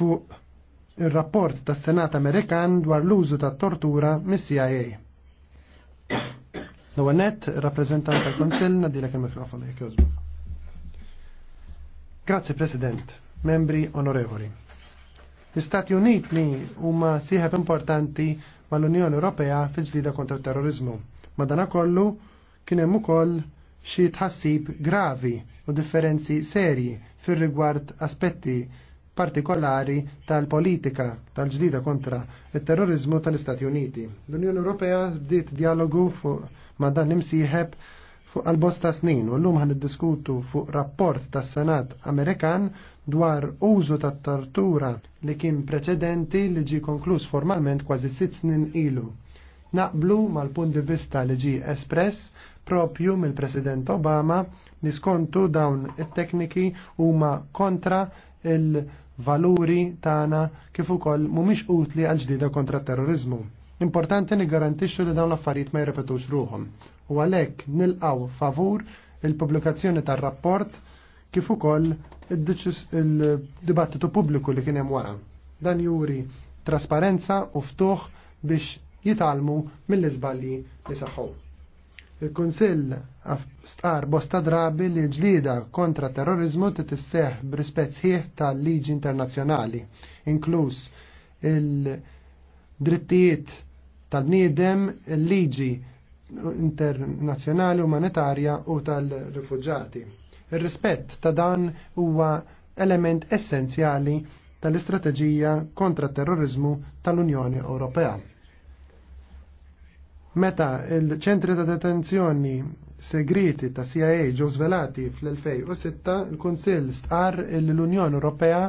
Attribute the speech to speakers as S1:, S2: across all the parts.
S1: fuq ir-rapport tas-Senat Amerikan dwar l-użu ta' tortura mis-CIA. l rappresentant tal konsil nadilek il-mikrofon jek jogħġbok. President, membri onorevoli. L-Istati Uniti huma sieħeb importanti mal-Unjoni Ewropea fil ġdida kontra terrorizmu. kollu kien hemm ukoll xi tħassib gravi u differenzi serji fir-rigward aspetti partikolari tal-politika tal-ġdida kontra il-terrorizmu tal-Istati Uniti. L-Unjoni Ewropea bdiet dialogu fuq ma' dan imsieħeb fuq għal-bosta snin u l-lum għan diskutu fuq rapport tas senat Amerikan dwar użu ta' tortura li kien preċedenti li ġi konkluż formalment kważi sitt snin ilu. Naqblu mal-punt di vista li ġi espress propju mill-President Obama li skontu dawn it-tekniki huma kontra il- valuri tagħna kif ukoll mhumiex utli għal ġdida kontra terrorizmu. Importanti li garantixxu li dawn l-affarijiet ma jirrepetux ruhom. U għalhekk nilqgħu favur il-pubblikazzjoni tar-rapport kif ukoll il-dibattitu pubbliku li kien hemm wara. Dan juri trasparenza u ftuħ biex jitalmu mill-iżbalji li saħħu. Il-Kunsill stqar bosta drabi li ġlida kontra terrorizmu titisseħ b'rispett sħiħ tal-liġi internazzjonali, inkluż il-drittijiet tal-bniedem, il-liġi internazzjonali umanitarja u tal-rifugġati. Ir-rispett ta' dan huwa element essenzjali tal-istrateġija kontra terrorizmu tal-Unjoni Ewropea. Meta il-ċentri ta' detenzjoni segreti ta' CIA ġew svelati fl-2006, il-Kunsill stqar l-Unjoni Ewropea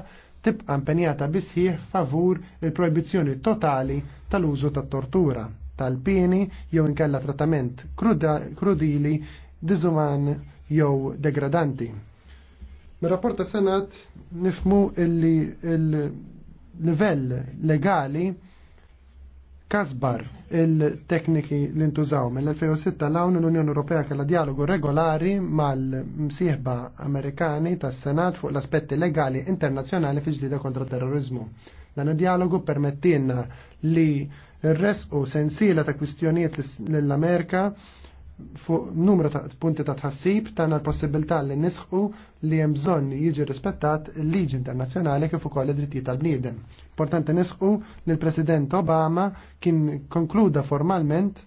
S1: tibqa' impenjata bisħieħ favur il-projbizzjoni totali tal-użu ta' tortura tal-pieni jew inkella trattament krudili, diżuman jew degradanti. Mir-rapport tas Senat nifmu illi l-livell legali Kasbar il-tekniki li ntużaw mill-2006 l-għawnu l-Unjoni Ewropea kella dialogu regolari mal-msieħba Amerikani tas senat fuq l-aspetti legali internazzjonali fi ġlida kontra terrorizmu. Dan il-dialogu permettina li r-resqu sensiela ta' kwistjonijiet l-Amerika fuq numru ta' punti ta' tħassib tagħna l-possibilità li nisħu li hemm bżonn jiġi rispettat il-liġi internazzjonali kif ukoll id-drittijiet tal-bniedem. Importanti nisħu li l-President Obama kien konkluda formalment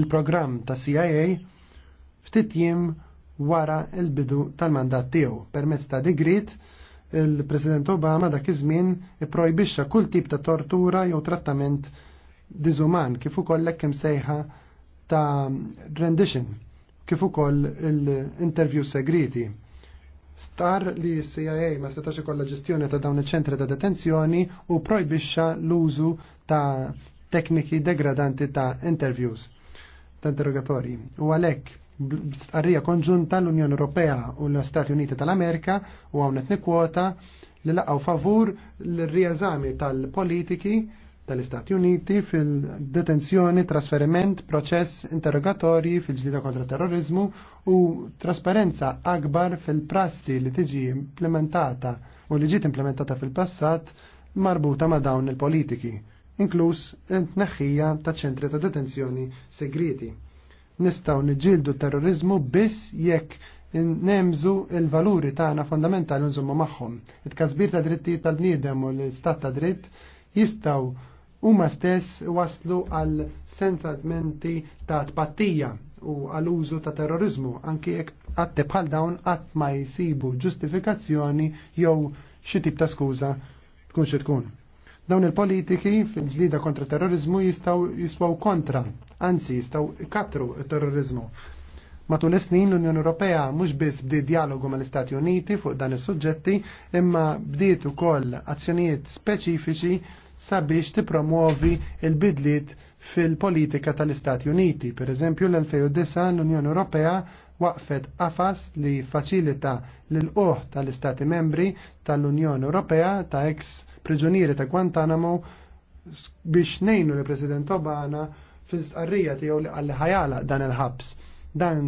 S1: il-programm ta' CIA ftit jiem wara il-bidu tal-mandat tiegħu permezz ta' digrit il-President Obama dak iż-żmien ipprojbixxa kull tip ta' tortura jew trattament diżuman kif ukoll hekk sejħa ta' rendition kif ukoll l-interview segreti. Star li CIA ma setax ikolla ġestjoni ta' dawn iċ-ċentri ta' detenzjoni u projbixxa l-użu ta' tekniki degradanti ta' interviews ta' interrogatori. U għalhekk b-stqarrija konġunta l-Unjoni Ewropea u l-Stati Uniti tal-Amerika u hawnhekk nikkwota li laqgħu favur l rieżami tal-politiki tal-Istati Uniti fil-detenzjoni, trasferiment, proċess interrogatorji fil ġdida kontra terrorizmu u trasparenza akbar fil-prassi li tiġi implementata u li ġiet implementata fil-passat marbuta ma' dawn il-politiki, inkluż il-tneħħija ta' ċentri ta' detenzjoni segreti. Nistaw niġildu terrorizmu biss jekk nemżu il-valuri tagħna fondamentali nżommu magħhom. it każbir ta' dritti tal-bniedem u l-istat ta' dritt jistaw huma stess waslu għal sentimenti ta' tpattija u għal użu ta' terrorizmu anki jekk għatte bħal dawn qatt ma jsibu ġustifikazzjoni jew xi tip ta' skuża tkun xi tkun. Dawn il-politiki fil-ġlida kontra terrorizmu jistaw jiswaw kontra, anzi jistaw katru terrorizmu. Matul is-snin l-Unjoni Ewropea mhux biss bdiet dialogu mal-Istati Uniti fuq dan is-suġġetti, imma bdiet ukoll azzjonijiet speċifiċi sabiex tipromovi il-bidliet fil-politika tal-Istati Uniti. Per eżempju, l-2009 l-Unjoni Ewropea waqfet qafas li faċilita l-qoħ tal-Istati membri tal-Unjoni Ewropea ta' ex priġunieri ta' Guantanamo biex nejnu li President Obama fil-sqarrija tiegħu li għalli ħajala dan il-ħabs. Dan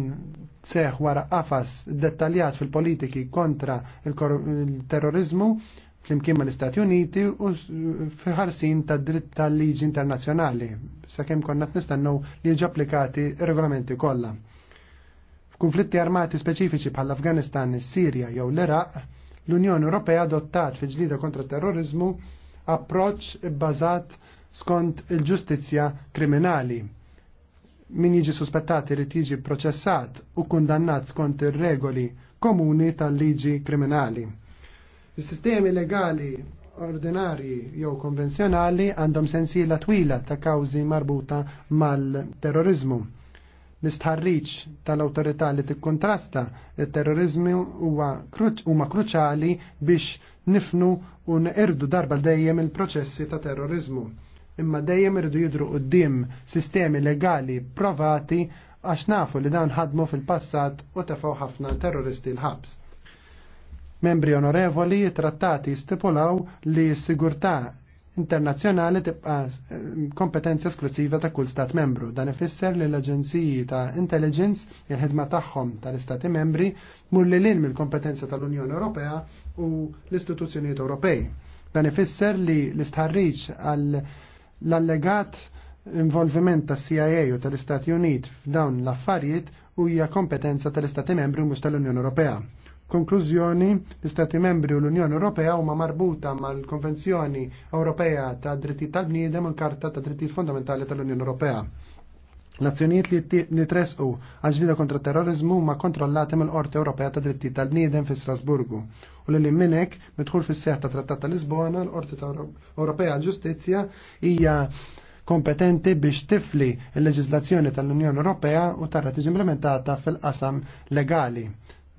S1: seħ wara qafas dettaljat fil-politiki kontra il-terrorizmu il flimkien l istati Uniti u fħarsin ta' dritt tal-liġi internazzjonali, sakemm konna t nistannu li ġi applikati regolamenti kollha. F'kunflitti armati speċifiċi bħall-Afganistan, is-Sirja jew l-Iraq, l-Unjoni Ewropea adottat fi ġlida kontra terrorizmu approċċ bbażat skont il-ġustizzja kriminali min jiġi suspettati li tiġi proċessat u kundannat skont ir-regoli komuni tal-liġi kriminali. Is-sistemi legali ordinarji jew konvenzjonali għandhom sensiela twila ta' kawżi marbuta mal-terrorizmu. L-istħarriċ tal-awtorità li tikkontrasta il-terrorizmu huma kruċali biex nifnu u irdu darba dejjem il-proċessi ta' terrorizmu. Imma dejjem irdu jidru qoddim sistemi legali provati għax nafu li dan ħadmu fil-passat u tefgħu ħafna terroristi l-ħabs. Membri onorevoli, trattati stipulaw li sigurtà internazzjonali tibqa kompetenza esklusiva ta' kull stat membru. Dan ifisser li l-aġenziji ta' intelligence il-ħidma tagħhom tal-istati membri mur li lin mill-kompetenza tal-Unjoni Ewropea u l-istituzzjonijiet Ewropej. Dan ifisser li l-istħarriġ għall-allegat involviment ta' CIA u tal-Istati Unit f'dawn l-affarijiet huja kompetenza tal-Istati membri mhux tal-Unjoni Ewropea. Konklużjoni, l-Istati membri u l-Unjoni Ewropea huma marbuta mal-Konvenzjoni Ewropea ta' Drittijiet tal-Bniedem u l-Karta ta' Drittijiet Fundamentali tal-Unjoni Ewropea. Nazzjonijiet li nitresqu għal-ġlida kontra terrorizmu ma kontrollati mill qorti Ewropea ta' Dritti tal-Bniedem fi Strasburgu. U li minnek, midħul fis seħħ ta' Trattat ta' Lisbona, l-Qorti Ewropea Ġustizzja hija kompetenti biex tifli l-leġislazzjoni tal-Unjoni Ewropea u tarra tiġi implementata fil-qasam legali.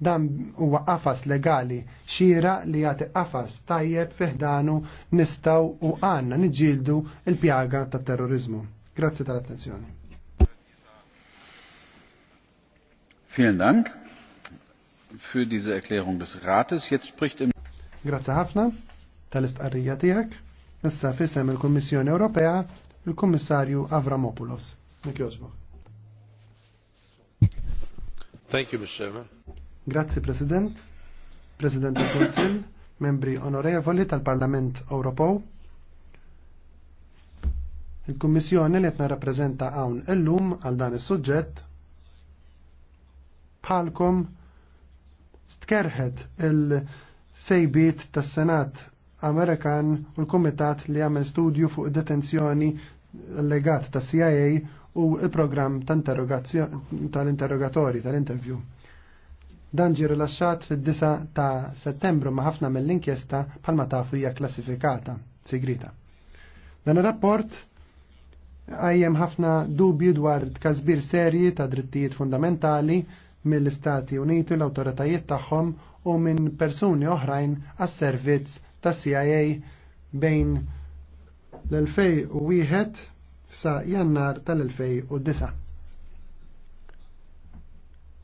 S1: Dan huwa qafas legali xira li jagħti qafas tajjeb fiħdanu nistaw u għanna niġġieldu il-pjaga tat terrorizmu. Grazzi tal-attenzjoni.
S2: Vielen Dank für diese Erklärung des Rates. Jetzt spricht im
S1: Grazie ħafna tal-istqarrija tiegħek. Issa fisem il-Kummissjoni Ewropea il-Kummissarju Avramopoulos. Thank you, Mr. Chairman. Grazzi President, President del Konsil, membri onorevoli tal-Parlament Ewropew. Il-Kummissjoni li qed rappresenta hawn illum għal dan is-suġġett bħalkom stkerħet il-sejbiet tas-Senat Amerikan u l-Kumitat li għamel studju fuq detenzjoni legat tas CIA u il-programm tal-interrogatori, tal-intervju. Dan ġi rilaxxat fid-9 ta' Settembru ma' ħafna mill-inkjesta bħalma tafu hija klassifikata sigrita. Dan ir-rapport għajjem ħafna dubju dwar kazbir serji ta' drittijiet fundamentali mill-Istati Uniti l-autoritajiet tagħhom u minn persuni oħrajn għas servizz ta' CIA bejn l-2001 sa' jannar tal-2009.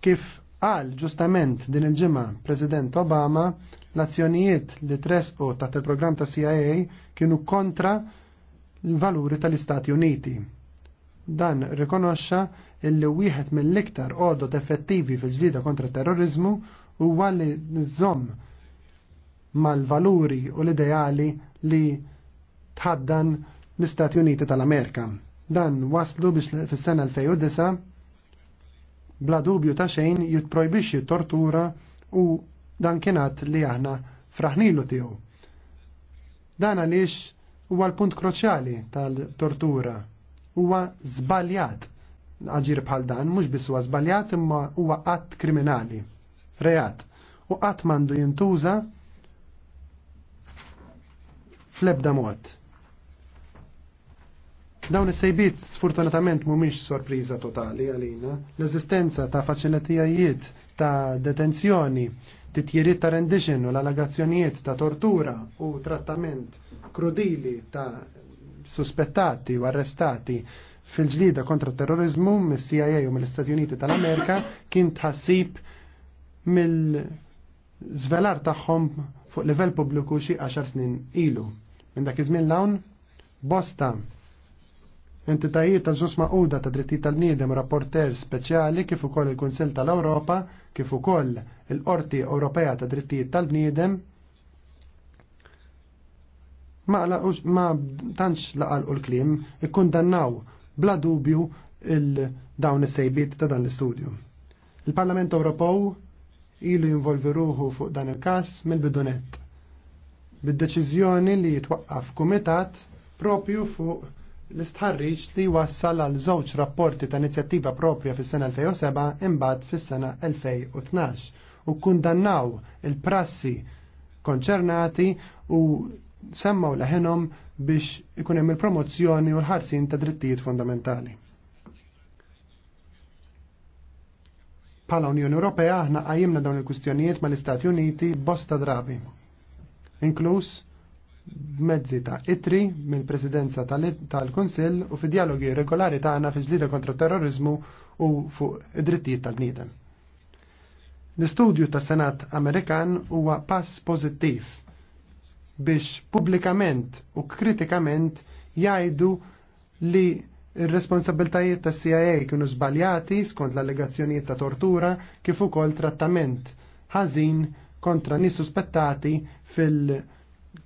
S1: Kif Għal ġustament din il-ġimgħa President Obama l-azzjonijiet li tresqu taħt il-programm ta' CIA kienu kontra l-valuri tal-Istati Uniti. Dan rikonoxxa illi wieħed mill-iktar ordot effettivi fil ġdida kontra terrorizmu huwa li nżomm mal-valuri u l-ideali li tħaddan l-Istati Uniti tal-Amerika. Dan waslu biex fis-sena 2009 bla dubju ta' xejn jitprojbixxi tortura u dan kienat li aħna fraħnilu tiegħu. Dan għaliex huwa l-punt kroċjali tal-tortura. Huwa żbaljat aġir bħal dan, mhux biss huwa żbaljat imma huwa qatt kriminali, reat. U qatt m'għandu jintuża fl-ebda mod. Dawn is-sejbiet sfortunatament mhumiex sorpriża totali għalina. L-eżistenza ta' faċilitajiet ta' detenzjoni, titjiriet ta' rendition u l-allegazzjonijiet ta' tortura u trattament krudili ta' suspettati u arrestati fil-ġlida kontra terrorizmu mis-CIA u mill-Istati Uniti tal-Amerika kien tħassib mill-żvelar tagħhom fuq livell pubbliku xi 10 snin ilu. Minn dak iż-żmien l-hawn bosta entitajiet tal-ġus maquda ta' drittijiet tal-bniedem rapporter speċjali kif ukoll il-Kunsill tal-Ewropa, kif ukoll il-Qorti Ewropea ta' drittijiet tal-bniedem ma tantx laqalqu l-klim ikkundannaw bla dubju il-dawn is-sejbiet ta' dan l-istudju. Il-Parlament Ewropew ilu jinvolvi ruħu fuq dan il-każ mill-bidunet bid-deċiżjoni li jitwaqqaf kumitat propju fuq l-istħarriġ li wassal għal żewġ rapporti ta' inizjattiva propja fis-sena 2007 imbagħad fis-sena 2012 u kundannaw il-prassi konċernati u semmaw leħenhom biex ikun hemm il-promozzjoni u l-ħarsin ta' drittijiet fundamentali. Pala Unjoni Ewropea aħna qajjimna dawn il-kwistjonijiet mal-Istati Uniti bosta drabi, inkluż mezzi ta' itri mill-presidenza tal-Kunsill u fi dialogi regolari tagħna fi ġlida kontra terrorizmu u fuq id-drittijiet tal-bniedem. L-istudju tas Senat Amerikan huwa pass pożittiv biex publikament u kritikament jgħidu li ir-responsabiltajiet tas CIA kienu żbaljati skont l-allegazzjonijiet ta' tortura kif ukoll trattament ħażin kontra nis suspettati fil-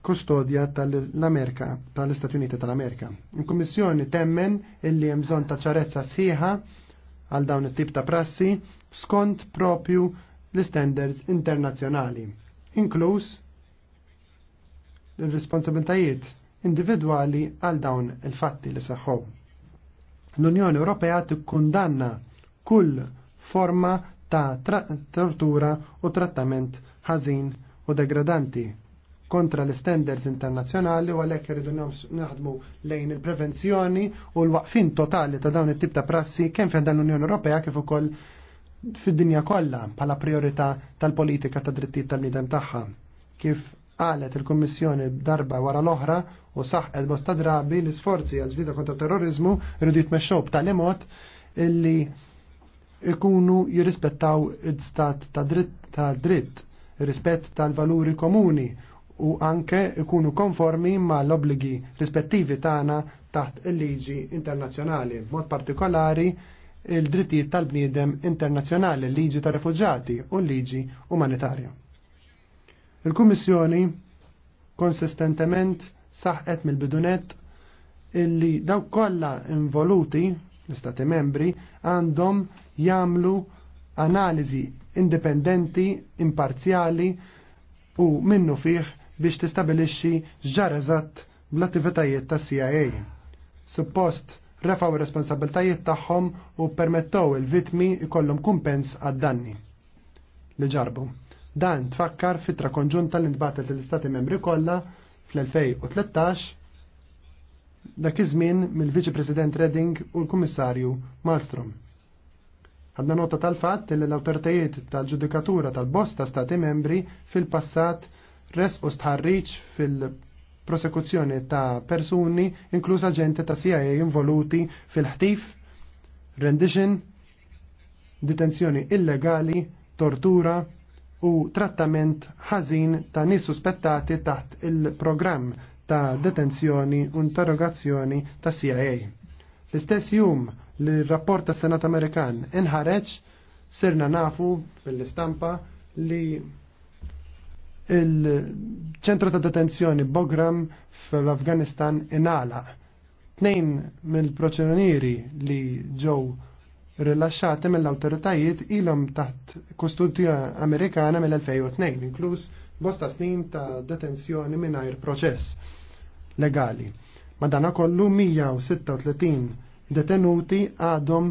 S1: kustodja tal-Amerika, tal-Istati Uniti tal-Amerika. Il-Kummissjoni temmen illi hemm bżonn ta' ċarezza sħiħa għal dawn it-tip ta' prassi skont propju l-standards internazzjonali, inkluż l-responsabiltajiet individwali għal dawn il-fatti li saħħu. L-Unjoni Ewropea tikkundanna kull forma ta' tortura u trattament ħażin u degradanti kontra l-standards internazzjonali u għalhekk irridu naħdmu lejn il-prevenzjoni u l-waqfin totali ta' dawn it-tip ta' prassi kemm fejn dan l-Unjoni Ewropea kif ukoll fid-dinja kollha bħala priorità tal-politika ta' drittijiet tal-bniedem tagħha. Kif qalet il-Kummissjoni darba wara l-oħra u saħqet bosta drabi l-isforzi għal ġvida kontra terrorizmu rridu jitmexxew b'tali mod illi ikunu jirrispettaw id-stat ta' dritt ta' dritt, rispett tal-valuri komuni u anke ikunu konformi ma l-obligi rispettivi tagħna taħt il-liġi internazzjonali, mod partikolari il-drittijiet tal-bniedem internazzjonali, l-liġi tar refuġati u l-liġi umanitarja. Il-Kummissjoni konsistentement saħqet mill-bidunet illi dawk kollha involuti l-Istati membri għandhom jagħmlu analiżi indipendenti, imparzjali u minnu fih biex tistabilixxi ġar eżatt bl-attivitajiet ta' CIA. Suppost refaw ir-responsabiltajiet tagħhom u permettow il-vitmi ikollhom kumpens għad-danni li ġarbu. Dan tfakkar fitra konġunta li ntbatet l-Istati membri kollha fl-2013 dak iż-żmien mill-Viċi President Redding u l-Kummissarju Malmstrom. Għadna nota tal-fatt li l-awtoritajiet tal-ġudikatura tal-bosta stati membri fil-passat resqu stħarriċ fil-prosekuzzjoni ta' persuni, inkluż aġenti ta' CIA involuti fil-ħtif, rendition, detenzjoni illegali, tortura u trattament ħażin ta' nis suspettati taħt il-programm ta' detenzjoni u interrogazzjoni ta' CIA. L-istess jum li rapport tas Senat Amerikan inħareġ sirna nafu mill-istampa li il-ċentru ta' detenzjoni Bogram fl-Afganistan inala. Tnejn mill-proċedonieri li ġew rilasċati mill-autoritajiet ilhom taħt kustudja Amerikana mill-2002, inkluż bosta snin ta' detenzjoni mingħajr proċess legali. Madana kollu 136 detenuti għadhom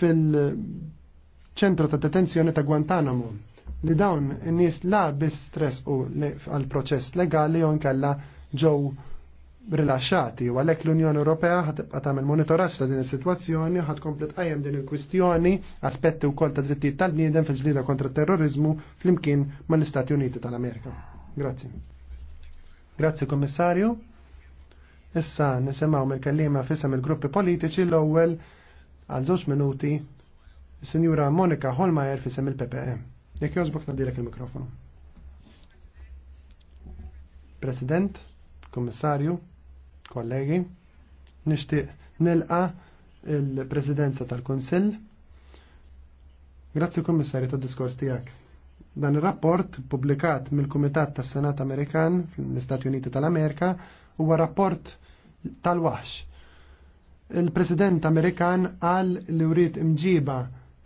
S1: fil-ċentru ta' detenzjoni ta' Guantanamo li dawn n-nies la biss stress u għal proċess legali jew nkella ġew rilaxxati u għalhekk l-Unjoni Ewropea ħatibqa' tagħmel monitoraġġ ta' din is-sitwazzjoni ħad komplet qajjem din il-kwistjoni aspetti wkoll ta' drittijiet tal-bniedem fil-ġlida kontra terrorizmu flimkien mal-Istati Uniti tal-Amerika. Grazzi. Grazzi Kommissarju. Issa nisimgħu mill-kellima f'isem il-gruppi politiċi l-ewwel għal żewġ minuti Sinjura Monika Holmeyer fisem il-PPM. E. Jek jożbok nadilek il-mikrofonu. President, komissarju, kollegi, nishti nilqa il-Presidenza tal konsil Grazzi komissarju tad diskors tijak. Dan il-rapport publikat mill-Kumitat tas senat Amerikan fl-Istati Uniti tal-Amerika huwa rapport tal-waħx. Il-President Amerikan għal li wrid imġiba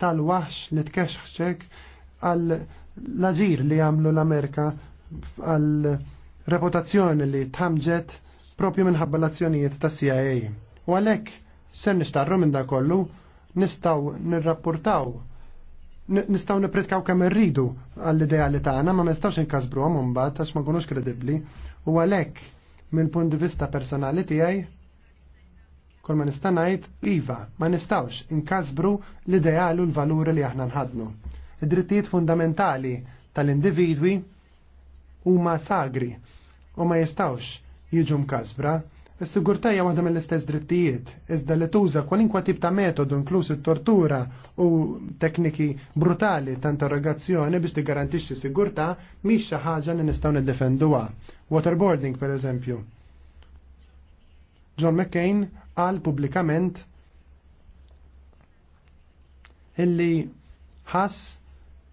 S1: tal-waħx li tkexħċek għal l-aġir li għamlu l-Amerika għal reputazzjoni li tħamġet propju minħabba l-azzjonijiet ta' CIA. U għalek sem nixtarru minn da kollu nistaw nirrapportaw nistaw nipritkaw kemm irridu għall-ideali tagħna ma nistgħux inkasbruhom imbagħad għax ma nkunux kredibbli u għalhekk mill-punt di vista personali tiegħi kol ma nista' ngħid iva ma nistawx inkasbru l-ideali u l-valuri li aħna nħadnu. Id-drittijiet fundamentali tal-individwi huma sagri u ma jistawx jiġu mkasbra. Is-sigurtà hija waħda mill-istess drittijiet, iżda li tuża kwalinkwa tip ta' metodu inkluż it-tortura u tekniki brutali ta' interrogazzjoni biex tigarantixxi sigurtà mhix xi ħaġa li nistgħu niddefenduha. Waterboarding pereżempju. John McCain qal pubblikament illi ħass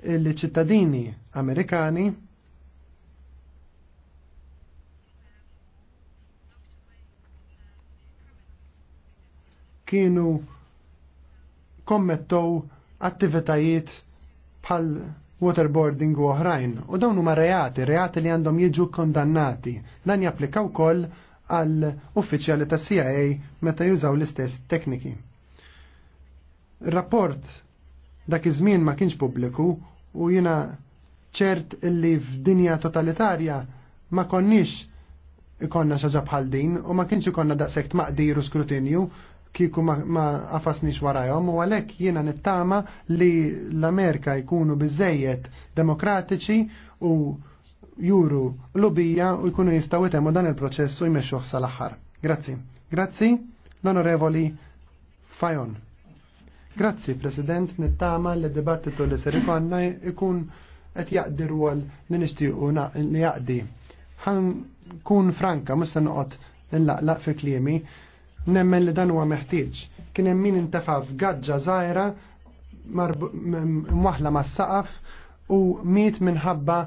S1: il-ċittadini Amerikani kienu kommettow attivitajiet bħal waterboarding u oħrajn. U dawn huma reati, reati li għandhom jiġu kondannati. Dan japplikaw koll għal uffiċjali ta' CIA meta jużaw l-istess tekniki. Rapport Dak iż-żmien ma kienx pubbliku u jiena ċert illi f'dinja totalitarja ma konniex ikonna xaġa bħal din u ma kienx ikonna daqshekk maqdir u skrutinju kiku ma għafasnix warajom u għalek jiena nittama li l-Amerika jkunu bizzejiet demokratiċi u juru lubija u jkunu jistaw itemu dan il proċessu u jmexxuħ sal-aħħar. Grazzi. Grazzi l-Onorevoli Fajon. Grazzi, President, nittama li dibattitu li ser ikonna ikun qed jaqdi rwol li nixtiequ li jaqdi. Ħan kun franka, musta noqgħod nlaqlaq fi kliemi, nemmen li dan huwa meħtieġ. Kien hemm min intefa' f'gaġġa żgħira mwaħla mas-saqaf u miet minħabba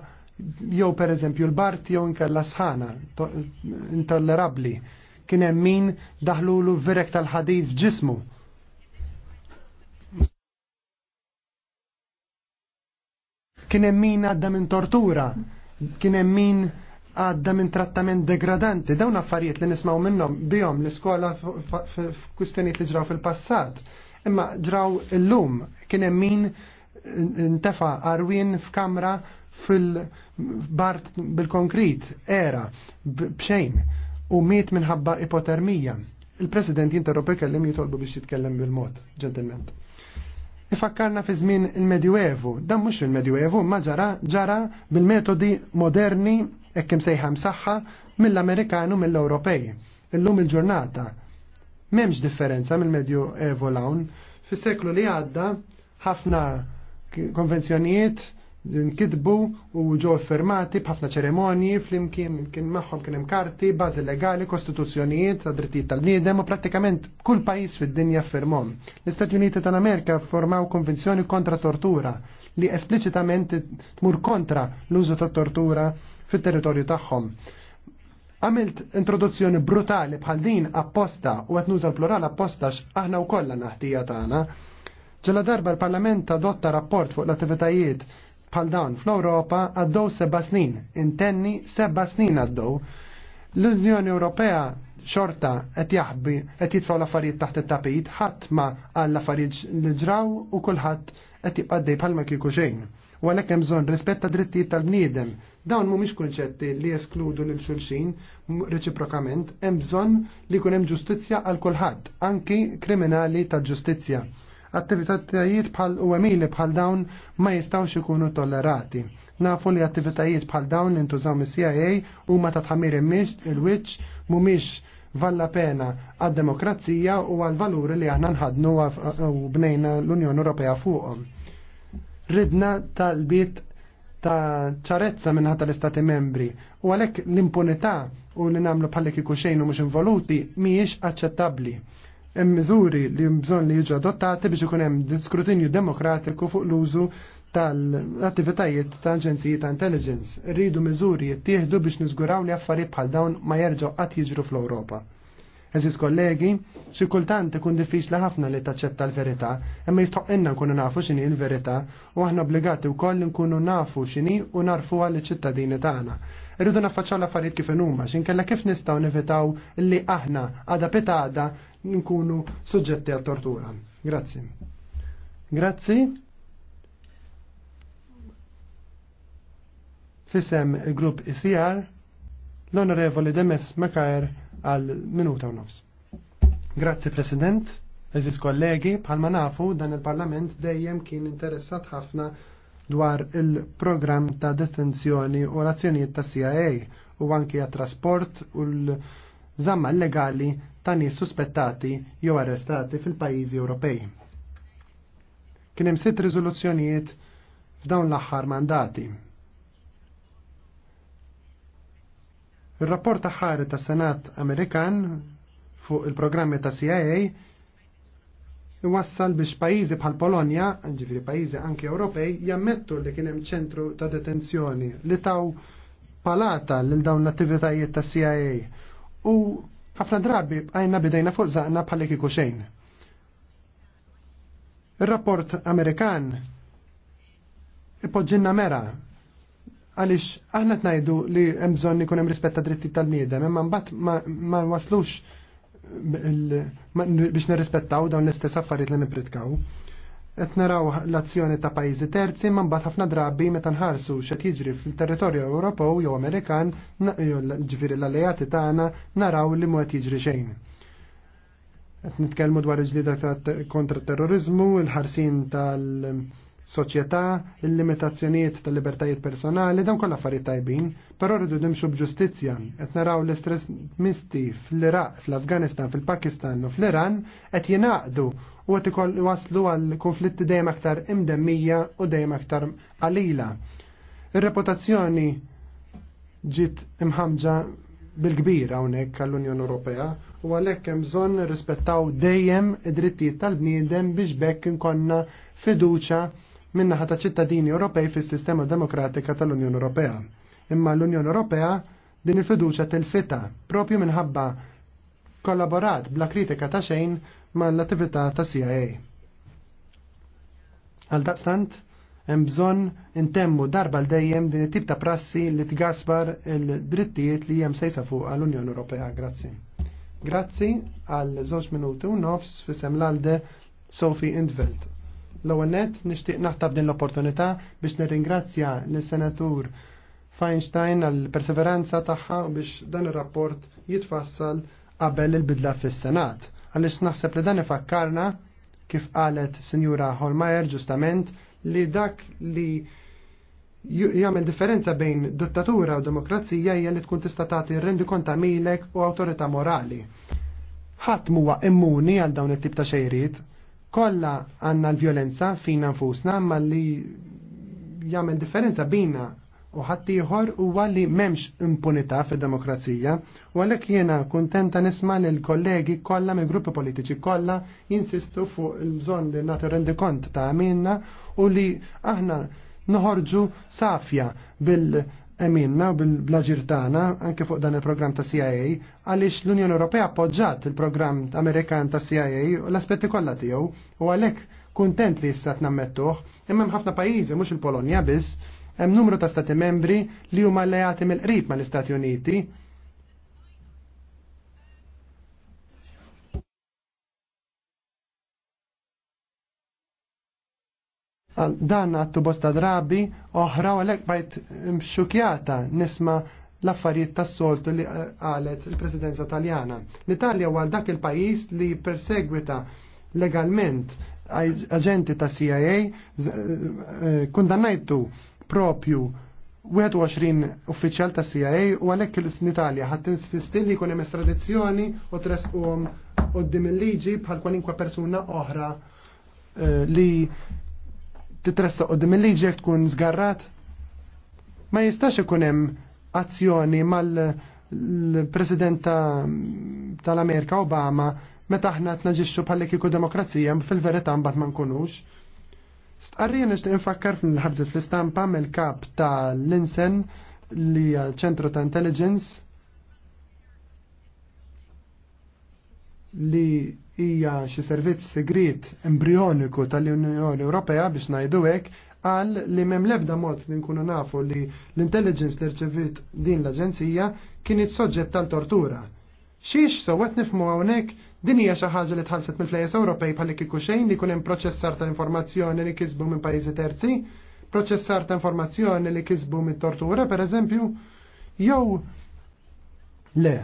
S1: jew pereżempju l-bart jew inkella sħana intollerabbli. Kien hemm min daħlulu virek tal-ħadid f'ġismu Kien hemm min għadda minn tortura, kien hemm min għadda minn trattament degradanti, dawn affarijiet li nismaw minnhom bihom l-iskola f'kustenijiet li ġraw fil-passat. Imma ġraw illum kien hemm min ntefa arwin f'kamra fil-bart bil-konkrit, era, bxejn, u miet minħabba ipotermija. Il-President jinterrop kellim jitolbu biex jitkellem bil-mod, ġentilment ifakkarna fi żmien il-Medjuevu. Dan mhux il-Medjuevu, ma ġara ġara bil-metodi moderni hekk kemm sejħa msaħħa mill-Amerikanu mill-Ewropej. Illum il-ġurnata. M'hemmx differenza mill-Medjuevu lawn. Fis-seklu li għadda ħafna konvenzjonijiet nkitbu u ġo affermati b'ħafna ċeremonji flimkien kien magħhom kien hemm karti, bażi legali, kostituzzjonijiet ta' drittijiet tal-bniedem u prattikament kull pajjiż fid-dinja affermhom. L-Istati Uniti tal-Amerika formaw konvenzjoni kontra tortura li espliċitament tmur kontra l-użu ta' tortura fit-territorju tagħhom. Għamilt introduzzjoni brutali bħal din apposta u qed nuża l-plural apposta x'aħna wkoll naħtija tagħna. Ġela darba l-Parlament adotta rapport fuq l-attivitajiet bħal dawn fl-Ewropa għaddew seba' snin, intenni seba' snin għaddew. L-Unjoni Ewropea xorta qed jaħbi qed jitfgħu l-affarijiet taħt it-tapit, ħadd ma għall affarijiet li ġraw u kulħadd qed jibqa' bħalma kieku xejn. U għalhekk hemm bżonn rispetta drittijiet tal-bniedem. Dawn mhumiex kunċetti li jeskludu lil xulxin reċiprokament, hemm bżonn li jkun hemm ġustizzja għal kulħadd, anki kriminali ta' ġustizzja. Attivitajiet bħal u emili bħal dawn ma jistawx ikunu tollerati. Nafu li attivitajiet bħal dawn intużaw mis-CIA u ma ta' tħamir il-wiċ mumiex valla pena għad-demokrazija u għal-valuri li aħna nħadnu u bnejna l-Unjoni Ewropea fuqhom. Ridna tal-bit ta' ċarezza ħata tal-Istati membri u għalhekk l-impunità u li nagħmlu bħalli kieku xejn u mhux involuti mhijiex aċċettabbli hemm miżuri li bżonn li jiġu adottati biex ikun hemm skrutinju demokratiku fuq l-użu tal-attivitajiet tal aġenziji ta' intelligence. Rridu miżuri jittieħdu biex niżguraw li affarijiet bħal dawn ma jerġgħu qatt jiġru fl-Ewropa. Eżis kollegi, xi kultant ikun diffiċli ħafna li taċċetta l-verità, imma jistħoqilna nkunu nafu x'inhi l-verità u aħna obbligati wkoll nkunu nafu x'inhi u narfuha liċ-ċittadini tagħna irridu naffaċċaw l-affarijiet kif inhuma x'inkella kif nistgħu nevitaw li aħna għadha pitada nkunu suġġetti għal tortura. Grazzi. Grazzi. Fisem il-grupp ICR e l-onorevoli Demes Makajer għal minuta u nofs. Grazzi President, eżis kollegi, bħalma nafu dan il-Parlament dejjem kien interessat ħafna dwar il-programm ta' detenzjoni u l-azzjonijiet ta' CIA u anki għat trasport u l-zamma legali ta' nis suspettati jew arrestati fil-pajjiżi Ewropej. Kien hemm sitt riżoluzzjonijiet f'dawn l-aħħar mandati. Ir-rapport aħħari tas Senat Amerikan fuq il-programmi ta' CIA iwassal biex pajjiżi bħal Polonja, ġifieri pajjiżi anke Ewropej, jammettu li kien hemm ċentru ta' detenzjoni li taw palata lil dawn l-attivitajiet ta' CIA u Għafna drabi għajna bidejna fuq zaqna bħalli kiku xejn. Il-rapport Amerikan ipoġġinna mera għalix aħna tnajdu li hemm bżonn ikun hemm rispett ta' dritti tal miedem imma mbagħad ma waslux biex nirrispettaw dawn l-istess affarijiet li nippritkaw qed naraw l-azzjoni ta' pajjiżi terzi ma mbagħad ħafna drabi meta nħarsu x'qed jiġri fil-territorju Ewropew jew Amerikan ġifieri l allejati tagħna naraw li mu qed jiġri xejn. Qed nitkellmu dwar il-ġlida kontra terrorizmu, il-ħarsin tal- soċjetà, il-limitazzjonijiet tal-libertajiet personali, dan kollha affarijiet tajbin, però rridu nimxu b'ġustizzja. Qed naraw l-istress misti fl-Iraq, fl-Afganistan, fil-Pakistan u fl-Iran qed jingħaqdu u qed ikoll waslu għal konflitti dejjem aktar imdemmija u dejjem aktar qalila. Ir-reputazzjoni ġiet imħamġa bil-kbir hawnhekk għall-Unjoni Ewropea u għalhekk hemm bżonn rispettaw dejjem id-drittijiet tal-bniedem biex bekk inkonna fiduċa minna ta' ċittadini Ewropej fis-sistema demokratika tal-Unjoni Ewropea. Imma l-Unjoni Ewropea din il-fiduċa tilfita propju minħabba kollaborat bla kritika ta' xejn mal-attività ta' CIA. Għal daqstant, hemm bżonn intemmu darba l dejjem din it-tip ta' prassi li tgasbar il-drittijiet li hemm sejsa fuq għall-Unjoni Ewropea. Grazzi. Grazzi għal żewġ minuti u nofs fisem l-alde Sophie Indveld l għonet nishtiq nixtieq naħtab din l-opportunità biex nirringrazzja l senatur Feinstein għall perseveranza tagħha biex dan ir-rapport jitfassal qabel il-bidla fis-Senat. Għaliex naħseb li dan ifakkarna kif qalet Sinjura Holmajer ġustament li dak li jagħmel differenza bejn dittatura u demokrazija hija li tkun tista' tagħti rendikont ta' milek u awtorità morali. Ħadd huwa immuni għal dawn it-tip ta' xejriet, Kolla għandna l-vjolenza fina nfusna ma li jagħmel differenza bina u ħaddieħor huwa li m'hemmx impunità fid-demokrazija u għalhekk jiena kuntenta nisma' l kollegi kollha mill-gruppi politiċi kollha jinsistu fuq il-bżonn li nagħtu rendikont ta' għamilna u li aħna noħorġu safja bil- eminna bil blaġirtana anke fuq dan il-programm ta' CIA għaliex l-Unjoni Ewropea appoġġat il-programm Amerikan ta' CIA u l-aspetti kollha tiegħu u għalhekk kuntent li jista' tnammettuh imma hemm ħafna pajjiżi mhux il-Polonja biss hemm numru ta' stati membri li huma alleati mill-qrib mal-Istati Uniti Dan għattu bosta drabi oħra għalek bajt xukjata nisma l-affarijiet tas soltu li għalet il-presidenza taljana. L-Italja għal dak il-pajis li persegwita legalment aġenti ta' CIA eh, kundannajtu propju 21 uffiċjal ta' CIA u għalhekk l-Italja ħadd tistilli jkun hemm estradizzjoni u u qudiem il-liġi bħal kwalinkwa persuna oħra eh, li titressa qoddim il-liġi tkun zgarrat? Ma jistax ikun hemm azzjoni mal-President tal-Amerika Obama meta aħna qed naġixxu bħalli kieku demokrazija fil-verità mbagħad ma nkunux. Stqarrija nixtieq infakkar fil-ħabżet fl-istampa mill-kap ta' Linsen li hija ċentru ta' intelligence li hija xi servizz segret embrioniku tal-Unjoni Ewropea biex ngħidu hekk qal li m'hemm l-ebda mod li nkunu nafu li l-intelligence li rċevit din l-aġenzija kienet soġġett tal-tortura. Xiex sewwet nifmu hawnhekk din hija xi ħaġa li tħallset mill-flejjes Ewropej bħal kieku xejn li jkun hemm proċessar tal-informazzjoni li kisbu minn pajjiżi terzi, proċessar ta' informazzjoni li kisbu mit-tortura pereżempju, jew le.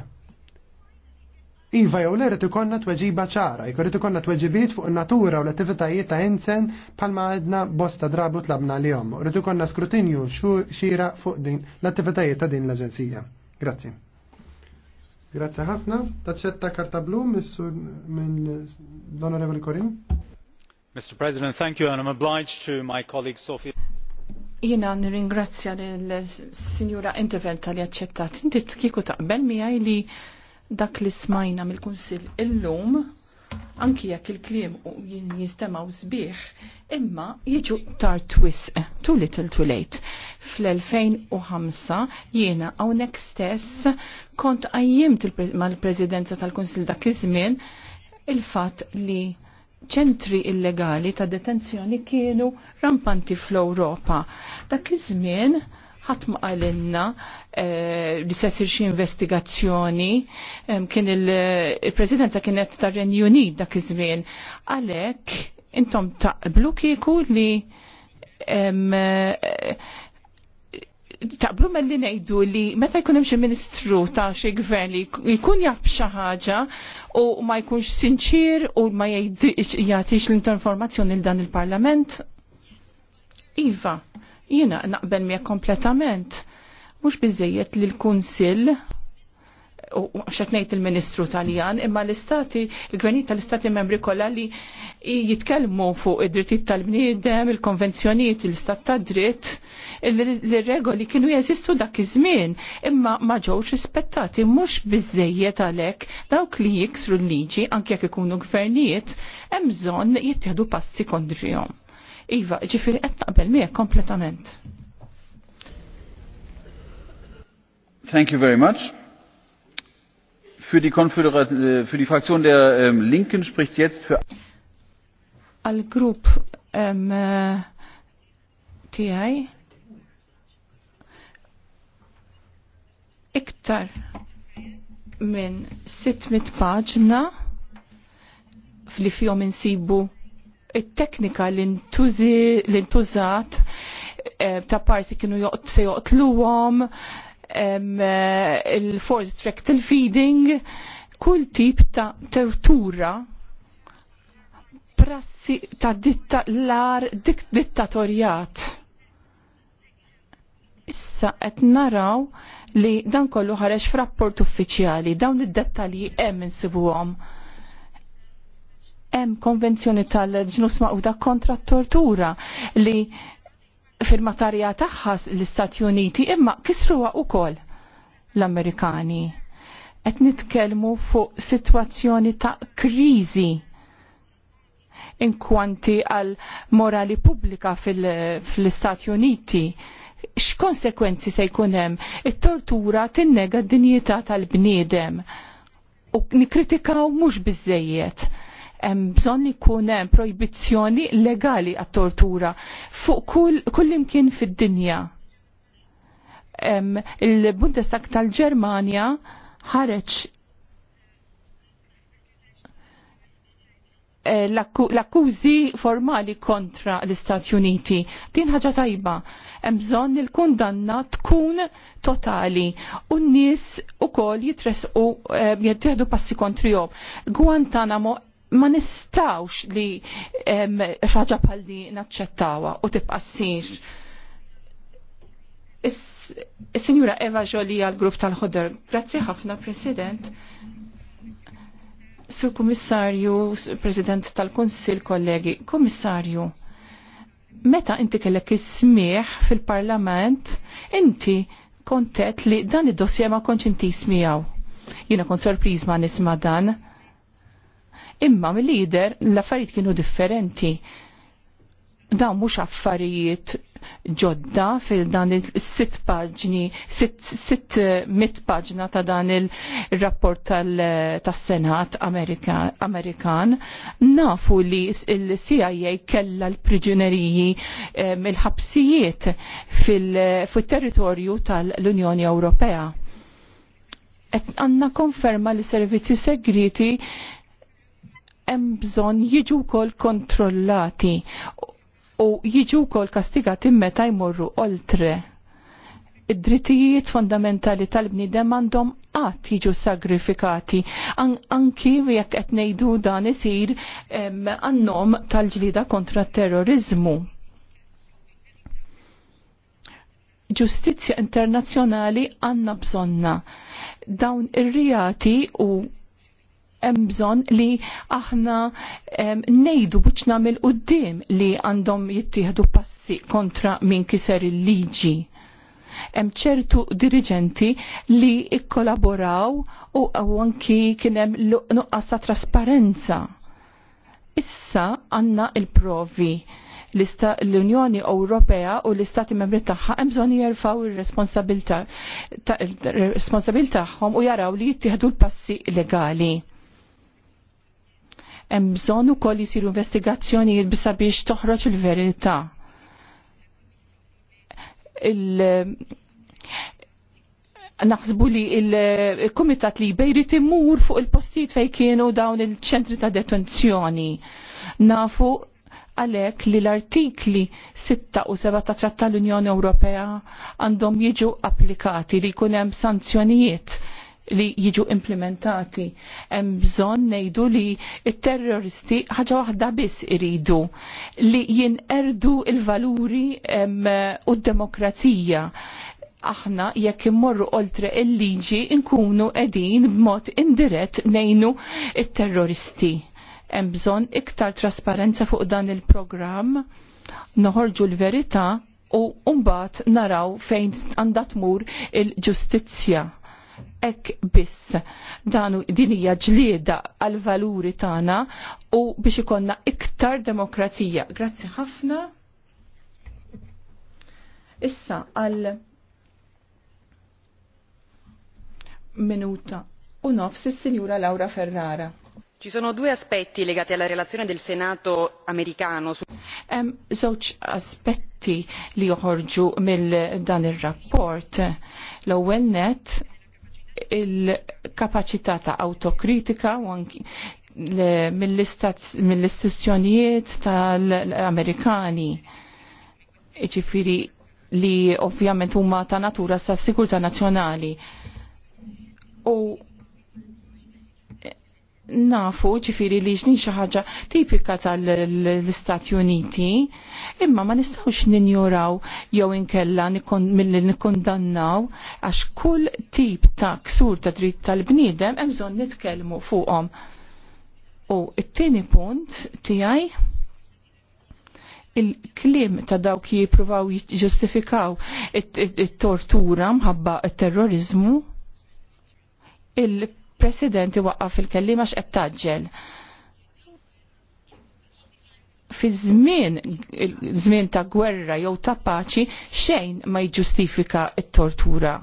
S1: Iva jew le rrid ikollna tweġiba ċara, jkorid ikollna tweġibiet fuq natura u l-attivitajiet ta' insen palma għedna bosta drabu tlabna li jom. Rrid ikollna skrutinju xira fuq din l-attivitajiet ta' din l-Aġenzija. Grazzi. Grazzi ħafna. Taċċetta karta blu missur minn l-Onorevoli Korin.
S2: Mr. President, thank you and I'm obliged to my colleague Sophie.
S3: Jina nirringrazzja l-Sinjura Intervelt tal-jaċċettat. Inti kiku taqbel miħaj li dak li smajna mill-Kunsill illum anki jekk il-kliem u jistemaw sbieħ, imma jiġu tar twisq, eh, too little too late. Fl-2005 jiena hawnhekk stess kont qajjimt mal-Presidenza tal-Kunsil dak iż-żmien il-fatt li ċentri illegali ta' detenzjoni kienu rampanti fl-Ewropa. Dak iż-żmien ħatma għalinna eh, li se sir xi investigazzjoni kien eh, il-Presidenza kienet tar-Renju Unit dak iż-żmien. Għalhekk intom taqblu kieku li eh, taqblu mill-li nejdu li meta jkun hemm xi ministru ta' xi gvern li jkun jaf xi ħaġa u ma jkunx sinċir u ma jgħidix jagħtix l-informazzjoni l dan il-Parlament? Iva, Jiena naqbel miegħek kompletament. Mhux biżejjed li l-Kunsill u xatnejt il-Ministru Taljan, imma l-istati, il-gvernijiet tal-istati membri kollha li jitkellmu fuq id-drittijiet tal-bniedem, il-konvenzjonijiet, l-istat ta' dritt, il-regoli kienu jeżistu dak iż-żmien, imma ma ġewx rispettati mhux biżejjed għalhekk dawk li jiksru l-liġi anke jekk ikunu gvernijiet hemm bżonn jittieħdu passi kontrihom. Iva, ġifiri qed taqbel miegħek kompletament.
S4: Thank you very much. Für die, Konföderat äh, für die Fraktion der ähm, Linken spricht jetzt für...
S3: Al Group ähm, äh, TI iktar minn 600 paġna fli fjom insibu it-teknika l-intużat eh, ta' parsi kienu se joqtluwom, eh, il-force tractal feeding kull tip ta' tertura prassi ta' ditta lar dik dittatorjat. Issa qed naraw li dan kollu ħareġ f'rapport uffiċjali dawn id-dettalji hemm insibuhom. Hemm konvenzjoni tal-ġnus maquda kontra t-tortura li firmatarja tagħha l-Istati Uniti imma kisruha wkoll l-Amerikani. Qed nitkellmu fuq sitwazzjoni ta' kriżi inkwanti għal morali pubblika fil-Istati fil Uniti x'konsekwenzi se jkun hemm it-tortura tinnega d-dinjità tal-bniedem u nikkritikaw mhux biżejjed hemm bżonn ikun hemm projbizzjoni legali għat-tortura fuq kull imkien fid-dinja. Il-Bundestag tal-Ġermanja ħareġ eh, l-akkużi formali kontra l-Istati Uniti. Din ħaġa tajba. Hemm bżonn il-kundanna tkun totali u n-nies ukoll jitresqu eh, jittieħdu passi kontrihom. Guantanamo ma nistawx li xaġa bħal di naċċettawa u tibqa' Is-Sinjura Eva Jolie għal-Grupp tal ħoder Grazzi ħafna, President. Sur Kummissarju, President tal-Konsil, kollegi, Kummissarju, meta inti kellek ismieħ fil-Parlament, inti kontet li dan id-dossier ma konċinti inti smijaw. Jina kont sorpriz ma nisma dan Imma mill-lider l-affarijiet kienu differenti. Dawn mhux affarijiet ġodda fil dan il-sitt paġni, sitt mit paġna ta' dan il-rapport tas-Senat Amerikan, nafu li il-CIA kella l-priġuneriji eh, mill ħabsijiet fil-territorju tal-Unjoni Ewropea. Għanna konferma li servizzi segreti hemm bżonn jiġu wkoll kontrollati u jiġu wkoll kastigati meta jmorru oltre. Id-drittijiet fondamentali tal-bniedem għandhom qatt jiġu sagrifikati An anki jekk qed ngħidu dan isir għannom tal-ġlida kontra terrorizmu. Ġustizzja internazzjonali għandna bżonna dawn ir-rijati u hemm bżonn li aħna ngħidu biex nagħmel quddiem li għandhom jittieħdu passi kontra min kiser il-liġi. Hemm ċertu diriġenti li ikkolaboraw u anki kien hemm nuqqas ta' trasparenza. Issa għandna il-provi l-Unjoni Ewropea u l-Istati Membri tagħha hemm bżonn jerfgħu r-responsabilità tagħhom u jaraw li jittieħdu l-passi legali Hemm bżonn ukoll jisiru investigazzjonijiet bisa biex toħroġ il-verità. Il naħsbu li il-komitat li bejri timur fuq il-postijiet fej kienu dawn il-ċentri ta' detenzjoni. Nafu għalek li l-artikli 6 u 7 ta' trattat l-Unjoni Ewropea għandhom jiġu applikati li kunem sanzjonijiet li jiġu implementati. Hemm bżonn ngħidu li t-terroristi ħaġa waħda biss iridu li jinqerdu il-valuri u d-demokrazija aħna jekk immorru oltre il-liġi nkunu qegħdin b'mod indirett nejnu it-terroristi. Hemm bżonn iktar trasparenza fuq dan il-programm, noħorġu l-verità u mbagħad naraw fejn għandha tmur il-ġustizzja ek biss danu dinija ġlieda għal valuri tagħna u biex ikonna iktar demokrazija. Grazzi ħafna. Issa għal minuta u nofs is-Sinjura Laura Ferrara ci sono due aspetti legati alla
S1: relazione del senato americano su
S3: hemm żewġ aspetti li joħorġu mill dan ir-rapport l-ewwel il-kapacità ta' autokritika u anki mill-istituzzjonijiet tal-Amerikani. Iġifiri li ovvjament huma ta' natura sa' sigurta nazzjonali. U nafu ġifiri li ġnin xaħġa tipika tal-Istati Uniti, imma ma nistawx ninjuraw jew inkella mill nikondannaw għax kull tip ta' ksur ta' dritt tal-bniedem hemm bżonn nitkellmu fuqhom. U it-tieni punt tiegħi il-klim ta' dawk jippruvaw jiġġustifikaw it-tortura mħabba it-terrorizmu il president iwaqqaf il-kellima x'qed taġġel. Fi żmien żmien ta' gwerra jew ta' paċi xejn ma jġustifika t-tortura.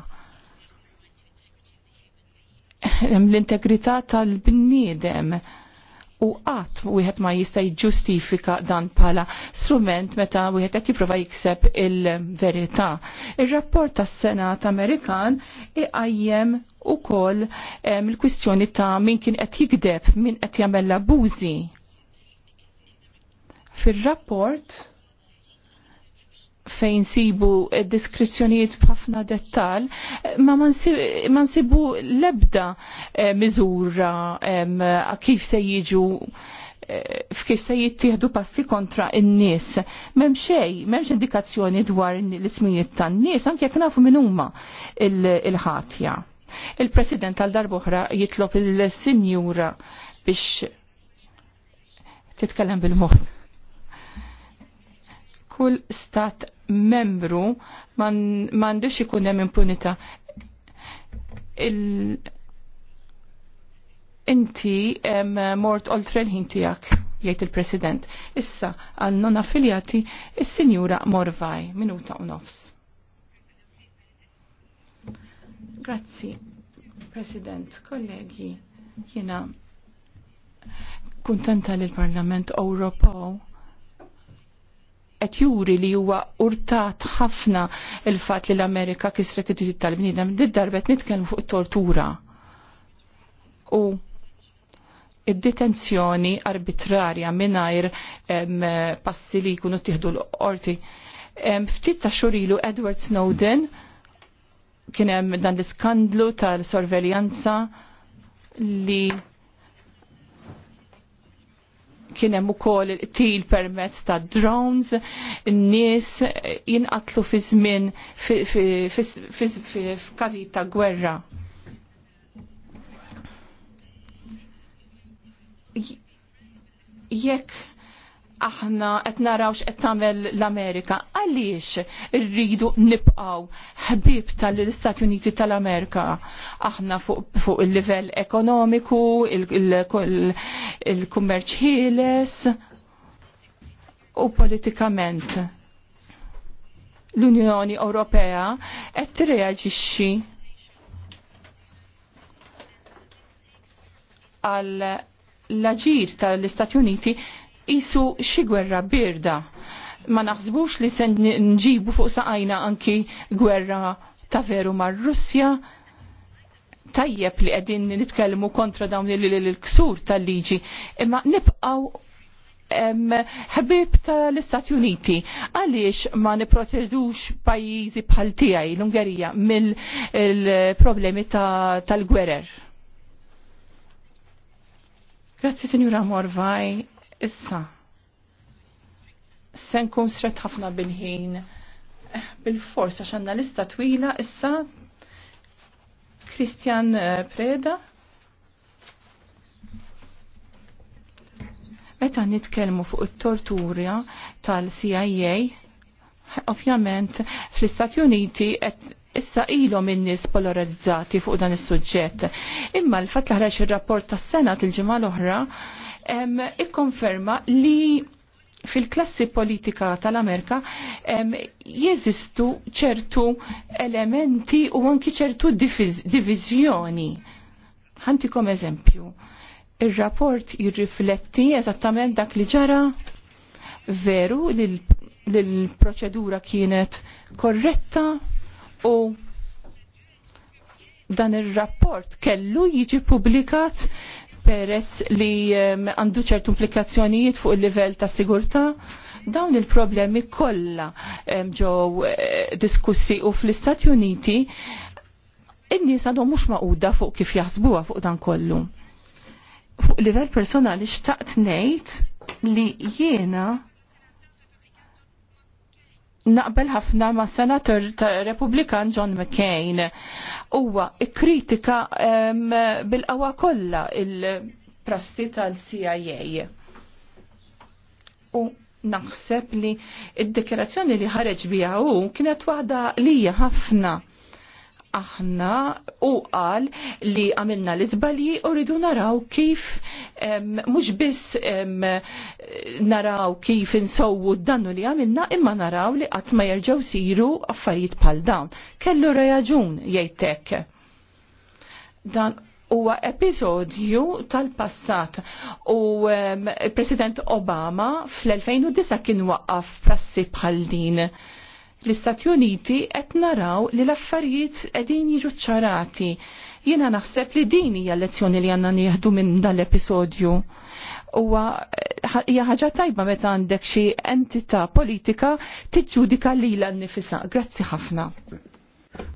S3: L-integrità tal-bniedem u qatt wieħed ma jista' jiġġustifika dan bħala strument meta wieħed qed jipprova jikseb il-verità. Ir-rapport tas-Senat Amerikan iqajjem ukoll il-kwistjoni ta' min kien qed jikdeb, min qed jagħmel buzi. Fir-rapport fejn sibu diskrizzjonijiet b'ħafna dettal, ma man sibu lebda eh, miżura kif se jiġu eh, f'kif se jittieħdu passi kontra in-nies. M'hemm xejn, m'hemmx indikazzjoni dwar l-ismijiet tan-nies, anke jekk nafu min huma il-ħatja. Il-President tal darboħra jitlob il-Sinjura biex titkellem bil-mod kull stat membru m'għandux ikun hemm impunità. Inti mort oltre l-ħin tiegħek jgħid il-President. Issa għal non affiljati is-Sinjura Morvaj minuta u nofs. Grazzi, President, kollegi, jiena kuntenta li l-Parlament Ewropew qed juri li huwa urtat ħafna il-fatt li l-Amerika kisret id tal-bniedem did-darbet nitkellmu fuq tortura. U id-detenzjoni arbitrarja mingħajr passi li jkunu tieħdu l-qorti. Ftit ta' xurilu Edward Snowden kien hemm dan l-iskandlu tal-sorveljanza li kien hemm ukoll til permezz ta' drones, n-nies jinqatlu fi żmien kazi ta' gwerra. Jekk aħna qed narawx qed tagħmel l-Amerika. Għaliex irridu nibqgħu ħbib tal-Istati Uniti tal-Amerika. Aħna fuq fu il-livell ekonomiku, il-kummerċ il il ħieles u politikament. L-Unjoni Ewropea qed tirreaġixxi għall l-aġir tal-Istati Uniti isu xi gwerra birda. Ma naħsbux li se nġibu fuq saqajna anki gwerra ta' veru mar-Russja, tajjeb li qegħdin nitkellmu kontra dawn il-ksur tal-liġi, imma nibqaw ħbib tal-Istati Uniti għaliex ma niproteġdux pajjiżi bħal tiegħi l-Ungerija mill-problemi tal-gwerer. Grazzi, Signora Morvaj. Issa, se nkun sret ħafna bil-ħin, eh, bil-fors, għaxanna lista twila, issa, Kristjan eh, Preda, Meta nitkellmu fuq it-tortura tal-CIA, ovvjament fl-Istati Uniti issa ilhom in-nies polarizzati fuq dan is-suġġett. Imma l-fatt l ir-rapport tas-Senat il-ġimgħa l-oħra ikkonferma li fil-klassi politika tal-Amerika jeżistu ċertu elementi u anki ċertu divizjoni. Ħantikom eżempju, il-rapport jirrifletti eżattament dak li ġara veru li l-proċedura kienet korretta u dan il-rapport kellu jiġi publikat peress li għandu ċertu implikazzjonijiet fuq il-livell ta' sigurtà dawn il-problemi kollha ġew eh, diskussi u fl-Istati Uniti in-nies għandhom mhux maquda fuq kif jaħsbuha fuq dan kollu. Fuq livell personali xtaqt ngħid li jiena naqbel ħafna ma' senator Republikan John McCain. Huwa kritika bil-qawa kollha il-prassi tal-CIA. U naħseb li id-dikjerazzjoni li ħareġ biha hu kienet waħda lija ħafna aħna u qal li għamilna l-izbalji u rridu naraw kif mhux biss naraw kif insowu d-dannu li għamilna imma naraw li qatt ma jerġgħu siru affarijiet bħal dawn. Kellu reaġun hekk. Dan huwa episodju tal-passat u um, il-President Obama fl-2009 kien waqaf prassi bħal din l istati Uniti qed naraw li l-affarijiet qegħdin jiġu ċarati. Jiena naħseb li din hija lezzjoni li għandna nieħdu minn dan l episodju Huwa eh, hija ħaġa tajba meta għandek xi entità politika tiġġudika lilha nnifisha. Grazzi ħafna.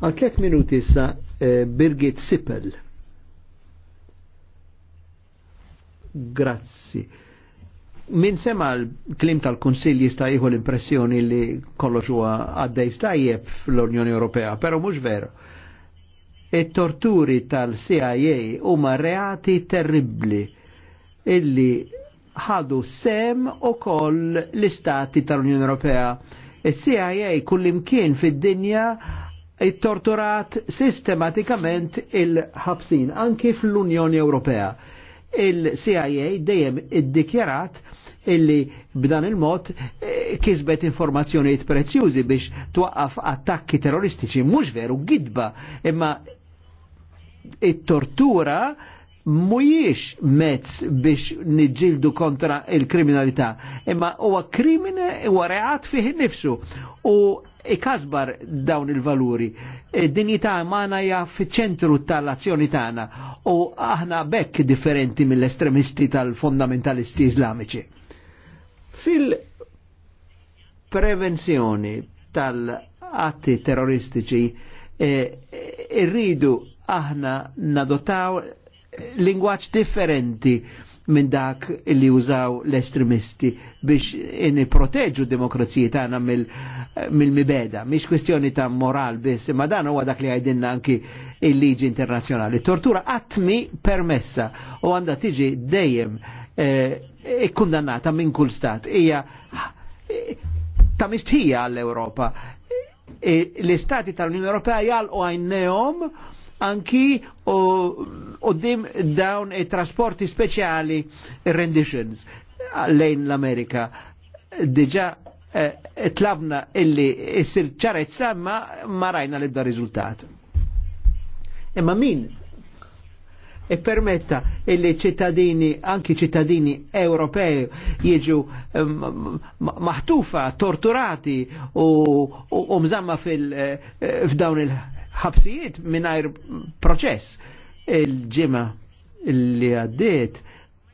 S4: Għal tliet minuti issa eh, Birgit Sippel. Grazzi. Min sema l-klim tal-Kunsill jista' jieħu l-impressjoni li kollox huwa għaddej stajjeb fl-Unjoni Ewropea, però mhux veru. It-torturi tal-CIA huma reati terribli illi ħadu sem u koll l-istati tal-Unjoni Ewropea. Is-CIA kullimkien fid-dinja it-torturat sistematikament il-ħabsin, anki fl-Unjoni Ewropea il-CIA dejjem iddikjarat illi b'dan il-mod eh, kisbet informazzjonijiet prezzjużi biex twaqqaf attakki terroristiċi. Mhux veru gidba, imma it-tortura mujiex mezz biex niġġildu kontra il-kriminalità, imma huwa krimine huwa reat fih nifsu. U ikasbar dawn il-valuri. Id-dinjità e, umana ja fiċ-ċentru tal-azzjoni tagħna u aħna bekk differenti mill-estremisti tal-fondamentalisti islamiċi. Fil-prevenzjoni tal-atti terroristiċi e, e, irridu aħna nadotaw lingwaġġ differenti minn dak li użaw l-estremisti biex proteġu demokrazija tagħna mill-mibeda. Mil Mhix kwestjoni ta' moral biss, imma dan huwa dak li għajdinna anki il-liġi internazzjonali. Tortura għatmi permessa u għandha tiġi dejjem eh, ikkundannata minn kull stat. Hija ta' mistħija għall-Ewropa. E, l-istati tal-Unjoni Ewropea u għajnnehom anki u dim dawn e trasporti speċjali e renditions lejn l-Amerika. Diġa e, e tlavna illi jessir ċarezza ma, ma rajna l-ibda riżultat. Imma min e permetta illi ċittadini, anki ċittadini europei jieġu maħtufa, torturati u, u mżamma fil-dawn il- ħabsijiet mingħajr proċess. Il-ġimgħa li għaddiet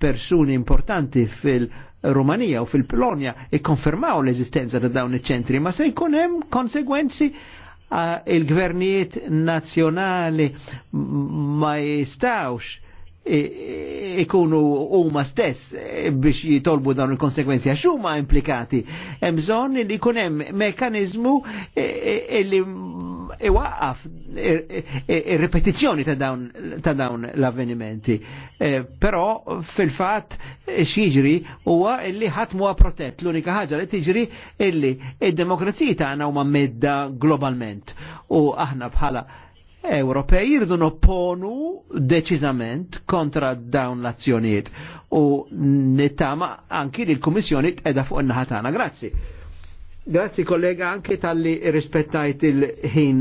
S4: persuni importanti fil- Rumanija u fil polonia ikkonfermaw l-eżistenza ta' dawn iċ-ċentri, ma se jkun hemm konsegwenzi ah, il-gvernijiet nazzjonali ma jistawx ikunu huma stess eh, biex jitolbu dawn il-konsekwenzi għax huma implikati. Hemm bżonn li jkun hemm mekkaniżmu eh, eh, li iwaqqaf ir-ripetizzjoni ta' dawn l-avvenimenti. Però fil-fatt x'jiġri huwa li ħadd huwa protett. L-unika ħaġa li tiġri illi id-demokrazija tagħna huma medda globalment. U aħna bħala Ewropej jirdu nopponu deċiżament kontra dawn l-azzjonijiet u nittama anki li l-Kummissjoni tqeda fuq in-naħatana. Grazzi. Grazzi kollega anki tal-li rispettajt il-ħin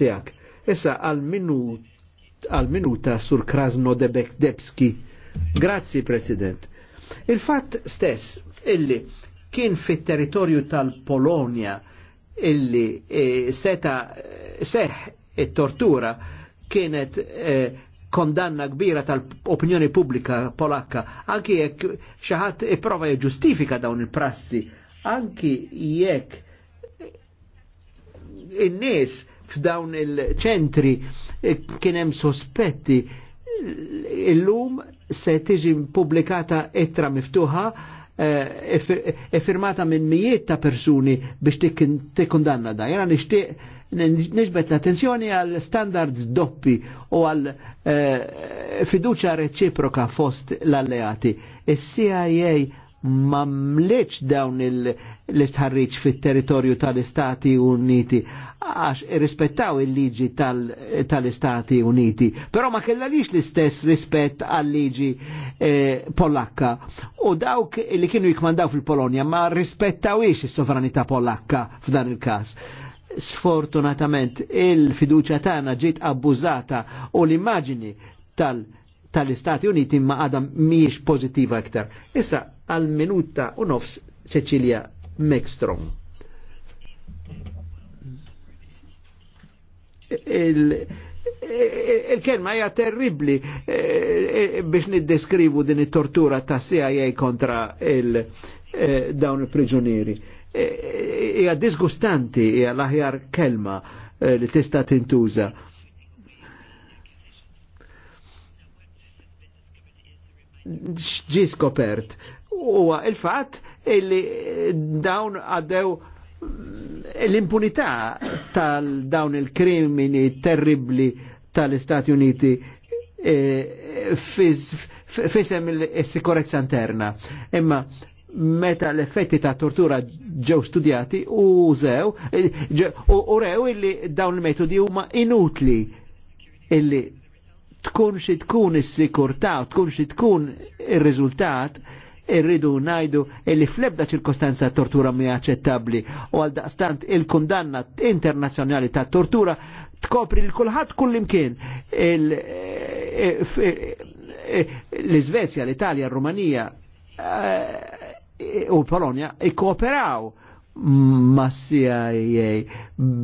S4: tiegħek. Issa għal-minuta sur Krasno Debski. Grazzi, President. Il-fatt stess illi kien fit territorju tal-Polonia illi eh, seta eh, seħ it-tortura kienet eh, kondanna kbira tal-opinjoni pubblika polakka, anki jekk xaħat iprova jġustifika dawn il-prassi, anki jekk in-nies f'dawn il-ċentri eh, kien hemm sospetti illum se tiġi publikata ittra miftuħa eh, e e firmata minn mijiet ta' persuni biex tikkundanna da. Jena nixtieq nixbet l-attenzjoni għal standards doppi u għal eh, fiduċa reċiproka fost l-alleati. Is-CIA ma mleċ dawn l-istħarriċ fit-territorju tal-Istati Uniti għax irrispettaw il-liġi tal-Istati Uniti, però ma kellalix l-istess rispett għal-liġi eh, polakka. U dawk li kienu jikmandaw fil-Polonja ma rispettawix is-sovranità polakka f'dan il-każ sfortunatament il-fiduċa tagħna ġiet abbużata u l-immaġini tal- tal-Istati Uniti ma għadha mhijiex pożittiva aktar. Issa għal minuta u nofs Cecilia Mekstrom. Il-kelma hija terribli eh, eh, biex niddeskrivu din it-tortura ta' CIA kontra il- eh, dawn il-priġunieri hija disgustanti hija l-aħjar kelma eh, li tista' tintuża. ġi skopert huwa il-fatt illi dawn għaddew l-impunità tal-dawn il-krimini terribli tal-Istati Uniti eh, fisem il-sikurezza interna. Imma meta l-effetti ta' tortura ġew studjati eh, u zew, u rew illi dawn il-metodi huma inutli illi tkun xi tkun is-sikurtà u tkun xi tkun ir-riżultat irridu najdu illi flebda ċirkostanza tortura mi aċċettabbli u għal daqstant il-kundanna internazzjonali ta' tortura tkopri l kull kullimkien l eh, eh, iżvezja l-Italja, r rumanija u l-Polonja ikkooperaw ma CIA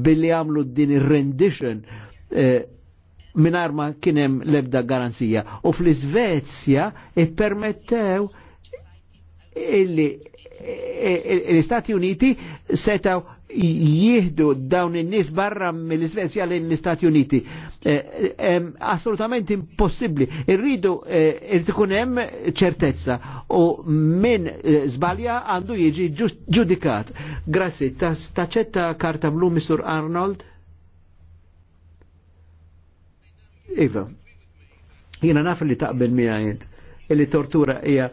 S4: billi għamlu din il-rendition eh, minar ma kienem lebda garanzija. U fl-Svezja permettew il eh, eh, l-Istati Uniti setaw jihdu dawn in-nies barra mill-Svezja l-Istati Uniti. Eh, assolutament impossibli. Irridu eh, ikun hemm ċertezza u min eh, żbalja għandu jiġi ġudikat. Grazzi, taċċetta karta blu Mr. Arnold? Iva, jiena naf li taqbel miegħi li tortura hija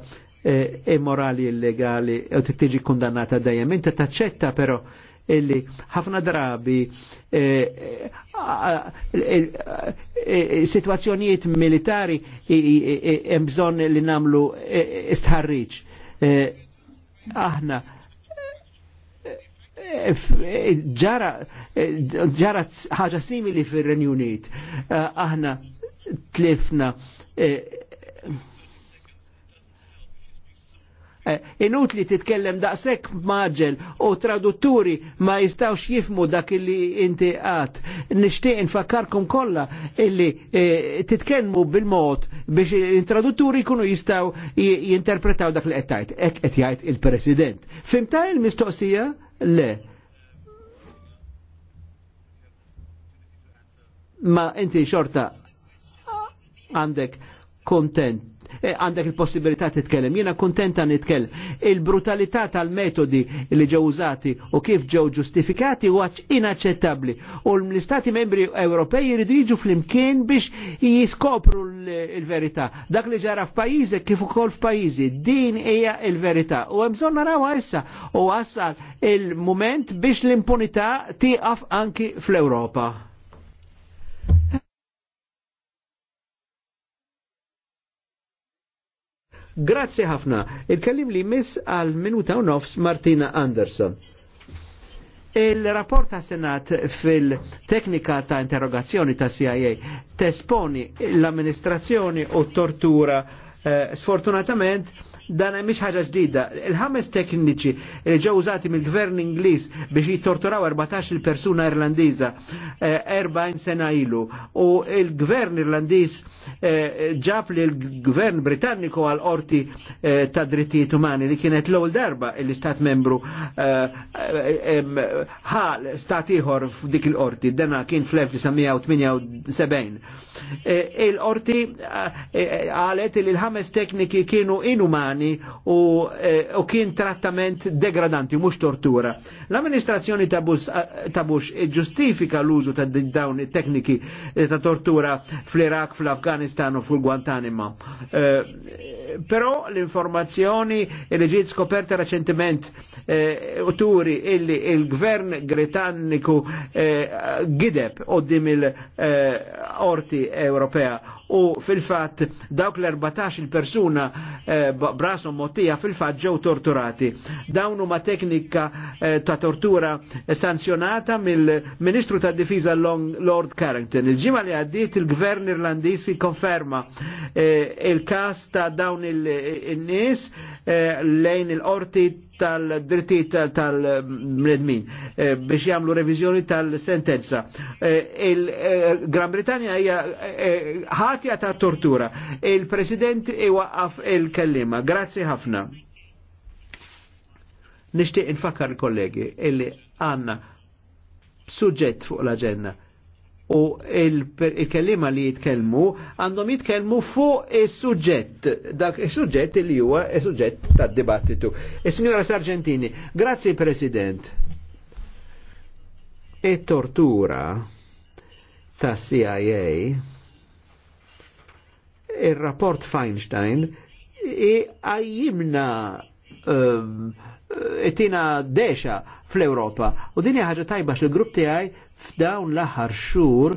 S4: eh, immorali illegali u tittiġi kundannata dejjem. Inta taċċetta però illi ħafna drabi eh, eh, eh, situazzjonijiet militari hemm bżonn li namlu istħarriġ. Aħna ġara ġara ħaġa simili fir-Renju Aħna tlifna Eh, inutli titkellem daqshekk maġel u tradutturi ma jistawx jifmu dak illi inti għat. Nixtieq infakkarkom kollha illi eh, titkellmu bil-mod biex tradutturi jkunu jistaw jinterpretaw dak li qed Ek Hekk qed jgħid il-President. Fimta il-mistoqsija? Le. Ma inti xorta għandek kontent E, għandek il-possibilità titkellem. Jiena kuntenta nitkellem. Il-brutalità tal-metodi li ġew użati u kif ġew ġustifikati huwa inaċċettabbli. U l-istati membri Ewropej jridu jiġu flimkien biex jiskopru l-verità. Dak li ġara f'pajjiżek kif ukoll f'pajjiżi, din hija l-verità. U hemm bżonn narawha issa u wassal il-mument biex l-impunità tieqaf anki fl-Ewropa. Grazzi ħafna. Il-kellim li miss għal minuta u nofs Martina Anderson. Il-rapport ta' Senat fil-teknika ta' interrogazzjoni ta' CIA tesponi l-amministrazzjoni u tortura eh, dan mhix ħaġa ġdida. Il-ħames tekniċi li ġew użati mill-gvern Ingliż biex jittorturaw 14 persuna Irlandiża 40 eh, sena ilu u il-gvern Irlandiż eh, ġab li l-gvern Britanniku għal orti eh, ta' drittijiet umani li kienet l-ewwel darba l-istat membru ħal stat ieħor f'dik il-qorti, dana kien fl-1978. Il-qorti qalet li l-ħames tekniki kienu inumani umani u, eh, u kien trattament degradanti, mux tortura. L-amministrazzjoni ta' Bush ġustifika l-użu ta' dawn tekniki ta' tortura fl-Iraq, fl-Afganistan u fl-Guantanima. Eh, però l-informazzjoni li ġiet skoperta recentement eh, u illi il-gvern Britanniku eh, gideb u dim il-orti eh, europea u fil-fat dawk l-14 persuna eh, brasom mottija fil-fat ġew torturati. Dawnu ma teknika eh, ta' tortura sanzjonata mill-Ministru ta' difiza Lord Carrington. Il-ġimgħa li għaddit il-Gvern Irlandiż konferma eh, il-kas ta' dawn il-nies lejn il orti tal-dritti tal-mredmin eh, biex jamlu revizjoni tal-sentenza. Eh, Il-Gran eh, Britannia hija ħatja ta' tortura. Il-President iwaqqaf il-kellima. Grazzi ħafna. Nishtiq infakkar il-kollegi illi għanna suġġett fuq l-agenda u il-kellima li jitkellmu għandhom jitkellmu fuq is-suġġett, dak is-suġġett li huwa is-suġġett tad-dibattitu. Is-Signora Sargentini, grazzi President. It-tortura ta' CIA il-rapport Feinstein għajjimna um, ehm, etina deċa fl-Europa. U din ħagġa tajba xil-grupp tijaj f'dawn l-aħħar xhur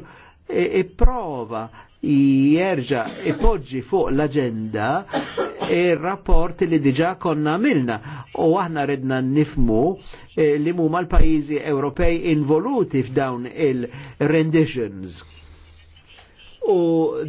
S4: ipprova jerġa ipoġġi fuq l-agenda il-rapport li diġa konna milna u aħna redna nifmu eh, li mumma l-pajizi Ewropej
S2: involuti
S4: f'dawn il-renditions u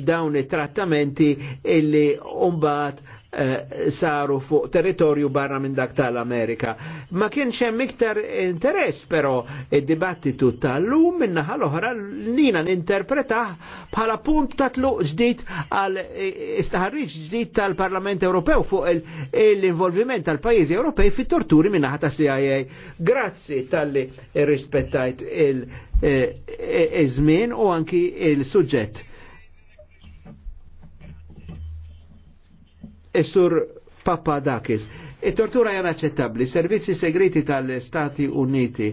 S4: dawn it-trattamenti illi umbat Eh, saru fuq territorju barra minn dak tal-Amerika. Ma kienx hemm iktar interess però id-dibattitu tal-lum minna l-oħra lina ninterpretah bħala punt ta' tluq ġdid għal eh, istaħarriġ ġdid tal-Parlament Ewropew fuq l-involviment tal-pajjiżi Ewropej fit-torturi minna ta' CIA. Grazzi tal-li rispettajt il-żmien eh, u anki il-suġġett Esur Papa Dakis. It-tortura e jana ċettabli, servizzi segreti tal-Stati Uniti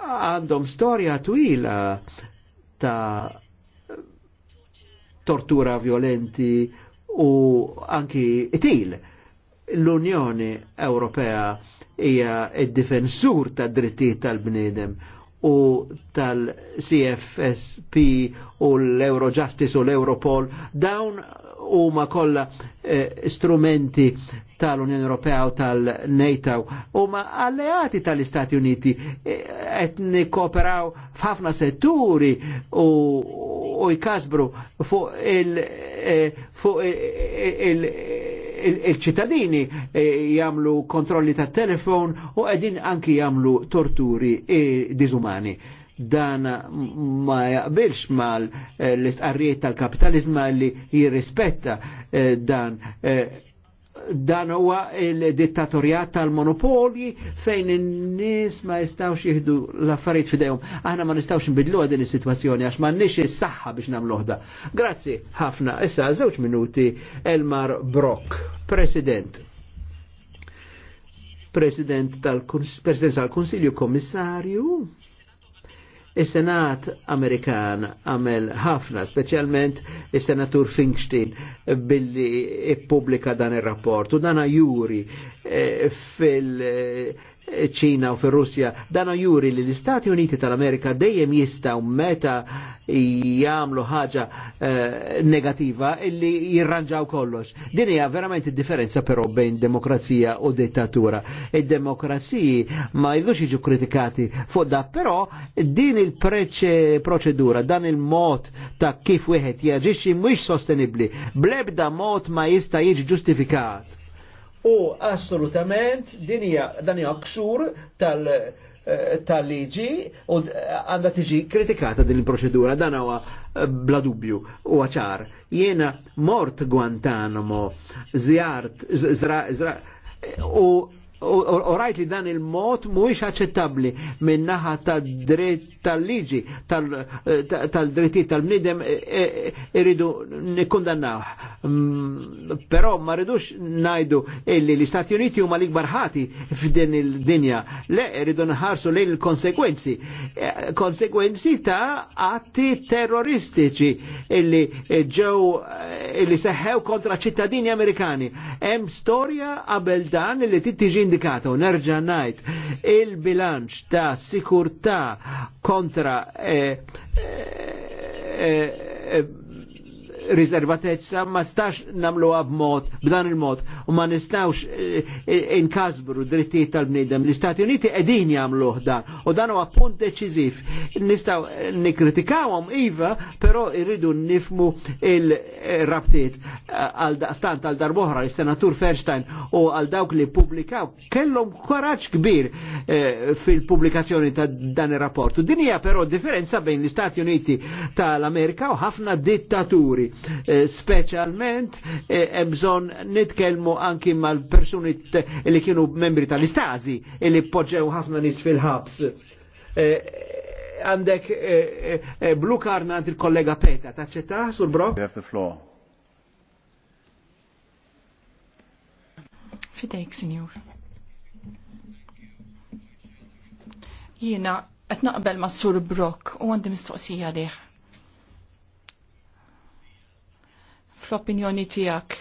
S4: għandhom storja twila ta' tortura violenti u anki itil. L-Unjoni Ewropea hija id-difensur ta' drittijiet tal bnedem u tal-CFSP u l-Eurojustice u l-Europol dawn huma kollha eh, strumenti tal-Unjoni Ewropea u tal-NATO huma alleati tal-Istati Uniti eh, qed nikkooperaw f'ħafna setturi u jkasbru fuq il eh, fuq il il-ċittadini jagħmlu kontrolli tat telefon u qegħdin anki jagħmlu torturi disumani dan ma jaqbilx mal eh, l istqarriet tal-kapitalizma li jirrispetta eh, dan eh, dan huwa il-dittatorjat tal-monopolji fejn in-nies ma jistgħux jieħdu l-affarijiet f'idejhom. Aħna ma nistgħux nbidlu din is-sitwazzjoni għax m'għandniex is-saħħa biex nagħmlu oħda. Grazzi ħafna. Issa żewġ minuti Elmar Brock, President. President tal-Kunsilju Komissarju, Is-Senat Amerikan għamel ħafna, specialment is-Senatur Finkstein billi ippubblika dan ir-rapport u dan juri eh, fil- ċina u fil-Russja, dana juri li l-Istati Uniti tal-Amerika dejjem jistaw meta jgħamlu ħaġa eh, negativa illi jirranġaw kollox. Din hija verament differenza però bejn demokrazija u dittatura. Id-demokraziji ma jridux iġu kritikati fuq da, però din il-proċedura, dan il-mod ta' kif wieħed jaġixxi mhux sostenibbli, blebda mod ma jista' jiġi ġustifikat u assolutament dinja dan hija ksur tal eh, tal-liġi u għanda tiġi kritikata din il-proċedura, dan huwa eh, bla dubju u għacħar. Jena mort Guantanamo, zjart, zra, zra, u u rajt li dan il-mod mhuwiex aċċettabbli minn naħa tad-dritt tal-liġi eh, tal-dritti tal-bniedem eh, eh, iridu nikkundannaw. Mm, però ma ridux najdu illi l-Istati Uniti huma l-ikbar ħati f'din il-dinja. Le iridu nħarsu lejn il-konsekwenzi. Konsekwenzi ta' atti terroristiċi illi ġew illi seħħew kontra ċittadini Amerikani. Hemm storja qabel dan illi titti indikata u nerġa' najt il-bilanċ ta' sikurta kontra eh, eh, eh, riservatezza ma stax għab b'mod b'dan il-mod u ma nistax eh, eh, inkasbru drittijiet tal-bniedem. L-Istati Uniti qegħdin jagħmluh dan u dan huwa punt deċiżiv. Nistgħu eh, nikkritikawhom iva, però irridu nifmu il-rabtiet għal stant għal darbohra is-Senatur Ferstein u għal dawk li publikaw kellhom koraġġ kbir fil-pubblikazzjoni ta' dan ir-rapport. Din hija però differenza bejn l-Istati Uniti tal-Amerika u ħafna dittaturi Eh, Speċjalment eh, hemm bżonn nitkellmu anki mal-persuni li kienu membri tal-istazi li poġġew ħafna nies fil-ħabs eh, għandek blu karna għand il-kollega Peta, taċċetta sul brok? You have the floor.
S3: Fidejk, senjur. Jiena, qed ma' sur brok u għandi mistoqsija liħ. fl-opinjoni tijak,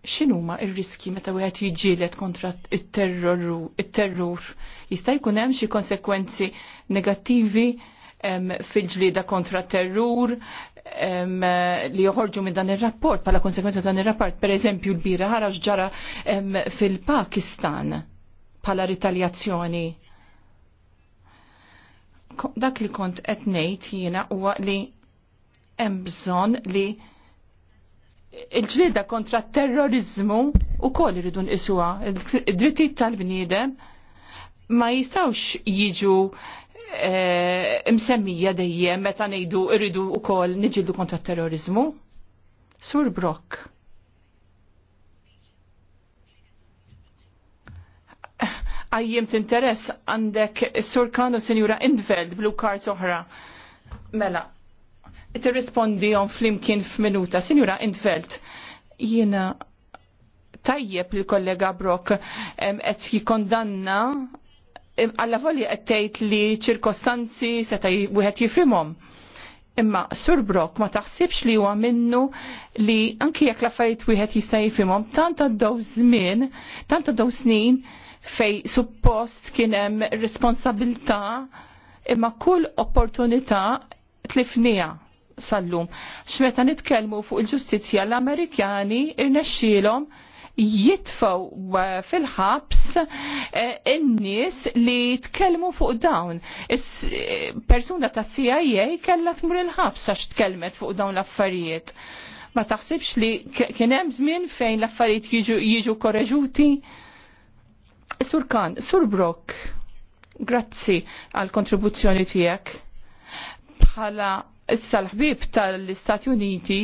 S3: xinuma il-riski meta wieħed jġilet kontra il-terror? Jista' jkun hemm xi konsekwenzi negattivi fil-ġlieda kontra terror li joħorġu minn dan ir-rapport bħala konsekwenza dan ir-rapport, pereżempju l-bira ħara ġara fil-Pakistan bħala ritaljazzjoni. Dak li kont qed ngħid jiena huwa li hemm bżonn li il-ġlida kontra terrorizmu u koll irridu nqisuha id-drittijiet tal-bniedem ma jistawx jiġu eh, msemmija dejjem meta ngħidu iridu wkoll niġildu kontra terrorizmu. Sur Brock. Għajjem t-interess għandek Sur Kano Senjura Indveld, Blue Card oħra. Mela, tirrispondihom flimkien f'minuta. Sinjura Intfeld, jiena tajjeb li kollega Brock qed jikondanna għalla voli qed tgħid li ċirkostanzi seta' wieħed jifhimhom. Imma Sur Brock ma taħsibx li huwa minnu li anki jekk l-affarijiet wieħed jista' jifhimhom tant għaddew żmien, tant għaddew snin fej suppost kien hemm responsabilità imma kull opportunità tlifnija sal-lum. Xmeta nitkellmu fuq il-ġustizja l-Amerikani irnexxielhom jitfaw eh, fil-ħabs eh, in-nies li tkellmu fuq dawn. Eh, persuna ta' CIA kellha tmur il-ħabs għax tkellmet fuq dawn l-affarijiet. Ma taħsibx li kien hemm żmien fejn l-affarijiet jiġu korreġuti? Sur Kan, Sur Brock, grazzi għal kontribuzzjoni tiegħek. Bħala issa l-ħbib tal-Istati Uniti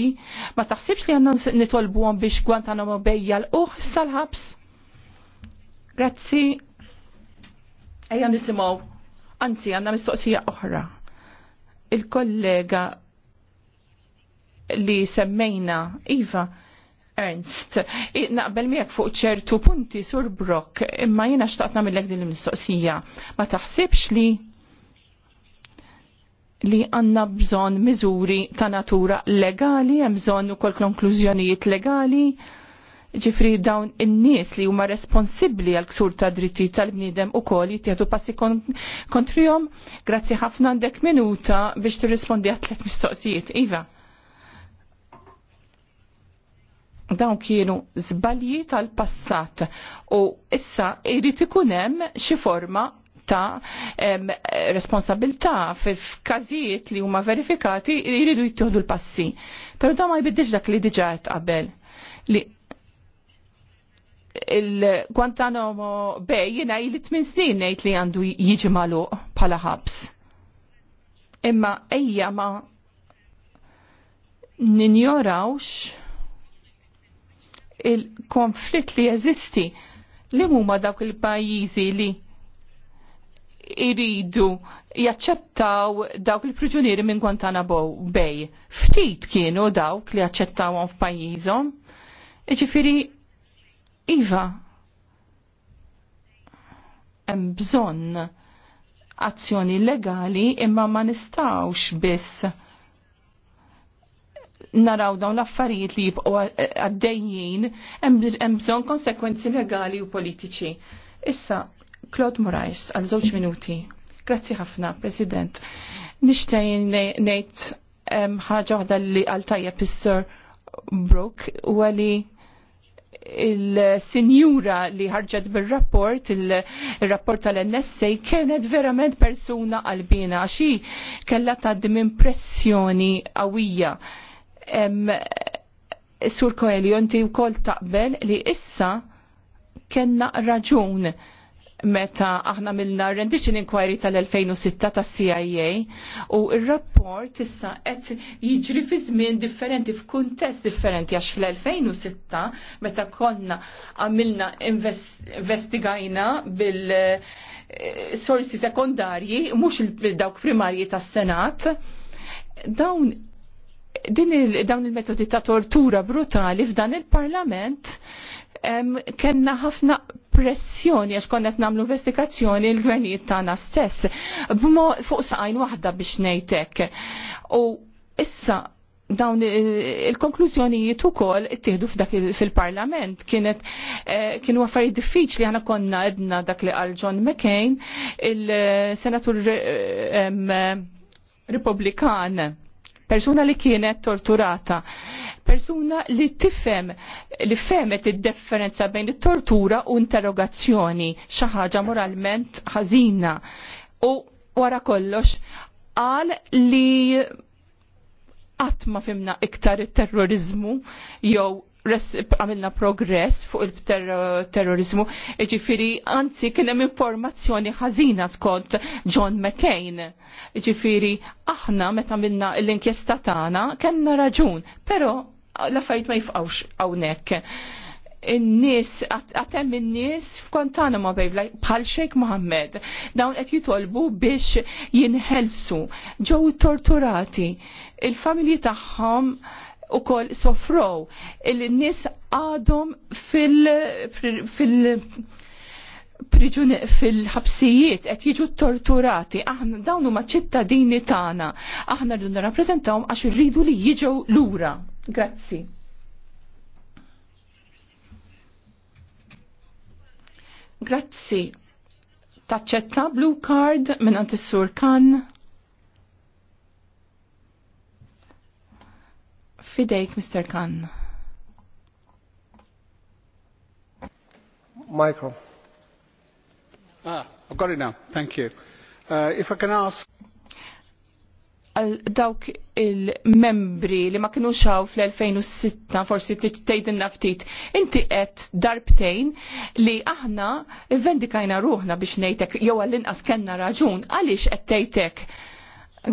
S3: ma taħsibx li għanna nitolbuhom biex Guantanamo bejja l-uħ issa l-ħabs? Grazzi. Ejja nisimaw. Anzi, għanna mistoqsija oħra. Il-kollega li semmejna, Iva, Ernst, naqbel miegħek fuq ċertu punti sur Brock, imma jiena xtaqt nagħmilek din il-mistoqsija. Ma taħsibx li li għanna bżon miżuri ta' natura legali, hemm bżon ukoll konklużjonijiet legali, ġifri dawn in-nies li huma responsibbli għal ksur ta' dritti tal-bniedem u kol jittieħdu passi kontrihom. Grazzi ħafna għandek minuta biex tirrispondi għat tliet mistoqsijiet. Iva. Dawn kienu żbalji tal-passat u issa jrid ikun hemm xi forma ta' responsabilità f'każijiet li huma verifikati jridu jittieħdu l-passi. Però da ma jbiddix dak li diġà qabel li il-Guantanamo Bay jina il 8 snin ngħid li għandu jiġi magħluq bħala ħabs. Imma ejja ma ninjorawx il-konflitt li jeżisti li huma dawk il-pajjiżi li iridu jaċċettaw dawk il-priġunieri minn Guantanamo Bay. Ftit kienu dawk li jaċċettawhom f'pajjiżhom. Iġifieri iva hemm bżonn azzjoni legali imma ma nistawx biss naraw dawn l-affarijiet li jibqgħu għaddejjin hemm bżonn konsekwenzi legali u politiċi. Issa Claude Morais, għal żewġ minuti. Grazzi ħafna, President. Nishtaj nejt ħaġa waħda li għaltajja tajja Brook u għali il-sinjura li ħarġet bil-rapport, il-rapport tal-NSA, kienet verament persuna qalbina, xi kella taddim impressjoni qawwija. Sur ti u kol taqbel li issa kena raġun meta aħna milna rendition inquiry tal-2006 tas CIA u il-rapport issa qed jiġri fi żmien differenti f'kuntest differenti għax fl-2006 meta konna għamilna investigajna bil eh, sorsi sekondarji mhux il-dawk primarji tas-Senat dawn din il, dawn il-metodi ta' tortura brutali f'dan il-parlament kenna ħafna pressjoni għax konnet namlu investigazzjoni l-gvernijiet tagħna stess b'mo fuq saqajn waħda biex ngħidlek. U issa dawn il-konklużjonijiet ukoll ittieħdu f'dak fil-Parlament kienet eh, kienu affarijiet diffiċli aħna konna edna dak li qal John McCain il-Senatur eh, eh, Republikan persuna li kienet torturata, persuna li tifhem li femet id-differenza bejn it-tortura u interrogazzjoni, xi ħaġa moralment ħażina. U wara kollox qal li qatt ma fimna iktar it-terrorizmu jew għamilna progress fuq il-terrorizmu, ġifiri, anzi kien hemm informazzjoni ħażina skont John McCain. Ġifiri, aħna meta għamilna l-inkjesta tagħna kellna raġun, però l-affarijiet ma jifqawx hawnhekk. In-nies għatem in-nies f'kontana ma bejbla bħal Sheikh Mohammed dawn qed jitolbu biex jinħelsu ġew torturati il-familji tagħhom u kol sofrow il-nis għadhom fil- fil-ħabsijiet qed jiġu torturati. Aħna dawn huma ċittadini tagħna. Aħna rridu nirrappreżentawhom għax irridu li jiġu lura. Grazzi. Grazzi. Taċċetta blue card minn għand sur Kan. Fidejk, Mr. Khan.
S1: Michael. Ah, I've got it now. Thank you. Uh, if I can ask
S3: għal dawk il-membri li ma kienu xaw fl-2006 forsi tgħidilna ftit, inti qed darbtejn li aħna vendikajna ruħna biex ngħidlek jew għall-inqas kenna raġun għaliex qed tejtek.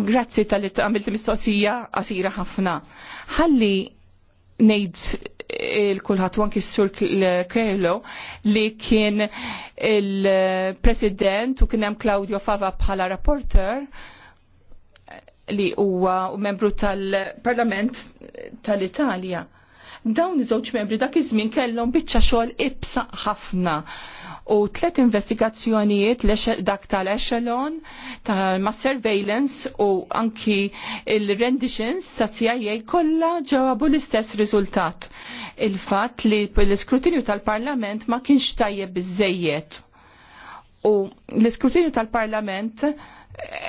S3: Grazzi tal-li għamilt mistoqsija qasira ħafna. Ħalli ngħid il-kulħat wanki s-sur Kerlo li kien il-president u kienem Claudio Fava bħala rapporter li huwa membru tal-Parlament tal-Italja. tal parlament tal italja Dawn iż-żewġ membri dak iż-żmien kellhom biċċa xogħol ibsa ħafna. U tlet investigazzjonijiet dak tal-Echelon, tal-ma surveillance u anki il-renditions ta' CIA kollha ġewabu l-istess riżultat. Il-fatt li l-iskrutinju tal-Parlament ma kienx tajjeb biżejjed. U l-iskrutinju tal-Parlament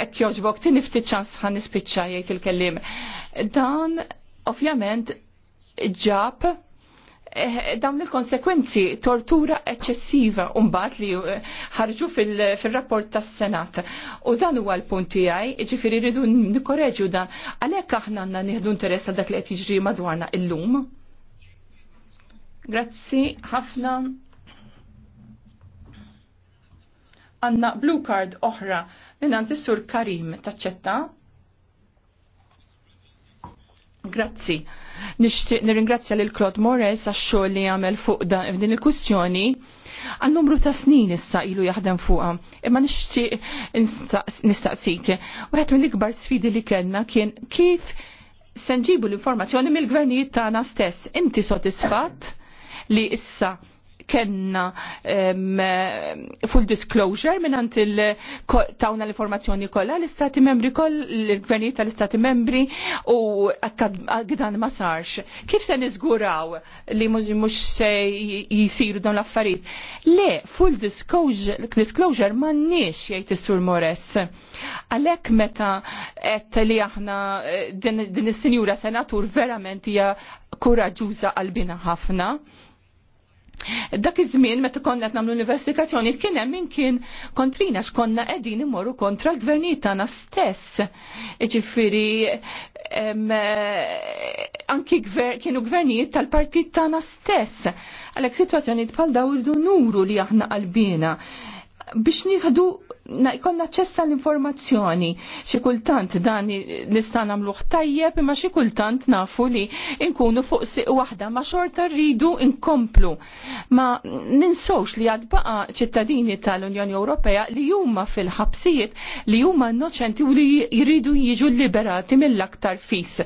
S3: ek joġbok tinifti ċans ħan nispiċċa jgħid il-kellim. Dan ovvjament ġab eh, dawn il-konsekwenzi tortura eċċessiva umbat li eh, ħarġu fil-rapport tas senat U dan huwa l-punt tiegħi, ġifieri rridu nikkoreġu dan. Għalhekk aħna għandna nieħdu interessa dak li qed jiġri madwarna illum. Grazzi ħafna. Għanna blue card oħra minn għand sur Karim taċċetta. Grazzi. Nixtieq nirringrazzja lil Claude Morris għax xogħol li jagħmel fuq dan din il-kwistjoni għal numru ta' snin issa ilu jaħdem fuqha. Imma nixtieq nistaqsik. Wieħed mill-ikbar sfidi li kellna kien kif se nġibu l-informazzjoni mill-gvernijiet tagħna stess. Inti sodisfatt li issa kenna full disclosure għant il-tawna l-informazzjoni kollha l-istati membri koll, l-gvernijiet tal-istati membri u għadan ma sarx. Kif se nizguraw li mux se jisiru dawn l-affarijiet? Le, full disclosure ma nix jgħid is-sur Mores. Għalhekk meta għet li aħna eh, din is senjura senatur verament hija kuraġuża għalbina ħafna Dak iż-żmien meta konna qed nagħmlu investigazzjoni kien hemm min kien kontrina x'konna qegħdin imorru kontra l-gvernijiet tagħna stess. Iġifieri eh, anki kienu gvernijiet tal-partit tagħna stess. Għalhekk sitwazzjonijiet bħal dawn irdu nuru li aħna qalbina biex nieħdu jkollna ċessa l-informazzjoni. Xi kultant dan nista' nagħmluh tajjeb imma xi kultant nafu li nkunu fuq siq waħda ma xorta rridu nkomplu. Ma ninsowx li għad baqa' ċittadini tal-Unjoni Ewropea li huma fil-ħabsijiet li huma innoċenti u li jridu jiġu liberati mill-aktar fis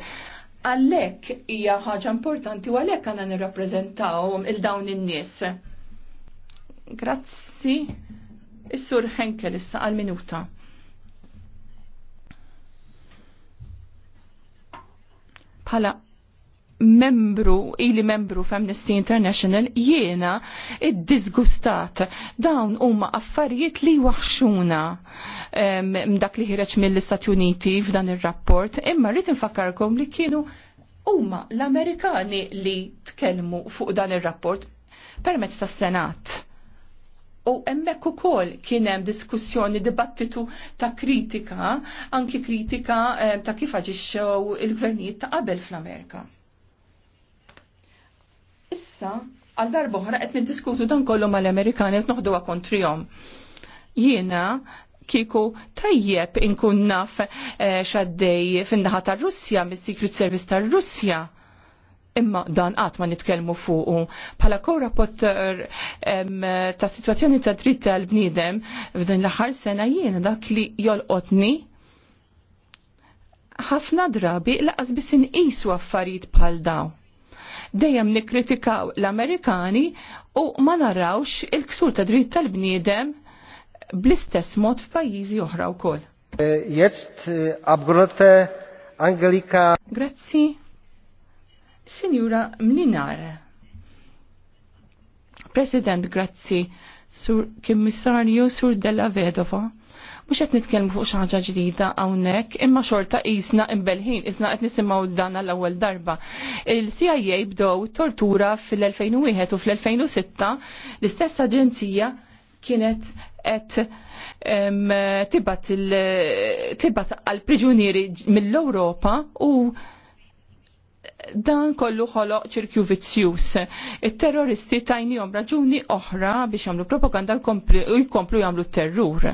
S3: Għalhekk hija ħaġa importanti u għalhekk għanna nirrappreżentawhom il-dawn in-nies. Grazzi. Is-sur Henkel issa għal minuta. Bħala membru, ili membru f'Amnesty International, jiena id-disgustat. Dawn huma affarijiet li waħxuna dak li ħireġ mill-Istati Uniti f'dan ir-rapport, imma rrid infakkarkom li kienu huma l-Amerikani li tkellmu fuq dan ir-rapport permezz tas-Senat u emmek u kol kienem diskussjoni, dibattitu ta' kritika, anki kritika eh, ta' kif aġiċċew il-gvernijiet ta' qabel fl-Amerika. Issa, għal darbohra qed niddiskutu dan kollu mal-Amerikani qed noħduha kontrihom. Jiena kiku tajjeb inkun naf eh, xaddej fin-naħa tar-Russja mis-Secret Service tar-Russja imma dan qatt ma nitkellmu fuqu. Pala co-rapporter ta' situazzjoni ta' dritt tal-bniedem f'din l-aħħar sena jiena dak li jolqotni ħafna drabi laqas biss inqisu affarijiet bħal daw. Dejjem nikkritikaw l-Amerikani u ma narawx il-ksur ta' dritt tal-bniedem
S5: bl-istess
S3: mod f'pajjiżi oħra wkoll.
S1: Eh, jetzt eh,
S5: abgrotte Angelika. Grazzi.
S3: Sinjura Mlinar. President, grazzi, Sur Kimmissarju Sur Della Vedova. Mux qed nitkellmu fuq xaħġa ġdida hawnhekk, imma xorta isna imbelħin, isna qed nisimgħu dan għall-ewwel darba. Il-CIA bdew tortura fil-2001 u fl-2006 l-istess aġenzija kienet qed tibat għal-priġunieri mill-Ewropa u dan kollu ħoloq ċirkju vizzjus. Il-terroristi tajnijom raġuni oħra biex jagħmlu propaganda jkomplu jagħmlu terrur.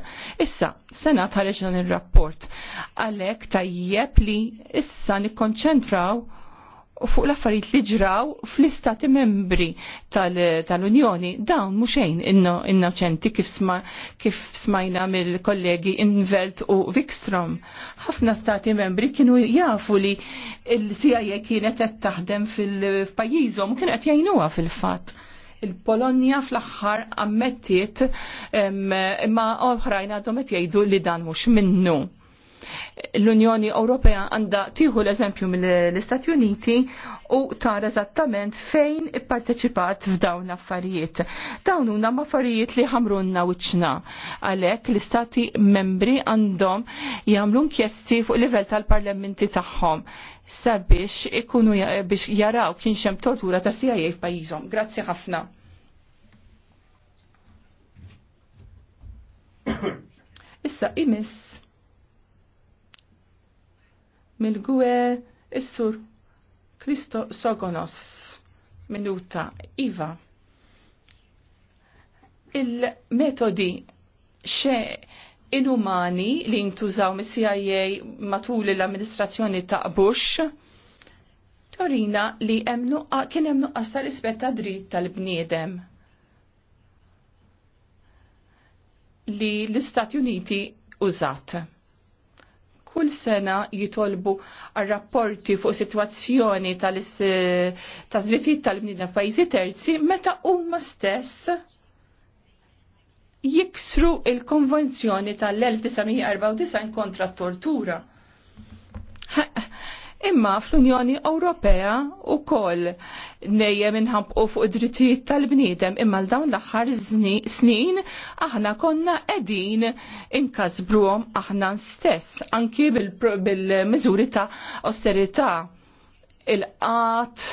S3: Issa, sena tħarġan dan ir rapport Għalhekk tajjeb li issa nikkonċentraw fuq l-affarijiet li ġraw fl-istati membri tal-Unjoni tal dawn muxejn innoċenti kif, sma, kif smajna mill-kollegi Invelt u Vikstrom. Ħafna stati membri kienu jafu li l-CIA kienet qed taħdem fil-pajjiżhom kienu qed jgħinuha fil-fatt il-Polonja fl-axħar ammettiet imma oħrajn għadhom qed jgħidu li dan mhux minnu L-Unjoni Ewropea għandha tieħu l-eżempju mill-Istati Uniti u tara eżattament fejn ipparteċipat f'dawn l-affarijiet. Dawn huna affarijiet li ħamrunna wiċċna. Għalhekk l-Istati membri għandhom jagħmlu inkjesti fuq livell tal-parlamenti tagħhom sabiex ikunu biex jaraw kien xem tortura ta' CIA f'pajjiżhom. Grazzi ħafna. Issa imis mill-gwe is-sur Kristo Sogonos minuta Iva. Il-metodi xe inumani li jintużaw mis-CIA matul l-amministrazzjoni ta' Bush torina li kien hemm nuqqas ta' rispett ta' dritt tal-bniedem li l-Istati Uniti użat kull sena jitolbu rapporti fuq situazzjoni tal zrittijiet tal-bnidna f'pajjiżi terzi meta huma stess jiksru il-konvenzjoni tal-1994 kontra t-tortura. Imma fl-Unjoni Ewropea u koll nejjem u fuq drittijiet tal-bniedem imma l dawn l-aħħar snin aħna konna edin inkasbruhom aħna stess anki bil-miżuri ta' austerità il-qat,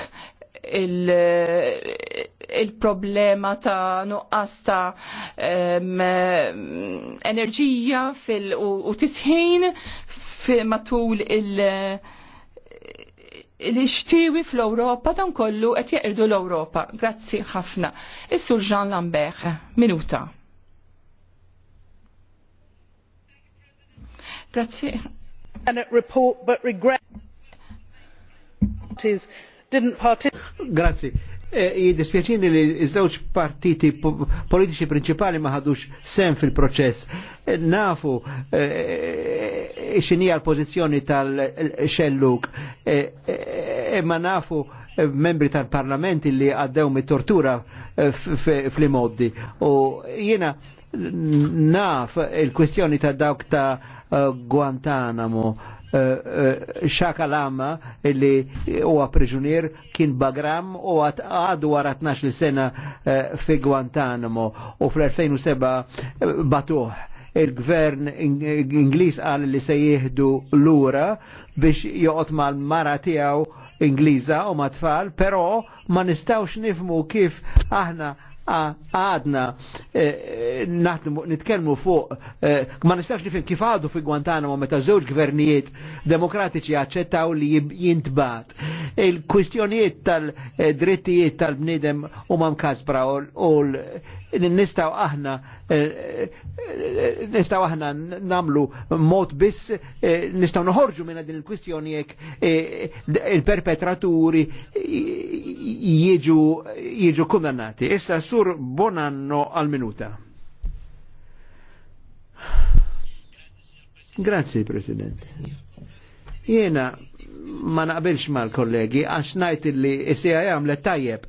S3: il-problema ta' nuqqas ta' enerġija fil- u tisħin matul il- l-ixtiwi fl-Europa dan kollu qed jeqirdu l-Europa. Grazzi ħafna. Is-Sur Jean Lambert, minuta.
S4: Grazzi. Report, but regret didn't Grazzi jidispieċini e, li iż-żewġ partiti politiċi principali ma ħadux sen fil-proċess. E, nafu e, xinija l-pozizjoni tal-xelluk, imma nafu membri tal-parlamenti li għaddew mit-tortura fl-imoddi. U jiena naf il-kwestjoni ta' dawk ta' Guantanamo xakalama illi huwa priġunier kien bagram u għadu wara 12 sena eh, fi Guantanamo u fl-2007 eh, batuħ il-gvern Ingliż qal li se jieħdu lura biex joqgħod mal-mara tiegħu Ingliża u mat-tfal, però ma nistgħux nifmu kif aħna għadna eh, eh, naħdmu nitkellmu fuq eh, ma nistax nifim kif għadu fi Guantanamo meta żewġ gvernijiet demokratiċi aċċettaw li jintbat. Il-kwistjonijiet tal-drittijiet tal-bniedem huma mkasbra u nistaw aħna eh, eh, nistaw aħna namlu mod biss eh, nistaw noħorġu minna din il-kwistjoni jekk il-perpetraturi jiġu kundannati. Issa sur bonanno għal-minuta. Grazie, President. Jena ma naqbilx mal-kollegi għax najt li s-CIA għamlet tajjeb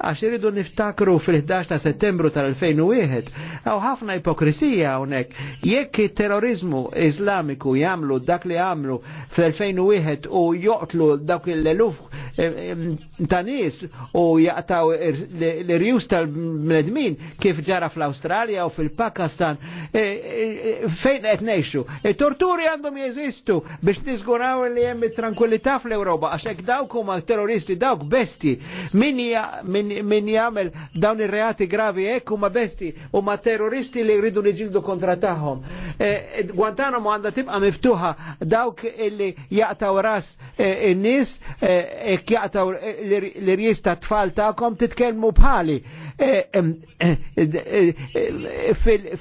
S4: għax irridu niftakru fil-11 ta' settembru tal-2001, għaw ħafna ipokrisija unek, jekk terrorizmu islamiku jamlu dak li għamlu fil-2001 u joqtlu dak l-eluf eh, eh, ta' nis u jaqtaw l-irjus tal medmin kif ġara fl-Australia u fil-Pakistan, eh, fejn qed ngħixu. Torturi għandhom jeżistu biex nizguraw li hemm tranquillità fl europa għax dawk dawk huma terroristi dawk besti min min jagħmel dawn ir-reati gravi hekk huma besti huma terroristi li jridu niġildu kontra tagħhom. Eh, eh, Guantanamo għandha tibqa' miftuħa dawk illi jaqtaw ras eh, in-nies hekk jaqtaw l-irjis ta' tfal tagħkom titkellmu bħali.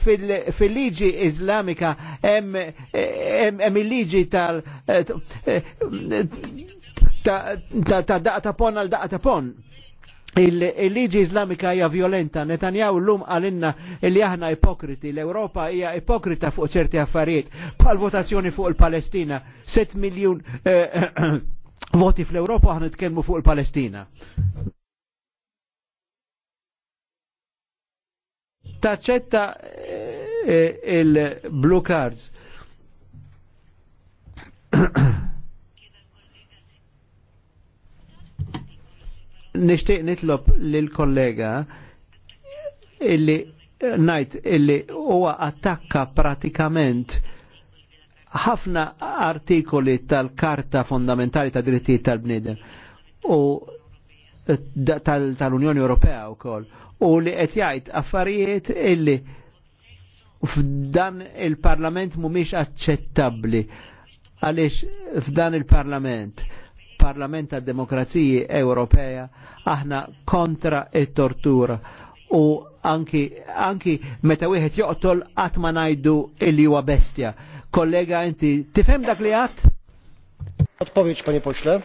S4: Fil-liġi Islamika hemm il-liġi tal ta' daqta pon għal daqta pon il-liġi islamika hija violenta, Netanjahu l-lum għalinna li aħna ipokriti, l-Europa hija ipokrita fuq ċerti affarijiet, bħal votazzjoni fuq il-Palestina, 7 miljun eh, voti fl-Europa aħna nitkellmu fuq il-Palestina. Taċċetta eh, eh, il-blue cards. nishtiq nitlob lill-kollega illi najt illi huwa attakka pratikament ħafna artikoli tal-Karta Fondamentali ta' Drittijiet tal bnidem u tal-Unjoni Ewropea wkoll u li qed jgħid affarijiet illi f'dan il-Parlament mhumiex aċċettabbli għaliex f'dan il-Parlament parlament tad demokraziji Ewropea aħna kontra it-tortura u anki, anki meta wieħed joqtol qatt ma ngħidu illi huwa bestja. Kollega inti tifhem dak li għat? Odpowiedź panie pośle.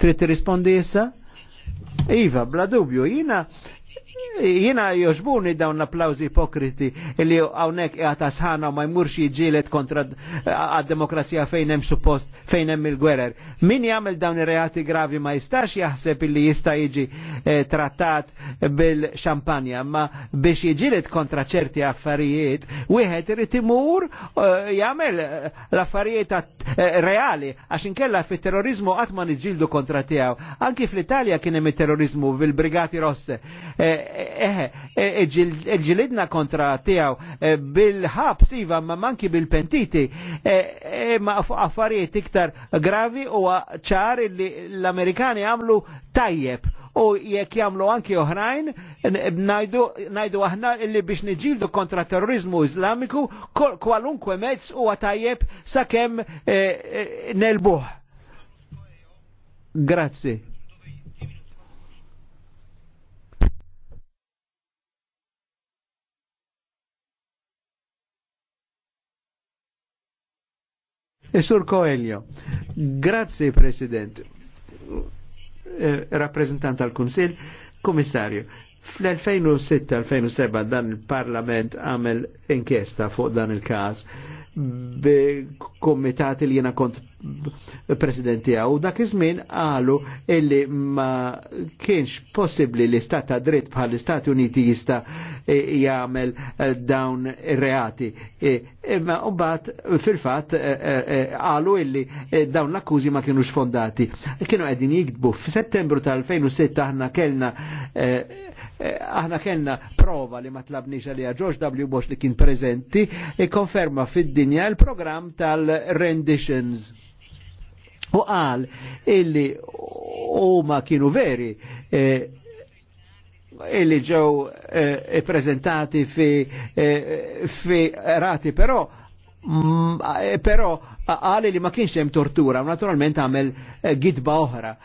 S4: Trid tirrispondi issa? Iva, bla dubju, jina jina joġbuni dawn l-applawzi ipokriti li għawnek jgħata sħana ma jmurx jġilet kontra għad-demokrazija fejn hemm suppost fejn hemm il-gwerer. Min jagħmel dawn ir-reati gravi ma jistax jaħseb li jista' jiġi eh, trattat bil-xampanja, ma biex jġilet kontra ċerti affarijiet, wieħed irid imur eh, jagħmel eh, l-affarijiet eh, reali għax inkella fit-terrorizmu qatt ma kontra tiegħu. Anki fl-Italja kien hemm terrorizmu bil-Brigati Rosse. Eh, Eh, eh, eh, ġilidna kontra tijaw bil-ħab siva ma manki bil-pentiti ma affarijiet iktar gravi u ċar li l-Amerikani għamlu tajjeb u jekk jagħmlu anki oħrajn najdu aħna illi biex niġildu kontra terrorizmu islamiku kwalunkwe mezz huwa tajjeb sakemm nelbuħ. Grazzi. E Sur Coelho. Grazie, Presidente, Eh, rappresentante al Consiglio, commissario, Fl-2006-2007 dan il-Parlament għamel inkjesta fuq dan il-kas b'komitati li jena kont presidenti għaw, dak iż-żmien għalu illi ma kienx possibli li stat ta' dritt bħal l-Istati Uniti jista' e, jagħmel e, dawn reati. E, imma u bat fil-fatt għalu illi dawn l-akkużi ma kienux fondati. Kienu qegħdin f f'Settembru tal-2006 aħna kellna Eh, aħna kellna prova li ma tlabniex għalija George W. Bush li kien prezenti e konferma fid-dinja il-programm tal-renditions. U qal illi huma kienu veri e, illi ġew e, prezentati fi rati però però qal li ma kienx hemm tortura, naturalment għamel gidba oħra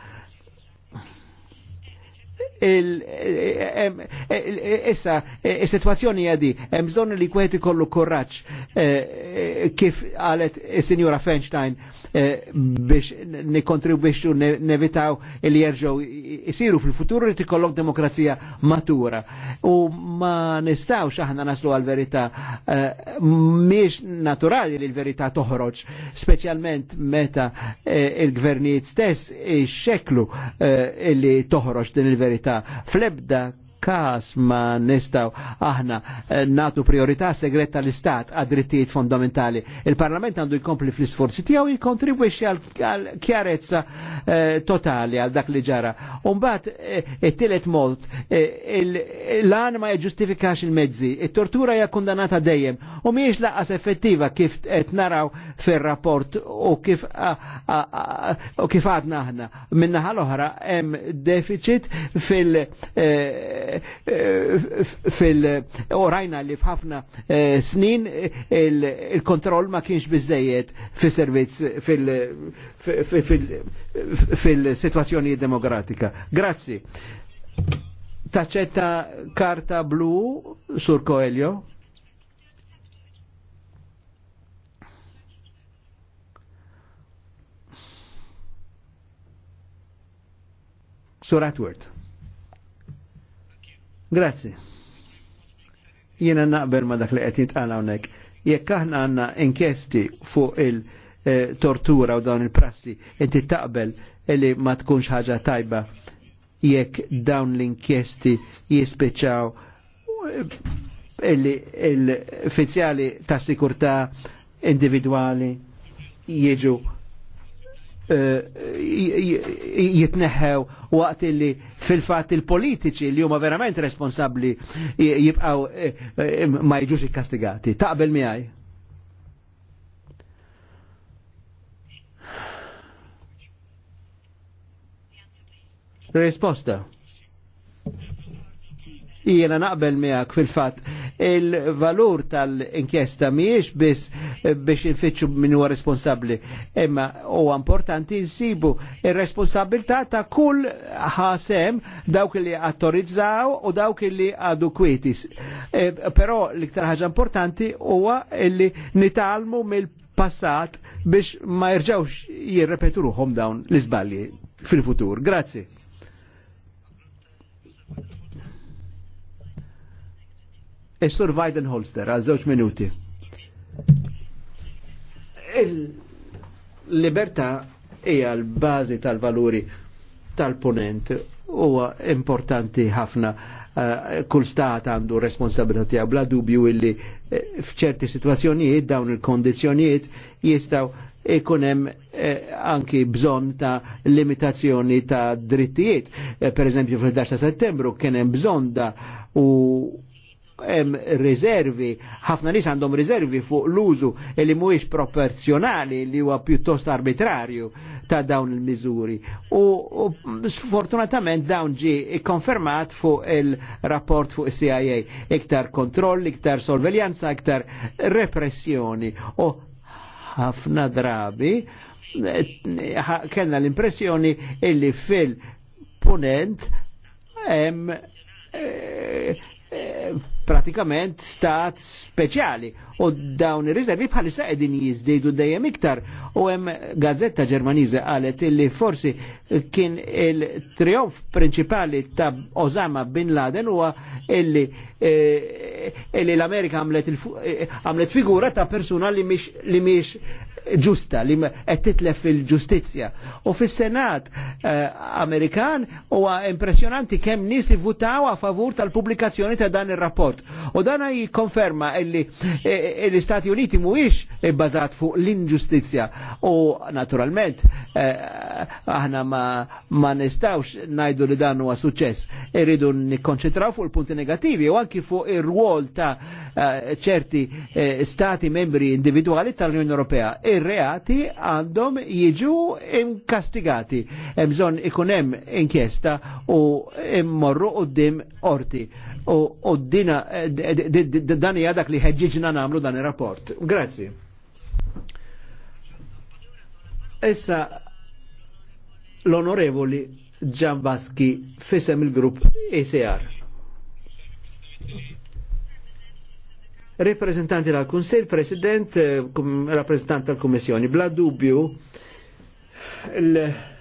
S4: issa eh, is-sitwazzjoni għadi hemm bżonn li kwet ikollu korraċ eh, eh, kif għalet Signora sinjura Feinstein biex nikkontribwixxu nevitaw li jerġgħu jsiru fil-futur li tikollok demokrazija matura. U ma nistgħux aħna naslu għal verità mhix naturali li l-verità toħroġ, speċjalment meta il-gvernijiet stess ix-xeklu li toħroġ din il-verità ta' flebda kas ma nistaw aħna eh, natu priorità segret tal-Istat għad-drittijiet fondamentali. Il-Parlament għandu jkompli fl-isforzi tiegħu jikontribwixxi għal kjarezza eh, totali għal dak li ġara. Umbat eh, it-tielet mod l-għan ma jġustifikax il-mezzi, it-tortura hija kundanata dejjem u mhijiex laqas effettiva kif qed naraw fir-rapport u kif u kif għadna aħna. Minnaħa l-oħra hemm deficit fil- fil-orajna li f'ħafna eh, snin il-kontroll ma kienx bizzejiet fil servizz fil-situazzjoni demokratika. Grazzi. Taċetta karta blu sur Coelho. Sur Atwood. Grazzi. Jiena naqbel ma dak li qed jitqal hawnhekk. Jekk aħna għandna inkjesti fuq il-tortura u dawn il-prassi, inti taqbel li ma tkunx ħaġa tajba jekk dawn l-inkjesti jispiċċaw eh, il-fizzjali ta' sikurta individuali jieġu Eh, jitneħew waqt li fil-fat il-politiċi li huma verament responsabli jibqaw eh, eh, ma jġux ikkastigati. Taqbel miħaj? Risposta. Jiena naqbel miegħek fil fat il-valur tal-inkjesta miex biss eh, biex infittxu minn huwa responsabli. imma u importanti nsibu il responsabilità ta' kull ħasem dawk li attorizzaw u dawk li għadu kwitis. E, Però l-iktar ħaġa importanti huwa li nitalmu mill-passat biex ma jirġawx jirrepetu dawn l-iżbalji fil-futur. Grazie. Is-Sur Weidenholster għal żewġ minuti. Il-libertà hija l-bażi tal-valuri tal-ponent huwa importanti ħafna eh, kull stat għandu responsabilità tiegħu bla dubju illi eh, f'ċerti situazzjonijiet dawn il-kondizzjonijiet jistgħu ikun hemm eh, anki bżonn ta' limitazzjoni ta' drittijiet. Per eżempju fil-11 ta' settembru kien hemm bżonn da' u em reservi, ħafna nies għandhom reservi fuq l-użu li mhuwiex proporzjonali li huwa pjuttost arbitrarju ta' dawn il-miżuri. U, u sfortunatament dawn ġi konfermat fuq il-rapport fuq CIA, iktar kontroll, iktar sorveljanza, iktar repressjoni. U ħafna drabi kellna l-impressjoni illi fil-punent hemm eh, eh, pratikament stat speċjali u dawn ir-riservi bħalissa qegħdin jiżdejdu dejjem iktar u hemm gazzetta Ġermaniża qalet illi forsi kien il trijonf prinċipali ta' Osama bin Laden huwa illi eh, illi l-Amerika eh, għamlet figura ta' persuna li mhix ġusta li qed titlef fil-ġustizzja. U fis-Senat eh, Amerikan huwa impressjonanti kemm nies ivvutaw a favur tal-pubblikazzjoni ta' dan ir-rapport rapport. U dana jikonferma illi e, e, l-Istati Uniti mhuwiex bbażat e, fuq l-inġustizzja u naturalment aħna ma nistawx ngħidu li dan huwa suċċess. Irridu nikkonċentraw fuq il-punti negativi u anki fuq ir-rwol ta' ċerti stati membri individuali tal-Unjoni Ewropea. Ir-reati għandhom jiġu inkastigati. Hemm bżonn ikun hemm inkjesta u immorru qudiem orti u d dina dan hija dak li ħedġiġna namlu dan il rapport Grazzi. Issa l-onorevoli Ġambaski fisem il-grupp ECR. Rappresentanti tal kunsil President, eh, rappresentanti tal-Kommissjoni, bla dubju l-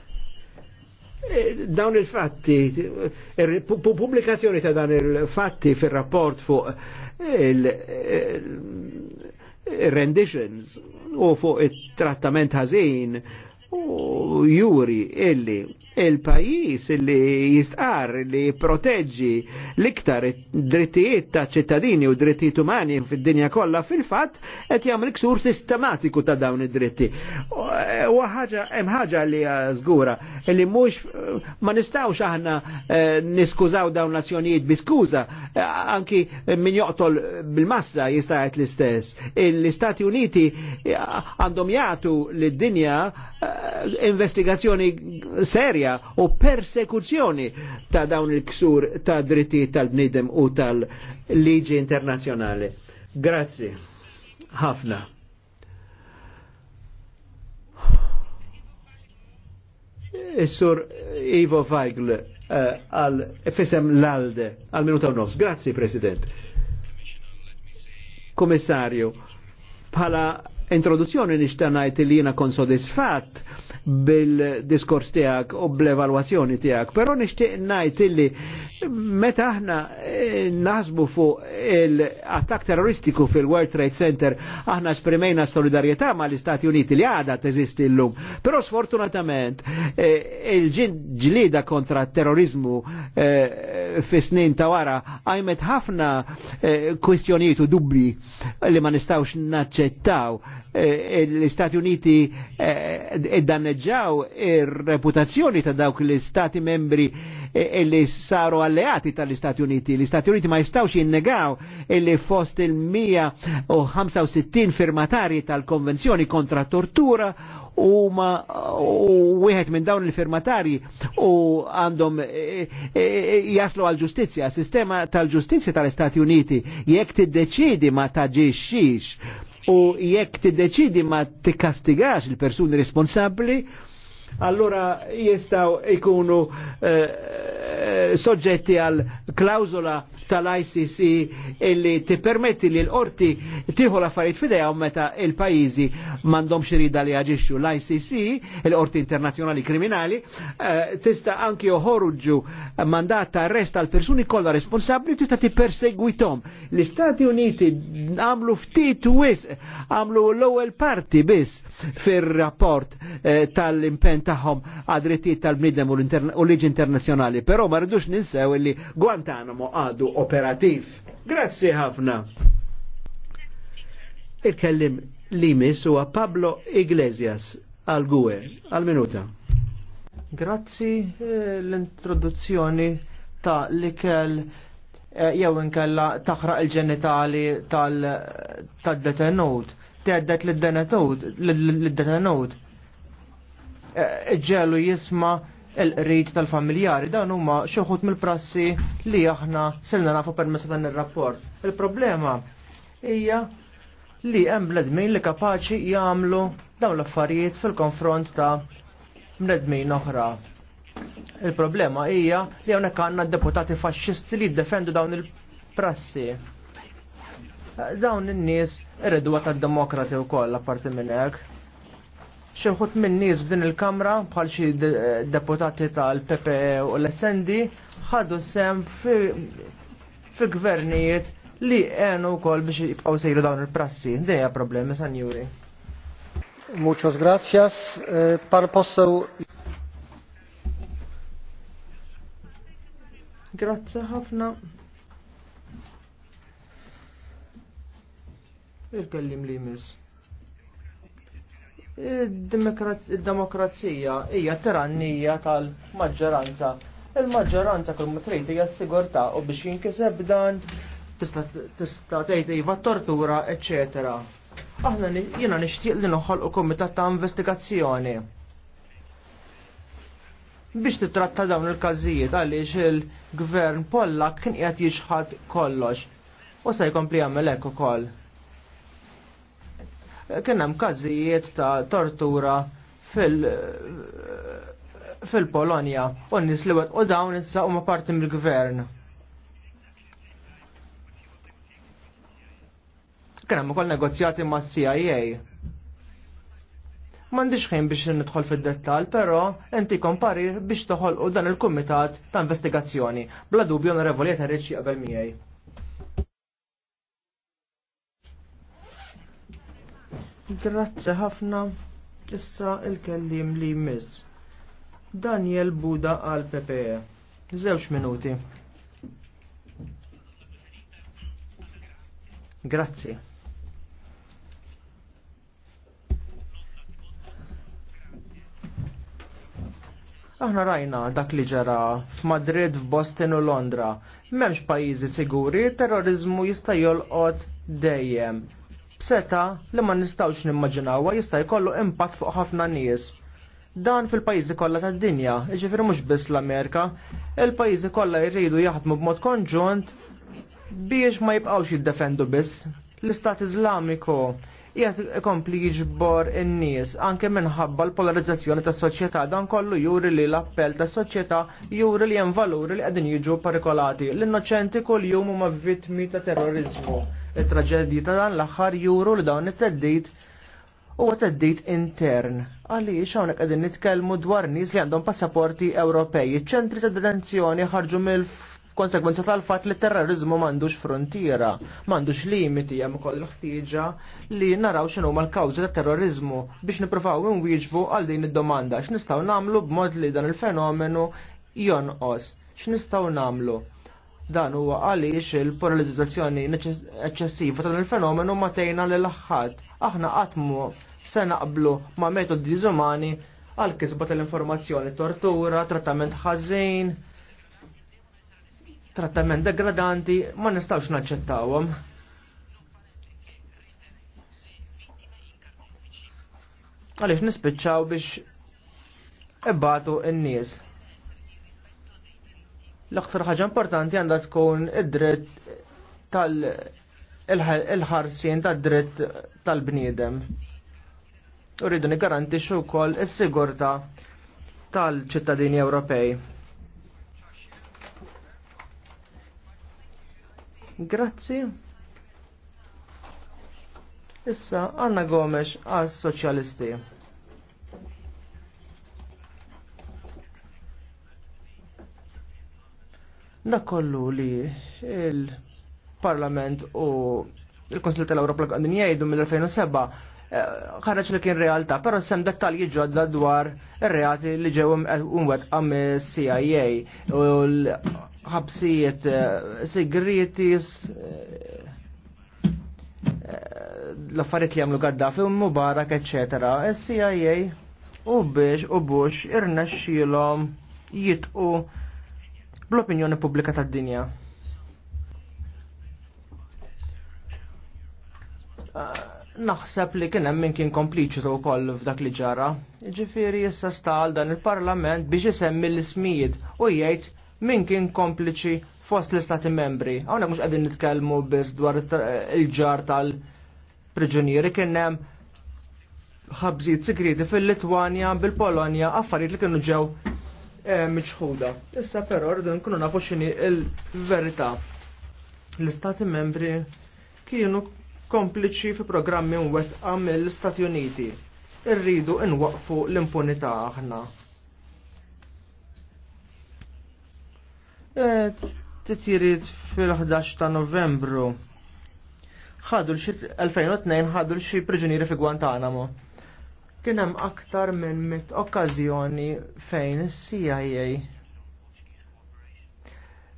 S4: dawn il-fatti, er, pubblikazzjoni ta' dan il-fatti fil-rapport fuq il-renditions u fuq il-trattament ħażin u juri illi il-pajis li jistqar li proteġġi l-iktar drittijiet ta' ċittadini u drittijiet umani fid-dinja kollha fil-fatt qed jagħmel ksur sistematiku ta' dawn id-dritti. U hemm ħaġa li żgura li mhux ma nistgħux aħna eh, niskużaw dawn l-azzjonijiet bi skuża eh, anki min joqtol bil-massa jista' l-istess. L-Istati Uniti eh, għandhom jagħtu lid-dinja investigazzjoni serja u persekuzzjoni ta' dawn il-ksur ta' dritti tal-bnidem u tal-liġi internazjonali. Grazzi. Ħafna. Is-sur Ivo Feigl eh, għal uh, FSM l-alde għal minuta u nofs. Grazzi, President. Komissarju, bħala introduzzjoni nishtanajt li jina sodisfat bil-diskors tijak u bl-evaluazzjoni tijak. Pero nishtiq najt illi meta aħna eh, naħsbu fuq il-attak terroristiku fil-World Trade Center aħna esprimejna solidarietà ma l-Istati Uniti li għada teżisti l-lum. Pero sfortunatament eh, il-ġlida ġin kontra terrorizmu eh, fi snin ta' wara għajmet ħafna kwestjonijiet u dubbi li ma nistawx naċċettaw l-Istati Uniti id-dan danneġġaw ir-reputazzjoni ta' dawk l-istati membri illi e, e, saru alleati tal-Istati Uniti. L-Istati Uniti ma jistawx jinnegaw illi fost il-165 firmatari tal-Konvenzjoni kontra tortura u ma u wieħed minn dawn il-firmatari u għandhom e, jaslu għal ġustizzja, sistema tal-ġustizzja tal-Istati Uniti jekk tiddeċidi ma taġixxix u jekk tiddeċidi ma tikkastigax il-persuni responsabbli allora jistaw ikunu eh, eh soġġetti għal klawzola tal-ICC illi tippermetti li l-orti tieħu l-affarijiet fidejhom meta il-pajjiżi m'għandhom xirida li jaġixxu. L-ICC, l-Orti Internazzjonali Kriminali, eh, tista' anki joħorġu mandat ta' arrest għal persuni kollha responsabbli tista' tipperseguitom. L-Istati Uniti għamlu ftit wis, għamlu l-ewwel parti biss fir-rapport eh, tal-impen tagħhom għad-drittijiet tal bnidem u l-liġi internazzjonali, però ma rridux ninsew li Guantanamo għadu operativ. Grazzi ħafna. Il-kellim li mis huwa Pablo Iglesias għal gwe għal minuta. Grazzi
S5: eh, l-introduzzjoni ta' li kell eh, jew inkella taħraq il-ġenitali tal-detenut. Teddet l-detenut, l-detenut ġelu jisma' il-qrid tal-familjari dan huma xoħut mill-prassi li aħna silna nafu permezz dan ir-rapport. Il-problema hija li hemm bledmin li kapaċi jagħmlu dawn l-affarijiet fil-konfront ta' bledmin oħra. Il-problema hija li hawnhekk għandna deputati faxxisti li jiddefendu dawn il-prassi. Dawn in-nies irridu għat demokrati wkoll apparti minn hekk xeħut minn nies f'din il-Kamra bħal xi deputati tal-PPE u l-SND ħadu sem fi gvernijiet li għenu kol biex jibqaw sejru dawn il-prassi. Deja problemi, juri. Muchos gracias. Eh, Pan possew. Grazie ħafna. Il-kellim li mis il demokrazija hija tirannija tal-maġġoranza. Il-maġġoranza kull ma trid hija s-sigurtà u biex jinkiseb dan tista' tgħid iva tortura, eċetera. Aħna jiena nixtieq li noħolqu kumitat ta' investigazzjoni biex titratta dawn il-każijiet għaliex il-gvern Pollak kien qiegħed jixħad kollox u se jkompli jagħmel hekk ukoll kien hemm każijiet ta' tortura fil- fil-Polonja u n-nis li u dawn u ma parti mill-gvern. Kien hemm ukoll negozjati mas CIA. M'għandix ħin biex nidħol fid-dettall, però inti komparir biex toħolqu dan il-kumitat ta' investigazzjoni. Bla dubju onorevoli jeta reċi għabel miegħi. Grazzi ħafna issa il-kellim li jmiss. Daniel Buda għal PPE. Żewġ minuti. Grazzi. Aħna rajna dak li ġara f'Madrid, f'Boston u Londra. M'hemmx pajjiżi siguri, terrorizmu jista' jolqod dejjem b'seta li ma nistawx nimmaġinawha jista' jkollu impatt fuq ħafna nies. Dan fil-pajjiżi kollha tad-dinja, jiġifieri mhux biss l-Amerika, il-pajjiżi kollha jridu jaħdmu b'mod konġunt biex ma jibqgħux jiddefendu biss. L-Istat Iżlamiku qiegħed ikompli jiġbor in-nies anke minħabba l-polarizzazzjoni tas-soċjetà dan kollu juri li l-appell tas-soċjetà juri li hemm valuri li qegħdin jiġu parikolati. L-innoċenti kuljum huma vittmi ta' terrorizmu it-traġedji ta' dan l-aħħar juru li dawn it u huwa teddit intern. Għaliex hawnhekk għedin nitkellmu dwar nies li għandhom passaporti Ewropej. ċentri ta' detenzjoni ħarġu mill konsekwenza tal-fatt li terrorizmu m'għandux frontiera, m'għandux limiti hemm ukoll l-ħtieġa li naraw xinu huma l-kawża tat-terrorizmu biex nippruvaw inwieġbu għal din id-domanda x'nistgħu nagħmlu b'mod li dan il-fenomenu jonqos. X'nistgħu nagħmlu? Dan huwa għaliex il-polarizzazzjoni eċċessiva tal il-fenomenu ma tejna l ħadd Aħna qatmu se naqblu ma' metodi diżumani għal kisba tal-informazzjoni, tortura, trattament ħażin, trattament degradanti, ma nistawx naċċettawhom. Għaliex nispiċċaw biex ebbatu n-nies L-aktar ħaġa importanti għandha tkun id-dritt tal-ħarsien tad-dritt tal-bniedem. Uridu nigarantixxu wkoll is-sigurtà tal-ċittadini Ewropej. Grazzi. Issa Anna Gomes għas soċjalisti. Dak kollu li il-Parlament u il-Konsil tal l għandin jgħidu mill-2007 eh, ħareġ li kien realtà, però sem dettalji ġodda dwar ir-reati li ġew eh, imwet għam CIA u l-ħabsijiet eh, sigritis l-affarijiet li għamlu Gaddafi u Mubarak, eccetera. CIA u biex u bux irnexxilhom jitqu bl-opinjoni pubblika tad-dinja. Ah, naħseb li kien hemm min kien kompliċitu wkoll f'dak li ġara. Ġifieri issa stal dan il-Parlament biex isemmi l-ismijiet u jgħid min kien kompliċi fost l-istati membri. Hawnhekk mhux qegħdin nitkellmu biss dwar il-ġar tal-priġunieri kien hemm ħabżiet sigriti fil-Litwanja bil-Polonja affarijiet li kienu ġew Eh, miċħuda. Issa però rridu nkunu nafu x'inhi l-verità. L-Istati membri kienu kompliċi fi programmi mwettqa mill-Istati Uniti. Irridu nwaqfu l-impunità aħna. Eh, Titjiriet fil-11 ta' novembru ħadu l 2002 ħadu l-xi priġunieri fi Guantanamo kien hemm aktar minn mit okkażjoni fejn is-CIA e,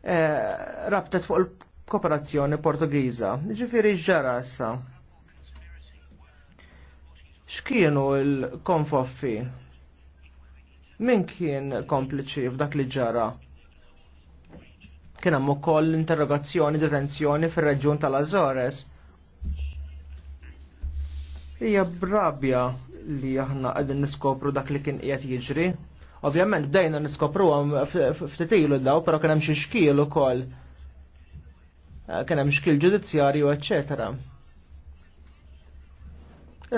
S5: eh, rabtet fuq il-kooperazzjoni Portugiża. Ġifieri ġara issa. X'kienu l-konfoffi? Min kien kompliċi f'dak li ġara? Kien hemm ukoll interrogazzjoni detenzjoni fir-reġjun tal-Azores. Hija brabja li aħna għadin niskopru dak li kien qiegħed jiġri. Ovvjament bdejna niskopru għam ftitilu daw, pero kien hemm xi xkiel ukoll. Eh, kien hemm xkil ġudizzjarju, eċetera.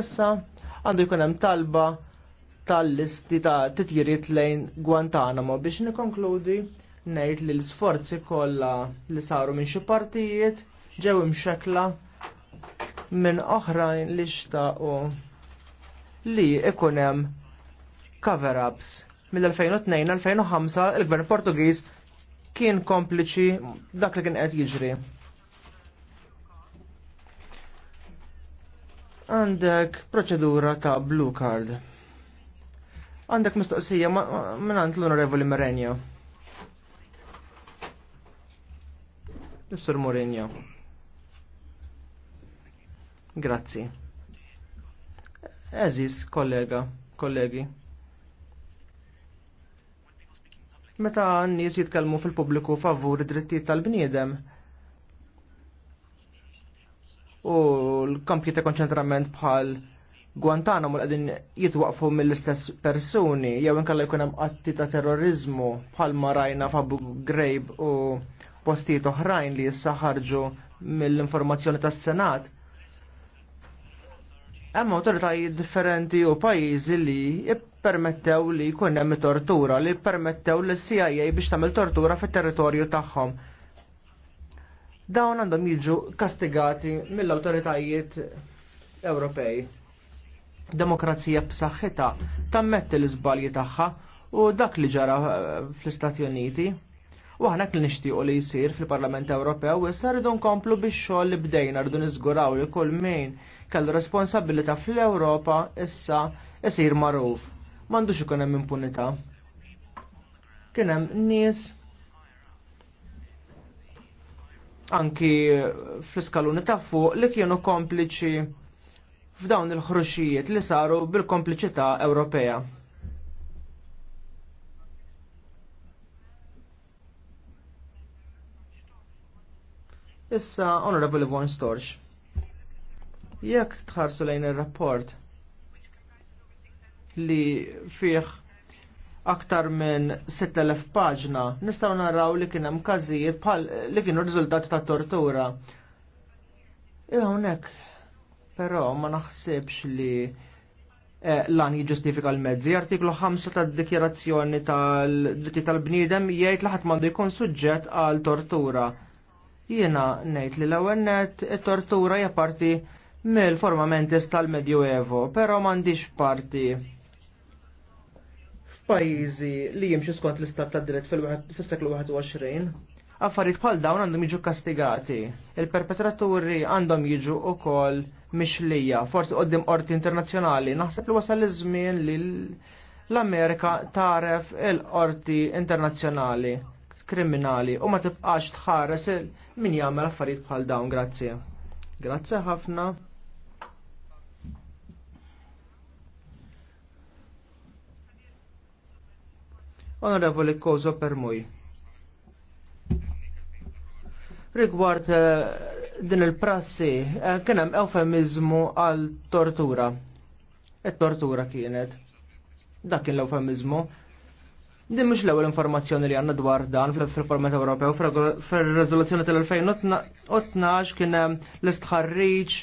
S5: Issa għandu jkun hemm talba tal-listi ta' titjiriet lejn Guantanamo biex nikonkludi ngħid li l-sforzi kollha li saru minn xi partijiet ġew imxekla minn oħrajn li xtaqu li ikun hemm cover-ups mill-2002 2005 il-gvern Portugiż kien kompliċi dak li kien qed jiġri. Għandek proċedura ta' blue card. Għandek mistoqsija minn għand l-Onorevoli Merenja. Mr. Mourinho. Grazzi. Eżis, kollega, kollegi. Meta n-nies jitkellmu fil-pubbliku favur id-drittijiet tal-bniedem, u l-kampi ta' konċentrament bħal Guantanamo l-għadin jitwaqfu mill-istess persuni, jew inkalla jkun hemm atti ta' terrorizmu bħal rajna f'Abu grejb u postijiet oħrajn li jissa ħarġu mill-informazzjoni tas-Senat Hemm autoritajiet differenti u pajjiżi li permettew li jkun hemm tortura, li permettew li CIA biex tagħmel tortura fit-territorju tagħhom. Dawn għandhom jiġu kastigati mill-awtoritajiet Ewropej. Demokrazija b'saħħitha tammetti l-iżbalji tagħha u dak li ġara eh, fl-Istati Uniti. U aħna li nixtiequ li jsir fil-Parlament Ewropew issa rridu nkomplu biex xogħol li bdejna rridu niżguraw li kull min kellu responsabilità fl-Ewropa issa isir magħruf. M'għandux ikun hemm impunità. Kien hemm nies anki fl-iskaluni ta' fuq li kienu kompliċi f'dawn il-ħruxijiet li saru bil-kompliċità Ewropea. Issa, Onorevoli Von Storch. Jekk tħarsu lejn ir-rapport li fih aktar minn 6000 paġna nistgħu naraw li kien hemm każijiet bħal li kienu riżultati ta' tortura. E, hawnhekk però ma naħsibx li eh, lan jġustifika l-mezzi. Artiklu 5 tad dikjerazzjoni tal-dritti tal-bniedem jgħid li ħadd m'għandu jkun suġġett għal tortura. Jiena ngħid li l-ewwel nett it-tortura hija parti mill formamentis tal-Medjuevo, pero mandiġ parti f'pajjiżi li jimxu skont l-istat tad dritt fil-seklu 21. Affarijiet bħal dawn għandhom jiġu kastigati. Il-perpetraturi għandhom jiġu ukoll mixlija, forsi qoddim qorti internazzjonali. Naħseb li wasal iż-żmien li l-Amerika taref il-qorti internazzjonali kriminali u ma tibqax tħares min jagħmel affarijiet bħal dawn, grazzi. Grazzi ħafna. Onorevoli Kozo Permuj. Rigward eh, din il-prassi, eh, kien hemm eufemizmu għal tortura. Et-tortura kienet. Dak kien l-eufemizmu. Din mux l-ewwel informazzjoni li għandna dwar dan fil-Parlament Ewropew fil riżoluzzjoni tal-2012 kien hemm l-istħarriġ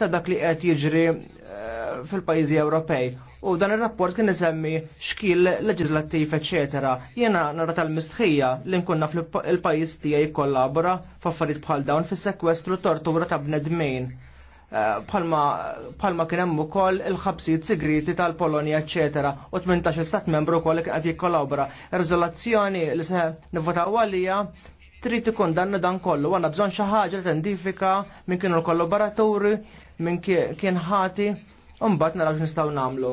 S5: ta' dak li qed jiġri eh, fil-pajjiżi Ewropej. U dan ir-rapport kien isemmi xkil leġislattiv, eċetera. Jiena nara tal-mistħija li nkunna fil-pajjiż tija jikkollabora f'affarijiet bħal dawn fis-sekwestru tortura ta' bnedmin. Palma eh, kien hemm ukoll il-ħabsijiet sigriti tal-Polonja, eċetera, u 18 stat membru wkoll kien qed jikkollabora. Riżolazzjoni li se nivvotaw għalija trid ikun dan dan kollu, għandna bżonn xi ħaġa tendifika minn kienu l-kollaboraturi, minn kien ħati Umbat naraw nistaw nagħmlu.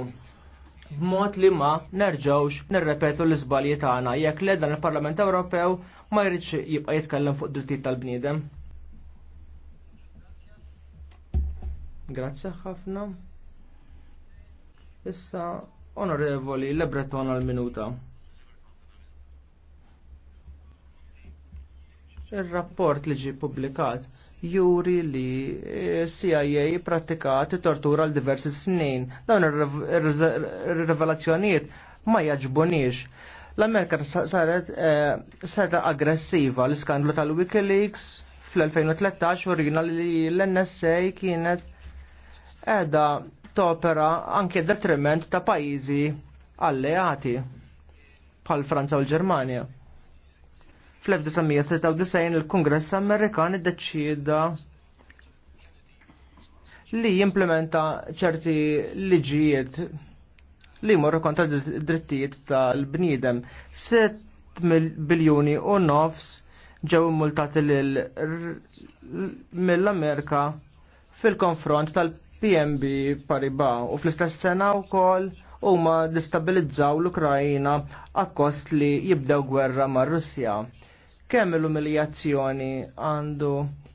S5: B'mod li ma nerġgħux nirrepetu l-iżbalji tagħna jekk le dan il-Parlament Ewropew ma jridx jibqa' jitkellem fuq drittijiet tal-bniedem. Grazzi ħafna. Issa, onorevoli, lebreton l minuta Il-rapport li ġi publikat juri li CIA pratikat tortura għal diversi snin. Dawn ir-rivelazzjonijiet ma jaġbunix. L-Amerika saret eh, sarra aggressiva l-iskandlu tal-Wikileaks fl-2013 urina li l-NSA kienet edha topera anke detriment ta' pajizi alleati bħal Franza u l-Ġermanja Fl-1996 il-Kongress Amerikan id-deċida li jimplementa ċerti liġijiet li jmorru kontra drittijiet tal-bniedem. 7 biljuni u nofs ġew multati mill-Amerika fil-konfront tal-PMB Pariba u fl-istess sena wkoll huma distabilizzaw l-Ukrajina akkost li jibdew gwerra mar-Russja kemm l-umiljazzjoni għandu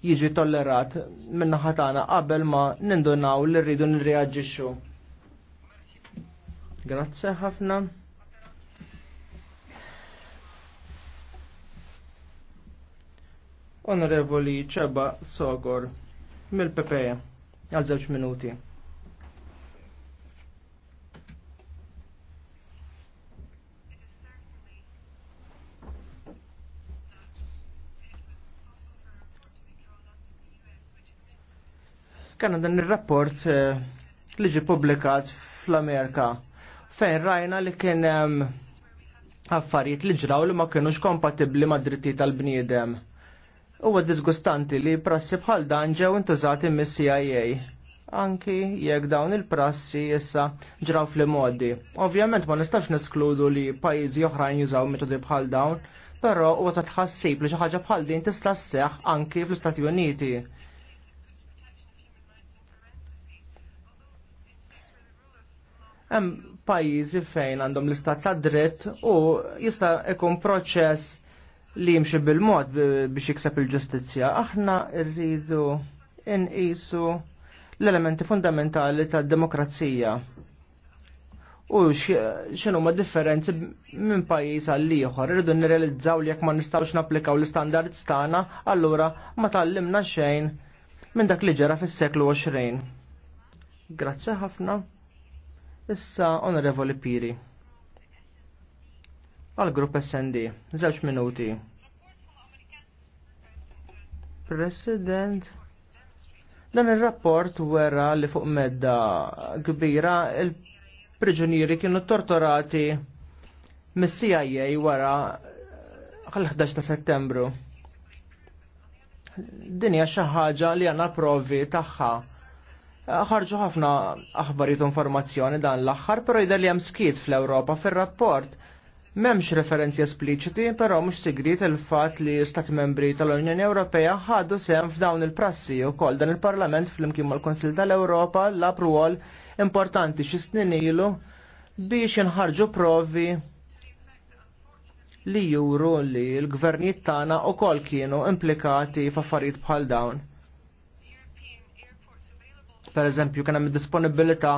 S5: jiġi tollerat minna ħatana qabel ma nindunaw li rridu nirreagġixxu. Grazzi ħafna. Onorevoli Ċeba Sogor mill-PPE għal żewġ minuti. Kanna dan il-rapport eh, li ġi publikat fl-Amerika fejn rajna li kien affarijiet li ġraw li ma kienux kompatibbli ma' dritti tal-bniedem. Huwa disgustanti li prassi bħal dan ġew intużati mis-CIA. Anki jekk dawn il-prassi issa ġraw fl-modi. Ovvjament ma nistax neskludu li pajjiżi oħrajn jużaw metodi bħal dawn, però huwa ta' tħassib li xi ħaġa bħal din tista' sseħħ anki fl-Istati Uniti. Hemm pajjiżi fejn għandhom l-istat ta' dritt u jista' ikun proċess li jimxi bil-mod biex jikseb il-ġustizzja. Aħna rridu inqisu l-elementi fundamentali tad-demokrazija u xinu ma differenzi minn pajjiż għall ieħor irridu nirrealizzaw li jekk ma nistgħux napplikaw l-istandards tagħna, allura ma tallimna xejn minn dak li ġara fis-seklu 20. Grazzi ħafna. Issa onorevoli Piri. Għal grupp SND, żewġ minuti. President, dan ir-rapport wera li fuq medda kbira il-priġunieri kienu torturati mis-CIA wara għal-11 ta' settembru. Dinja xi ħaġa li għandna provi tagħha ħarġu ħafna aħbarijiet informazzjoni dan l-aħħar, però jidher li hemm skiet fl-Ewropa fir-rapport. M'hemmx referenzi espliċiti, però mhux sigrit il-fatt li Stati membri tal-Unjoni Ewropea ħadu sehem f'dawn il-prassi wkoll dan il-Parlament flimkien mal-Konsil tal-Ewropa lab rwol importanti xi snin ilu biex inħarġu provi li juru li l-gvernijiet tagħna wkoll kienu implikati f'affarijiet bħal dawn. Per eżempju, kena disponibilità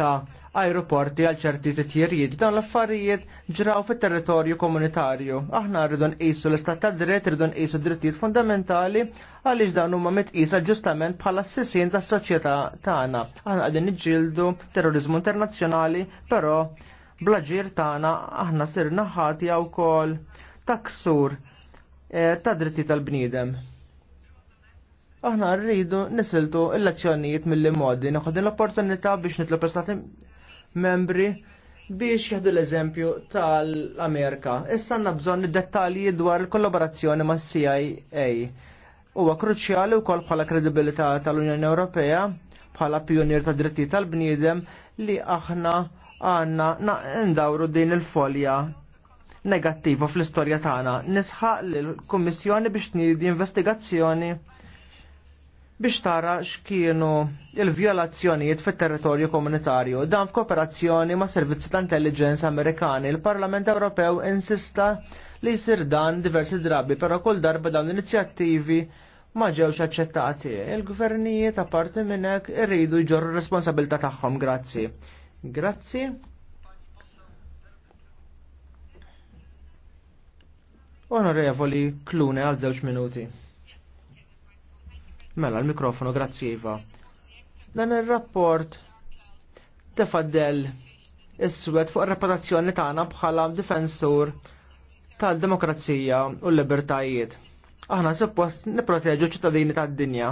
S5: ta' aeroporti għal ċerti titjerijiet. Dan l-affarijiet ġraw fit-territorju komunitarju. Aħna rridu nqisu l-istat ta' dritt, rridon nqisu drittijiet fundamentali għaliex dan huma mitqisa ġustament bħala s-sissin tas soċjetà tagħna. Aħna qegħdin niġġieldu terrorizmu internazzjonali, però blaġir tagħna aħna sirna ħati wkoll taksur ta' eh, drittijiet tal-bniedem aħna rridu nisiltu l-azzjonijiet mill-modi, naħdu l-opportunità biex nitlu prestati membri biex jihdu l-eżempju tal-Amerika. Issa għanna bżon dettalji dwar il-kollaborazzjoni ma' CIA. Huwa kruċjali wkoll bħala kredibilità tal-Unjoni Ewropea bħala pionier ta' dritti tal-bniedem li aħna għanna ndawru din il-folja negattiva fl-istorja tagħna. Nisħaq l-Kummissjoni biex tniedi investigazzjoni biex tara x'kienu il-vjolazzjonijiet fit-territorju komunitarju. Dan f'kooperazzjoni ma' servizzi ta' intelligence Amerikani, il-Parlament Ewropew insista li jsir dan diversi drabi, però kull darba dawn inizjattivi ma ġewx aċċettati. Il-gvernijiet apparti minn hekk irridu jġorru responsabilità tagħhom, grazzi. Grazzi. Onorevoli Klune għal żewġ minuti. Mela l-mikrofonu, grazzi Iva. Dan ir-rapport tefaddel is-swed fuq ir-reputazzjoni tagħna bħala difensur tal-demokrazija u l-libertajiet. Aħna suppost nipproteġu ċittadini tad-dinja.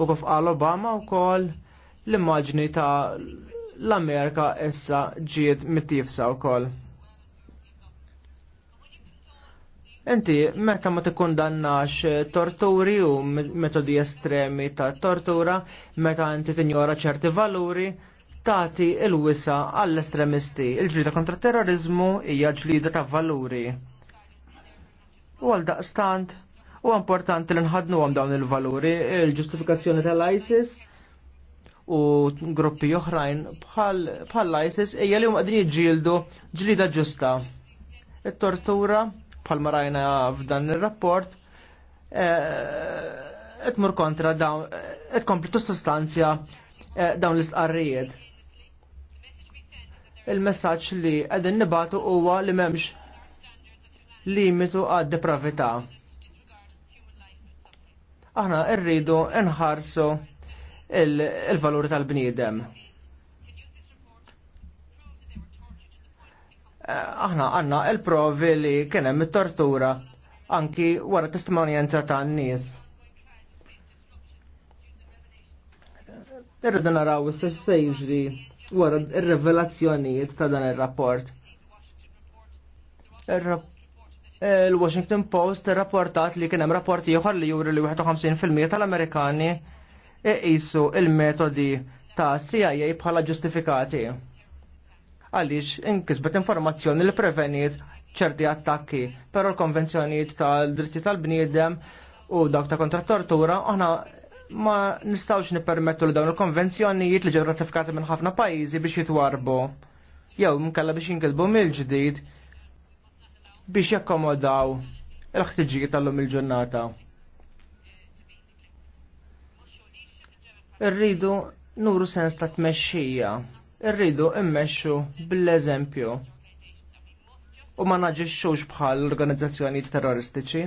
S5: U kif qal Obama wkoll l-immaġni ta' l-Amerika issa ġiet mittifsa wkoll. Inti, meta ma tikkundannax torturi u metodi estremi ta' tortura, meta inti tinjora ċerti valuri, tati il-wisa għall-estremisti. Il-ġlida kontra terrorizmu hija ġlida ta' valuri. U għal daqstant, u importanti li nħadnu għam dawn il-valuri, il-ġustifikazzjoni tal-ISIS u gruppi oħrajn bħal-ISIS hija li għum qegħdin ġildu ġlida ġusta. It-tortura bħalma rajna f'dan ir-rapport qed mur kontra dawn et kompli sostanzja e, dawn l-istqarrijiet. Il-messaġġ li qegħdin nibatu huwa li m'hemmx limitu għad depravità. Aħna rridu nħarsu il-valuri tal-bniedem. Eh, aħna għanna il-provi li kienem il-tortura anki wara testimonjenza ta' n-nies. Irridu naraw se jiġri wara il revelazzjonijiet ta' dan ir-rapport. Il-Washington eh, Post rapportat li kienem rapporti ieħor li juri li 51% tal-Amerikani iqisu il-metodi ta' CIA bħala ġustifikati għaliex inkisbet informazzjoni li preveniet ċerti attakki, però l-konvenzjonijiet tal-dritti tal-bniedem u dawk ta' kontra tortura aħna ma nistawx nippermettu li dawn il-konvenzjonijiet li ġew ratifikati minn ħafna pajjiżi biex jitwarbu. Jew minkella biex jinkilbu mill-ġdid biex jakkomodaw il-ħtiġijiet tal-lum il-ġurnata. Irridu nuru sens ta' tmexxija irridu immexxu bil-eżempju u ma naġixxux bħal organizzazzjonijiet terroristiċi.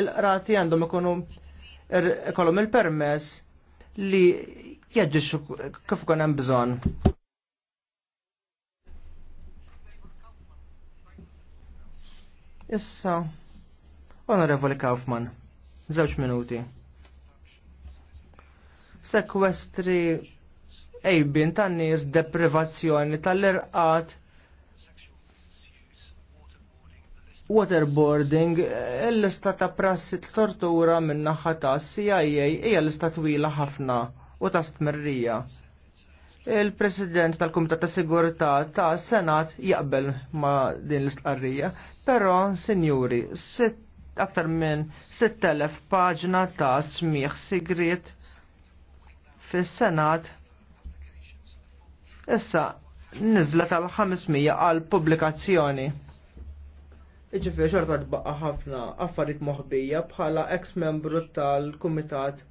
S5: Il-qrati għandhom ikunu ikollhom il-permess li jaġġixxu kif ikun hemm bżonn. Issa, Onorevoli Kaufman, żewġ minuti. Sekwestri ejbin tan-nies deprivazzjoni tal-irqat waterboarding, l-lista ta' prassi tortura minn naħa ta' CIA hija lista twila ħafna u ta' stmerrija. Il-President tal-Kumitat ta' Sigurtà ta' Senat jaqbel ma' din l-istqarrija, però, sinjuri, aktar minn 6000 paġna ta' smieħ sigriet fis-Senat Issa nizla tal-500 għal publikazzjoni. Iġifiri xorta tbaqqa ħafna affarijiet moħbija bħala ex-membru tal-Kumitat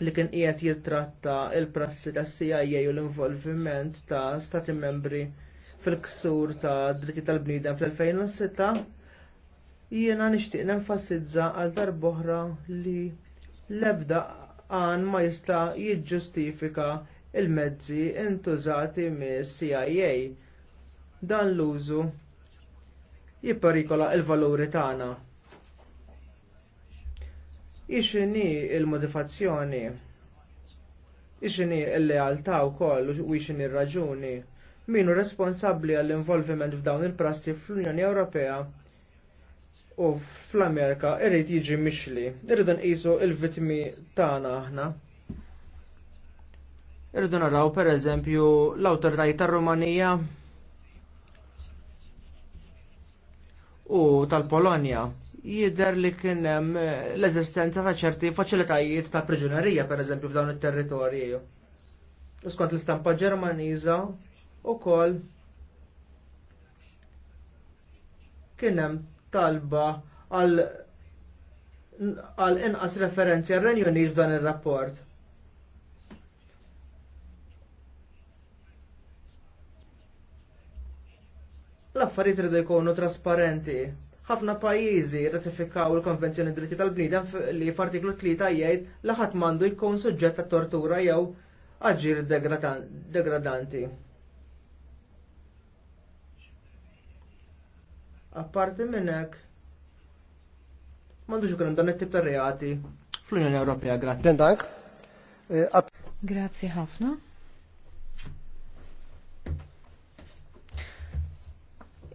S5: li kien qiegħed jitratta il-prassi tas CIA u l-involviment ta' stati membri fil-ksur ta' dritti tal-bniedem fl-2006 jiena nixtieq nenfasizza għal darboħra li l-ebda għan ma jista' jiġġustifika il-mezzi intużati mis CIA. Dan l-użu jipparikola il-valuri tagħna. Ixini il-modifazzjoni, ixini il-lealtà wkoll u ixini r-raġuni minu responsabbli għall-involviment f'dawn il-prassi fl-Unjoni Ewropea u fl-Amerika irrid jiġi mixli, irridu nqisu l vittmi tagħna aħna. Irridu naraw per eżempju l-awtoritajiet tar-Rumanija u tal-Polonja jidher li kien hemm l-eżistenza ta' ċerti faċilitajiet ta' priġunerija pereżempju f'dawn it-territorji. Skont l-istampa Ġermaniża ukoll kien hemm talba għal għal inqas referenzi għal Renju f'dan ir-rapport. L-affarijiet rridu jkunu trasparenti. Ħafna pajjiżi ratifikaw il-Konvenzjoni Dritti tal-Bniedem li f'artiklu 3 jgħid li ħadd m'għandu jkun suġġett ta' tortura jew aġir degradanti. Apparti minn hekk m'għandux ikun dan it-tip ta' reati fl-Unjoni Ewropea. Grazzi. Äh,
S6: grazzi ħafna.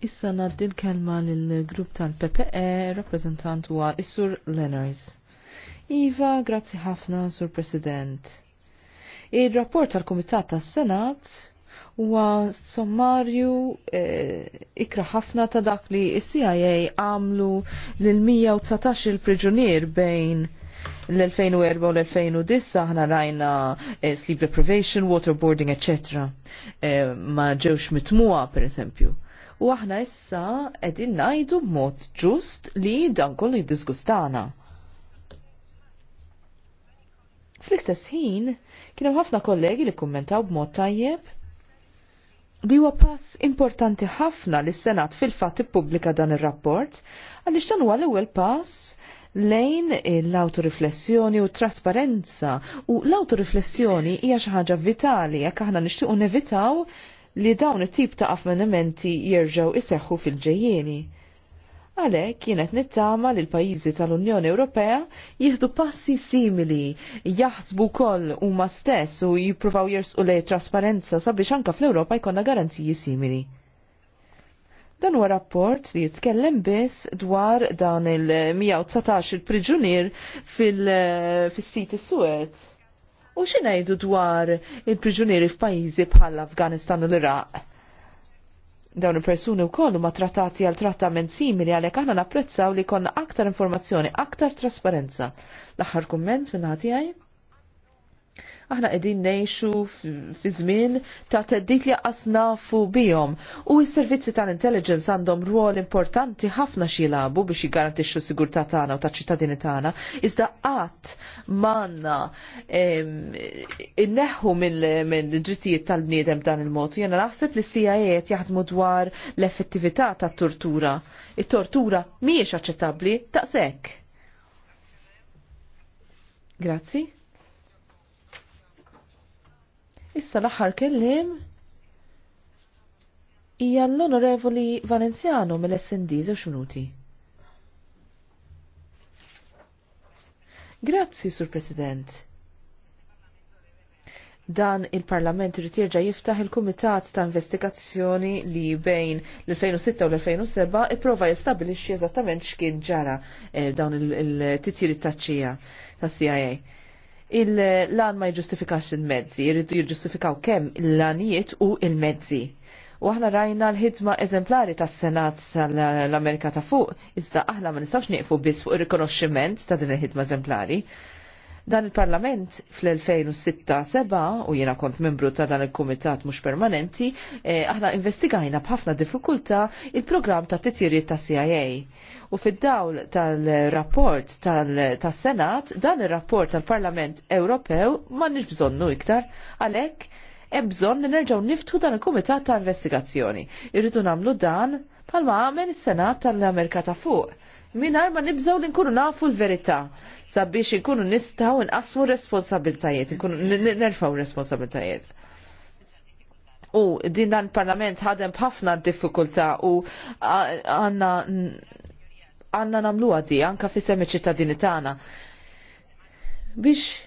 S6: Issa naddin kelma l-grupp tal-PPE, rappresentant huwa Isur Lenners. Iva, grazzi ħafna, Sur President. Il-rapport tal-Komitat tas-Senat huwa sommarju eh, ikra ħafna ta' dak li cia għamlu lil-119 il-priġunier bejn l-2004 u l-2009 ħna rajna eh, sleep deprivation, waterboarding, etc. Eh, ma ġewx mitmua, per esempio u aħna issa qegħdin ngħidu b'mod ġust li dan kollu jiddisgustana. Fl-istess ħin, kien hemm ħafna kollegi li kummentaw b'mod tajjeb li huwa pass importanti ħafna li senat fil-fatt ippubblika dan ir-rapport għaliex dan huwa l-ewwel pass lejn l-autoriflessjoni u trasparenza u l-autoriflessjoni hija xi ħaġa vitali jekk aħna nixtiequ nevitaw li dawn it-tip ta' avvenimenti jerġgħu iseħħu fil-ġejjieni. Għalek kienet nittama li l-pajizi tal-Unjoni Ewropea jihdu passi simili, jaħsbu koll u ma stess u jipruvaw jersqu lej trasparenza sabiex anka fl-Ewropa jkonna garanziji simili. Dan huwa rapport li jitkellem biss dwar dan il-119 il-priġunier fil siti is-Suez. U xinajdu dwar il-priġunieri f'pajjiżi bħall-Afganistan u l-Iraq? Dawn il-persuni u kollu ma trattati għal trattament simili għalek aħna napprezzaw li konna aktar informazzjoni, aktar trasparenza. L-aħħar kumment minn ħati Aħna qegħdin ngħixu fi żmien ta' teddit li nafu bihom u s-servizzi tal-intelligence għandhom rwol importanti ħafna xilabu biex jiggarantixxu s-sigurtà tagħna u taċ-ċittadini tagħna, iżda qatt manna inneħħu mill-ġrittijiet tal-bniedem dan il-mod. Jena naħseb li CIA jaħdmu dwar l-effettività tat-tortura. It-tortura mhijiex aċċettabbli daqshekk. Grazzi. Issa l-aħħar kellim hija l-Onorevoli Valenziano mill-SND żewġ minuti. Grazzi, Sur President dan il-Parlament irid jerġa' jiftaħ il-Kumitat ta' Investigazzjoni li bejn l-2006 u l-2007 ipprova jistabilixxi eżattament x'kien ġara eh, dawn il-titjiri taċ-ċija tas-CIA il-lan ma jġustifikax il-mezzi, jridu jġustifikaw kemm il-lanijiet u il-mezzi. U aħna rajna l-ħidma eżemplari tas senat l amerika ta' fuq, iżda aħna ma nistawx nieqfu biss fuq ir-rikonoxximent ta' din il-ħidma eżemplari. Dan il-Parlament 2006 2007 u jiena kont membru ta' dan il-Kumitat mhux permanenti, eh, aħna investigajna b'ħafna diffikulta il-programm ta' titjiriet ta' CIA. U fid-dawl tal-rapport tas-Senat, dan ir-rapport tal-Parlament Ewropew m'għandniex bżonnu iktar għalhekk hemm bżonn li nerġgħu niftu dan il-Kumitat ta' Investigazzjoni. Irridu nagħmlu dan bħalma għamel is-Senat tal-Amerika ta' fuq minar ma nibżaw li nkunu nafu l-verità sabiex nkunu nistaw nqasmu responsabiltajiet, nkunu nerfaw responsabiltajiet. U din dan parlament ħadem b'ħafna diffikultà u għanna għanna namlu għadi, anka fi semmi ċittadini tagħna. Biex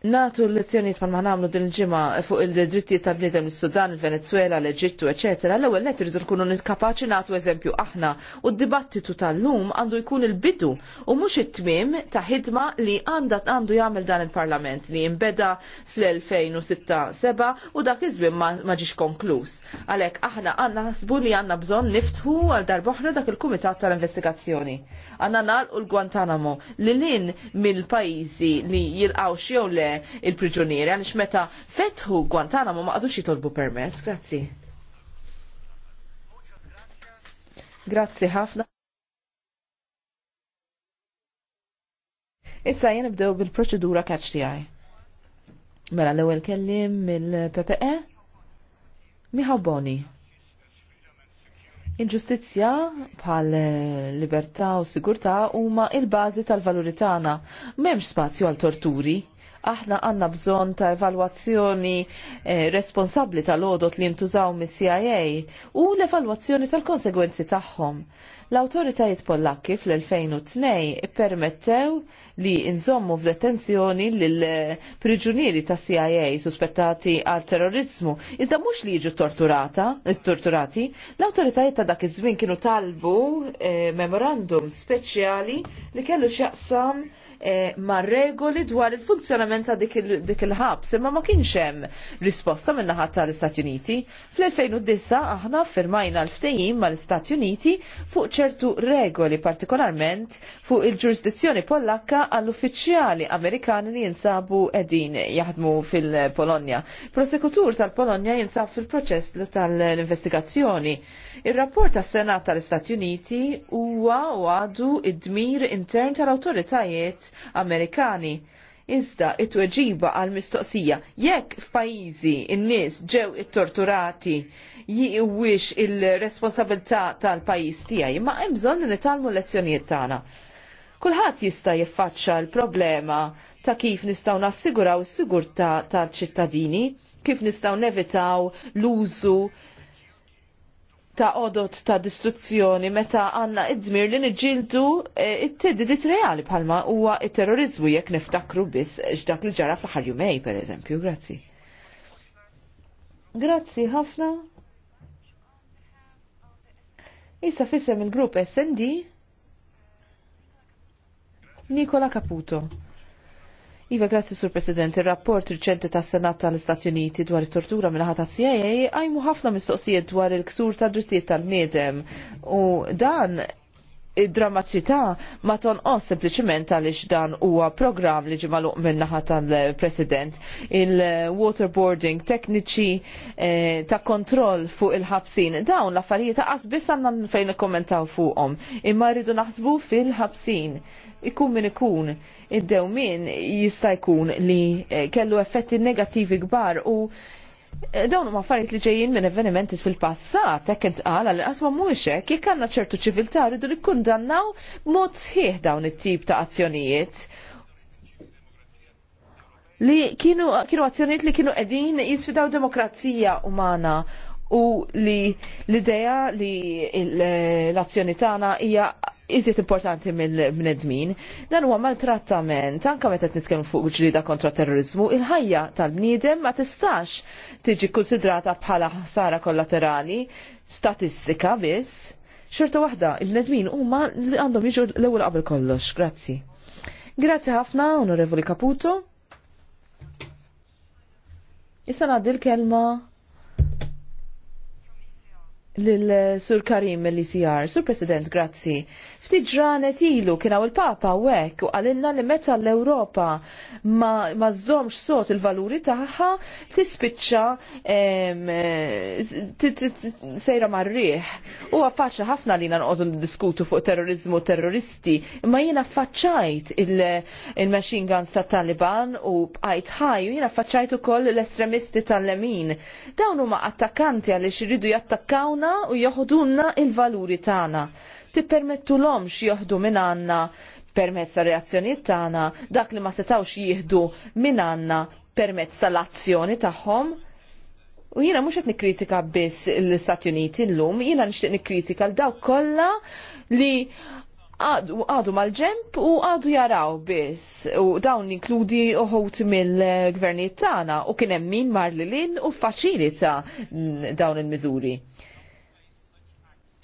S6: Natu l-lezzjoniet ma nagħmlu din il-ġimgħa fuq il-drittijiet ta' bnidem il sudan il-Venezuela, l-Eġittu, eċetera, l-ewwel net irridu nkunu nitkapaċi nagħtu eżempju aħna u d-dibattitu tal-lum għandu jkun il-bidu u mhux it-tmiem ta' ħidma li għandha għandu jagħmel dan il-Parlament li jinbeda fl 2006 2007 u dak iż-żmien ma ġiex konkluż. Għalhekk aħna għandna ħsbu li għandna bżonn niftħu għal darboħra dak il-Kumitat tal-Investigazzjoni. Għandna nagħlqu l-Guantanamo li lin mill-pajjiżi li jilqgħu xi le il-priġunieri għaliex meta fetħu Guantanamo ma qadux jitolbu permess. Grazzi. Grazzi ħafna. Issa jien nibdew bil-proċedura catch tiegħi. Mela l-ewwel kellim mill-PPE Miħabboni. Il-ġustizzja bħal libertà u sigurtà huma il-bażi tal-valuri tagħna. M'hemmx spazju għal torturi aħna għanna bżon ta' evalwazzjoni eh, responsabli tal-odot li jintużaw mis cia u l-evalwazzjoni tal-konsegwenzi tagħhom. L-autoritajiet Pollakki fl-2002 permettew li inżommu f'detenzjoni l-priġunieri eh, ta' CIA suspettati għal terrorizmu. Iżda mhux li jiġu torturata, eh, torturati, l-autoritajiet ta' dak iż-żmien kienu talbu eh, memorandum speċjali li kellu x'jaqsam eh, ma' regoli dwar il-funzjonament il ta' dik il-ħabs, imma ma kienx hemm risposta minn naħat tal-Istati Uniti. Fl-2009 aħna firmajna l-ftehim mal-Istati Uniti fuq ċertu regoli partikolarment fuq il-ġurisdizzjoni Pollakka għall-uffiċjali Amerikani li jinsabu edin jaħdmu fil-Polonja. Prosekutur tal-Polonja jinsab fil-proċess tal-investigazzjoni. Ir-rapport tas-Senat tal-Istati Uniti huwa għadu id-dmir intern tal-awtoritajiet Amerikani. Iżda it-tweġiba għal mistoqsija jekk f'pajjiżi n nies ġew it-torturati jiwix il-responsabilità tal-pajjiż tiegħi, ma hemm bżonn li nitalmu lezzjonijiet tagħna. Kulħadd jista' jiffaċċa l-problema ta' kif nistgħu nassiguraw is-sigurtà tal-ċittadini, kif nistgħu nevitaw l-użu ta' odot ta' distruzzjoni meta għanna id-dmir li nġildu e, it-teddidit reali bħalma huwa it-terrorizmu jekk niftakru biss x'dak li ġara fl-ħar jumej per eżempju. Grazzi. Grazzi ħafna. Issa fissem il-grupp SD Nicola Caputo. Iva, grazzi sur President, il-rapport riċenti tas Senat tal-Istati Uniti dwar it-tortura minnaħat ta' CIA għajmu ħafna mistoqsijiet dwar il-ksur ta' drittijiet tal-medem u dan id-drammaċità ma tonqos sempliċement għaliex dan huwa programm li ġimaluq minnaħa tal-President. Il-waterboarding, tekniċi eh, ta' kontroll fuq il-ħabsin. Dawn l-affarijiet ta' qasbis għandna fejn nikkommentaw fuqhom. Imma rridu naħsbu fil-ħabsin. Ikun min ikun id-dew min jista' jkun li eh, kellu effetti negattivi kbar u Dawn huma affarijiet li ġejjin minn avvenimenti fil-passat, hekk intqal għal qasma mhuwiex hekk jekk għandna ċertu ċiviltà rridu nikkundannaw mod sħiħ dawn it-tip ta' azzjonijiet li kienu, kienu azzjonijiet li kienu qegħdin jisfidaw demokrazija umana u li l-idea li l-azzjoni tagħna hija iżiet importanti minn żmien, dan huwa maltrattament anke meta qed nitkellmu fuq ġlieda kontra terrorizmu, il-ħajja tal-bniedem ma tistax tiġi konsidrata bħala ħsara kollaterali, statistika biss. Xorta waħda, il-nedmin huma li għandhom jiġu l-ewwel qabel kollox. Grazzi. Grazzi ħafna, Onorevoli Caputo. Issa ngħaddi l-kelma Lil-Sur Karim l Sijar, Sur President, grazzi. Ftit ġranet ilu kien hawn il-Papa wek u għalilna li meta l-Ewropa ma, ma żomx sot il-valuri tagħha tispiċċa sejra marriħ. U Huwa ħafna li nqogħdu diskutu fuq terrorizmu u terroristi, imma jiena faċċajt il-machine guns tat-Taliban u bqajt ħaj u jiena faċċajt ukoll l-estremisti tal-lemin. Dawn huma attakkanti għaliex iridu jattakkawna għanna u joħdunna il-valuri tagħna. permettu l-omx joħdu minn għanna permezz ta' reazzjoniet tagħna dak li ma setawx jieħdu minn għandna permezz tal-azzjoni tagħhom. U jiena mhux qed nikkritika biss l-Istati Uniti llum, jiena nixtieq nikkritika l dawk kollha li għadu mal-ġemp u għadu jaraw biss u dawn inkludi uħut mill-gvernijiet tagħna u kien hemm min mar lilin u faċilita dawn il-miżuri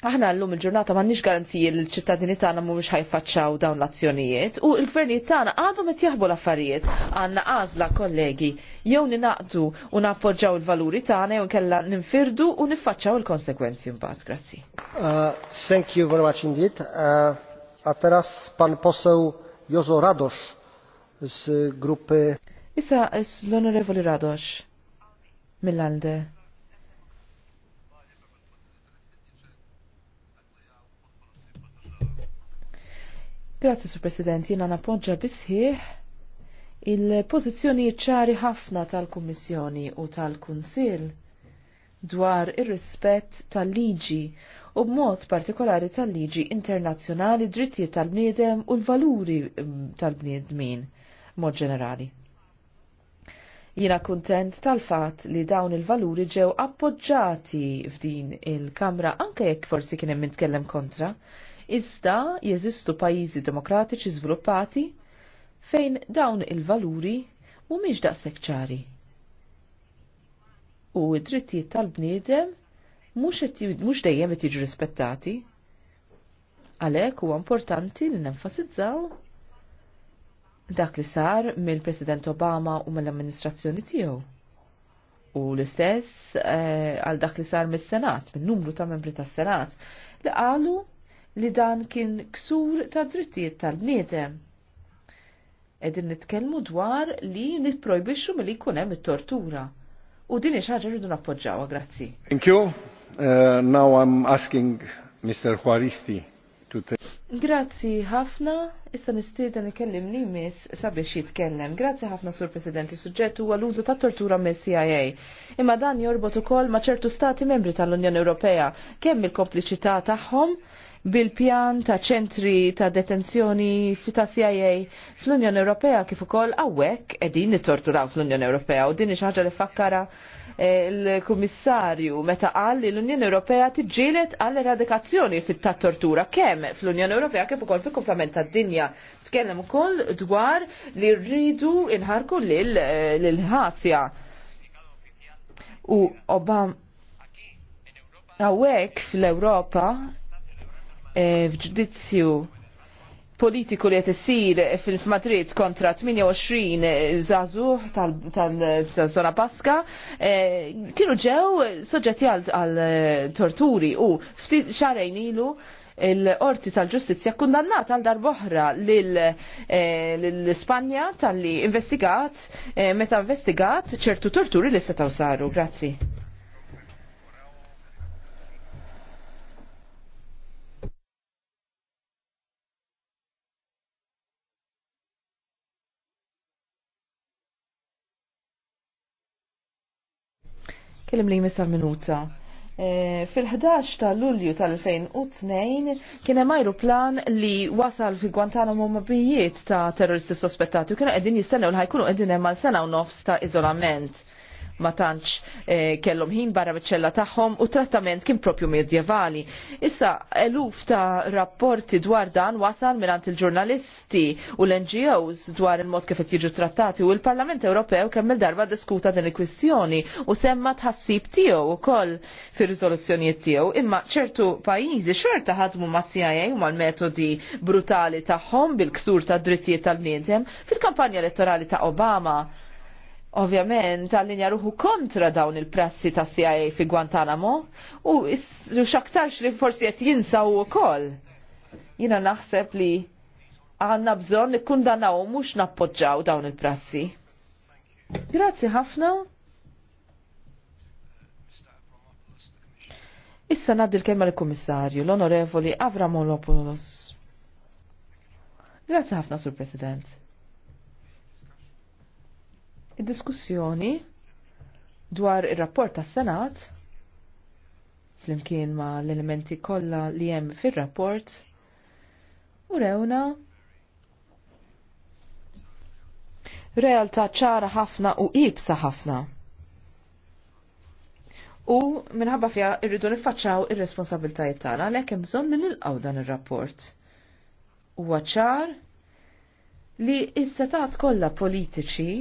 S6: aħna l-lum il-ġurnata m'għandniex garanziji li l-ċittadini tagħna mhumiex ħajfaċċaw dawn l-azzjonijiet u l-gvernijiet tagħna għadu qed jaħbu l-affarijiet għandna għażla kollegi jew ninaqdu u nappoġġaw il-valuri tagħna jew nkella ninfirdu u nifacċaw il-konsekwenzi mbaħt. Grazzi.
S5: Uh, thank you very much indeed. A uh, uh, teraz pan poseł Jozo Radosz z
S4: grupy
S6: Issa l-Onorevoli Radosz mill-Alde. Grazzi, Sur President, jina napoġġa bisħieħ il-pozizjoni ċari ħafna tal-Kummissjoni u tal-Kunsil dwar ir-rispett tal-liġi u b'mod partikolari tal-liġi internazzjonali drittijiet tal-bniedem u l-valuri mm, tal-bniedmin mod ġenerali. Jina kuntent tal-fat li dawn il-valuri ġew appoġġati f'din il-Kamra anke jekk forsi kien hemm nitkellem kontra, iżda jeżistu pajjiżi demokratiċi żviluppati fejn dawn il-valuri mhumiex daqshekk ċari. U d-drittijiet tal-bniedem mhux dejjem qed jiġu rispettati. Għalhekk huwa importanti li nenfasizzaw dak li sar mill-President Obama u mill-amministrazzjoni tiegħu. U l-istess eh, għal dak li sar mis-Senat, minn numru ta' membri tas-Senat, li qalu li dan kien ksur ta' drittijiet tal-bniedem. Edin nitkellmu dwar li nitprojbixxu milli jkun hemm it-tortura. U din xaġa rridu nappoġġawha, grazzi.
S1: Thank you. Uh, now I'm asking Mr. Juaristi to take...
S6: Grazzi ħafna, issa nistieden ikellim li miss sabiex jitkellem. Grazzi ħafna Sur Presidenti, suġġett huwa l-użu ta' tortura me CIA. Imma dan jorbot ukoll ma' ċertu stati membri tal-Unjoni Ewropea, kemm il-kompliċità tagħhom bil-pjan ta' ċentri ta' detenzjoni ta' CIA fl-Unjoni Ewropea kif ukoll hawnhekk qegħdin nittorturaw fl-Unjoni Ewropea u din xi ħaġa li fakkara eh, l-Kummissarju meta qal li l-Unjoni Ewropea tiġġieled għall eradikazzjoni fit ta' tortura kemm fl-Unjoni Ewropea kif ukoll fil-kumplament tad-dinja. Tkellem ukoll dwar li rridu inħarku lil eh, ħazja. U Obama Awek fl ewropa E, f'ġudizzju politiku li qed fil-Madrid kontra 28 zazu tal-zona Paska e, kienu ġew soġġetti għal torturi u ftit xarejn ilu l-orti tal-ġustizja kundannat għal darboħra l-Spanja e, tal-li investigat, meta investigat ċertu torturi li setaw saru. Grazzi. Kellim li jmissar minuta. E, Fil-11 ta' Lulju tal-2002 kien hemm ajruplan li wasal fi Guantanamo mabijiet ta' terroristi sospettati u kienu qegħdin jistennew li ħajkunu qegħdin hemm mal sena u nofs ta' iżolament ma tantx eh, kellhom ħin barra miċ-ċella tagħhom u trattament kien propju medjevali. Issa eluf ta' rapporti dwar dan wasal mingħand il-ġurnalisti u l-NGOs dwar il-mod kif qed jiġu trattati u l-Parlament Ewropew kemm il-darba diskuta din il-kwistjoni u semma tħassib tiegħu wkoll fir-riżoluzzjonijiet tiegħu imma ċertu pajjiżi xorta ħadmu ma' CIA u mal-metodi brutali tagħhom bil-ksur ta' drittijiet tal-bniedem fil-kampanja elettorali ta' Obama ovvjament għallinja ruħu kontra dawn il-prassi ta' CIA fi Guantanamo u xaktarx li forsi qed u koll. Jina naħseb li għanna bżon u mhux nappoġġaw dawn il-prassi. Grazzi ħafna. Issa naddi l-kelma l-Kummissarju, l-Onorevoli Avramolopoulos. Grazzi ħafna, Sur President. Id-diskussjoni dwar ir-rapport tas-Senat flimkien ma l-elementi kollha li hemm fir-rapport u rewna realtà ċara ħafna u qibsa ħafna. U minħabba fija irridu niffaċċaw ir-responsabiltajiet tagħna għalhekk hemm bżonn li nilqgħu dan ir-rapport. Huwa ċar li s-setat kollha politiċi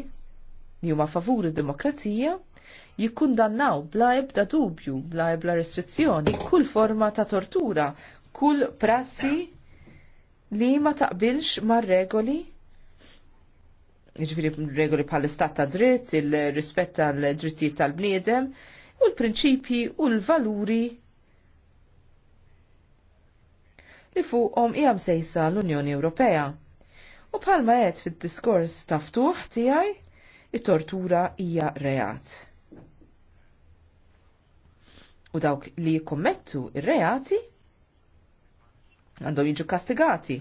S6: li huma favur id-demokrazija jikkundannaw bla ebda dubju, bla ebda restrizzjoni, kull forma ta' tortura, kull prassi li ma taqbilx ma' regoli iġviri regoli pal istat ta' dritt, il-rispett tal-drittijiet tal-bniedem, u l-prinċipji u l-valuri li fuqhom hija msejsa l-Unjoni Ewropea. U bħalma qed fid-diskors ta' ftuħ tiegħi it-tortura hija reat. U dawk li jikommettu ir-reati għandhom jiġu kastigati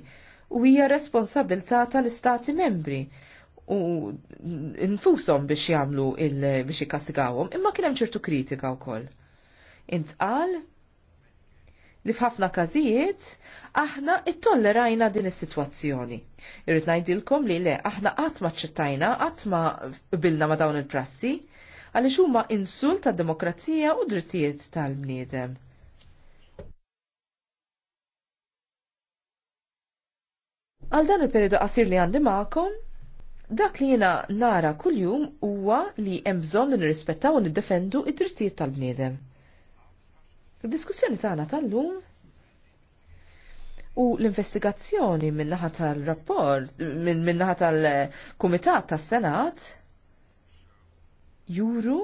S6: u hija responsabilità tal-istati membri u infushom biex jagħmlu biex jikkastigawhom, imma kien hemm ċertu kritika wkoll. Intqal li f'ħafna każijiet aħna ittollerajna din is-sitwazzjoni. Irrid ngħidilkom li le aħna qatt ma ċċittajna, qatt ma qbilna ma dawn il-prassi, għaliex huma insult tad-demokrazija u drittijiet tal-bniedem. Għal dan il-periodu qasir li għandi magħkom, dak li jiena nara kuljum huwa li hemm bżonn nirrispettaw u niddefendu id-drittijiet tal-bniedem il diskussjoni tagħna tal-lum u l-investigazzjoni min naħa tal-rapport, min naħa tal-Kumitat tas-Senat juru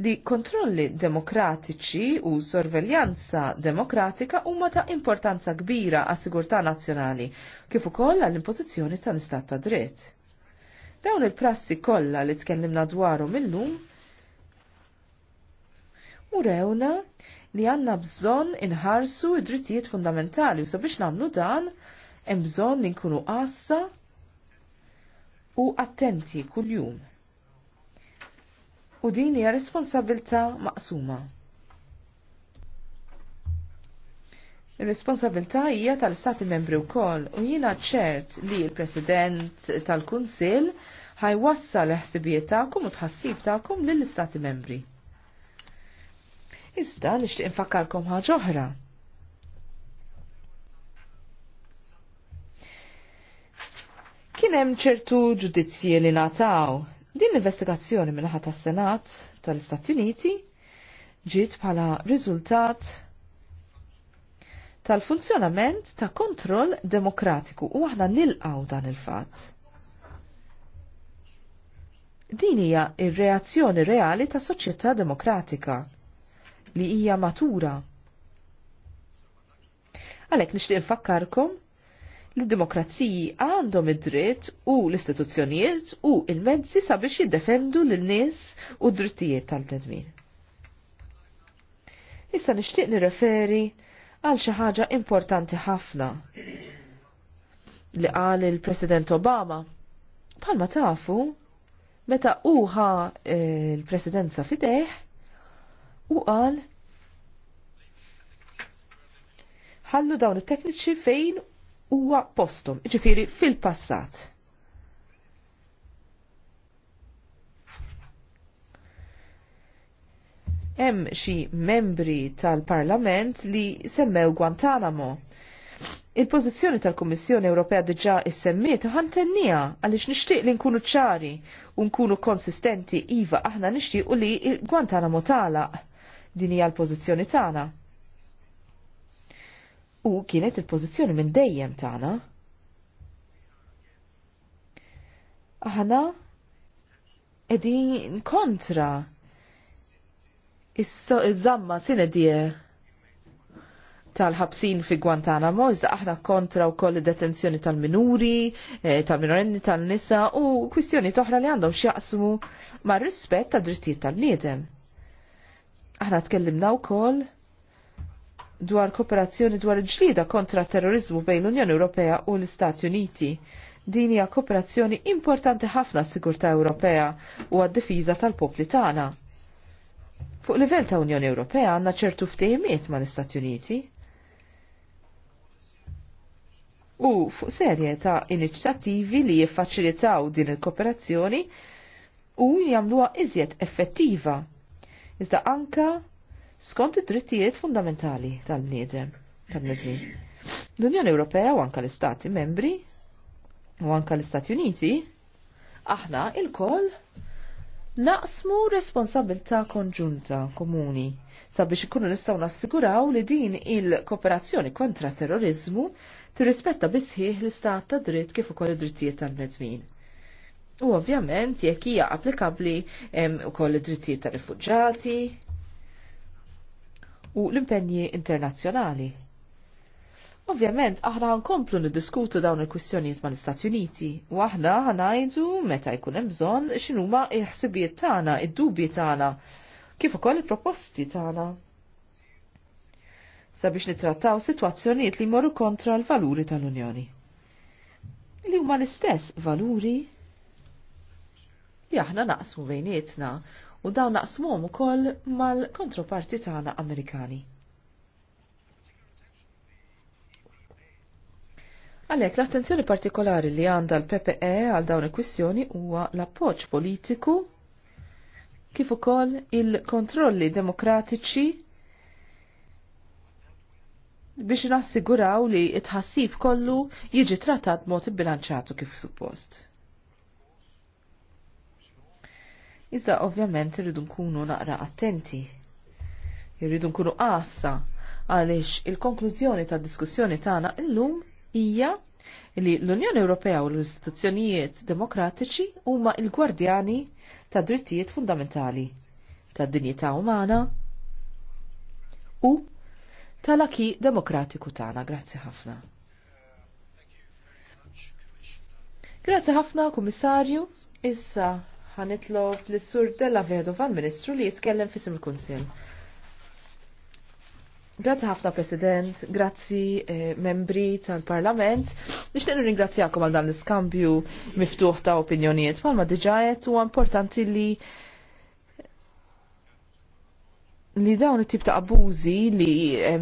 S6: li kontrolli demokratiċi u sorveljanza demokratika huma ta' importanza kbira għas sigurtà nazzjonali kif ukoll għall-impożizzjoni tan-istat ta' dritt. Dawn il-prassi kollha li tkellimna dwarhom illum lum u rewna li għanna bżon inħarsu id-drittijiet fundamentali u sabiex namlu dan hemm bżon li nkunu qassa u attenti kuljum. U din hija responsabilta maqsuma. ir responsabilta hija tal-Stati membri wkoll u jiena ċert li l-President tal-Kunsill ħajwassal l-ħsibijiet tagħkom u tħassib tagħkom lill-Istati membri. Iżda nixtieq infakkarkom ħaġa oħra. Kien hemm ċertu ġudizzji li nataw. Din l-investigazzjoni minnaħa tas-Senat tal-Istati Uniti ġiet bħala riżultat tal-funzjonament ta' kontroll demokratiku u aħna nilqaw dan il-fatt din hija ir-reazzjoni reali ta' soċjetà demokratika li hija matura. Għalhekk nixtieq infakkarkom li d-demokraziji għandhom id-dritt u l-istituzzjonijiet u il-mezzi sabiex jiddefendu l-nies u d-drittijiet tal-bnedmin. Issa nixtieq nirreferi għal xi ħaġa importanti ħafna li qal il-President Obama. Palma tafu, meta uħa il-presidenza eh, fideħ, u qal ħallu dawn it-tekniċi fejn huwa postum, ġifiri fil-passat. Hemm xi membri tal-Parlament li semmew Guantanamo. Il-pożizzjoni tal-Kummissjoni Ewropea diġà issemmiet ħantennija għaliex nixtieq li nkunu ċari u nkunu konsistenti iva aħna nixtiequ li Guantanamo talaq Din hija l-pożizzjoni tagħna. U kienet il-pożizzjoni minn dejjem tagħna. Aħna qegħdin kontra iż-żamma sinedie tal-ħabsin fi Guantanamo, iżda aħna kontra u koll detenzjoni tal-minuri, eh, tal-minorenni tal-nisa u kwistjoni toħra li għandhom xjaqsmu ma' rispett ta' drittijiet tal-niedem. Aħna tkellimna wkoll dwar kooperazzjoni dwar ġlida kontra terrorizmu bejn l-Unjoni Ewropea u l-Istati Uniti. Din hija kooperazzjoni importanti ħafna s-sigurtà Ewropea u għad-difiża tal-popli tagħna. Fuq livell ta' Unjoni Ewropea għandna ċertu ftehimiet mal istati Uniti. U fuq serje ta' inizjattivi li jiffaċilitaw din il-kooperazzjoni u jagħmluha iżjed effettiva iżda anka skont id-drittijiet fundamentali tal-bniedem tal-nidmin. L-Unjoni Ewropea u anka l-Istati membri u anka l-Istati Uniti aħna il-koll naqsmu responsabilta konġunta komuni sabiex ikunu nistgħu nassiguraw li din il-kooperazzjoni kontra terrorizmu tirrispetta bisħieħ l-istat ta' dritt kif ukoll id-drittijiet tal-medmin. U ovvjament jekk hija applikabbli ukoll id-drittijiet ta' rifuġġati u l-impenji internazzjonali. Ovvjament, aħna nkomplu niddiskutu dawn il-kwistjonijiet mal istati Uniti, u aħna ħanajdu meta jkun hemm bżonn x'inhuma l-ħsibijiet tagħna, id-dubji tagħna, kif ukoll il-proposti tagħna. Sabiex nittrattaw sitwazzjonijiet li jmorru kontra l-valuri tal-Unjoni. Li huma l-istess valuri li aħna naqsmu bejnietna u dawn naqsmuhom ukoll mal-kontroparti tagħna Amerikani. Għalhekk l-attenzjoni partikolari li għandha l-PPE għal dawn il-kwistjoni huwa l-appoġġ politiku kif ukoll il-kontrolli demokratiċi biex nassiguraw li it-ħassib kollu jiġi trattat mod bilanċatu kif suppost. Iżda ovvjament irridu nkunu naqra attenti. Irridu nkunu qassa għaliex il-konklużjoni tad diskussjoni tagħna illum hija li l-Unjoni Ewropea u l-istituzzjonijiet demokratiċi huma il-gwardjani ta' drittijiet fundamentali, ta' dinjità umana u tal-aki demokratiku tagħna. Grazzi ħafna. Grazzi ħafna, Kummissarju. Issa ħanitlob lis sur Della Vedova, ministru li jitkellem fisim il-Kunsil. Grazzi ħafna President, grazzi eh, membri tal-Parlament. Nixtieq ringrazzjakom għal dan l-iskambju miftuħ ta' opinjonijiet. Palma diġajet huwa importanti li li dawn it-tip ta' abużi li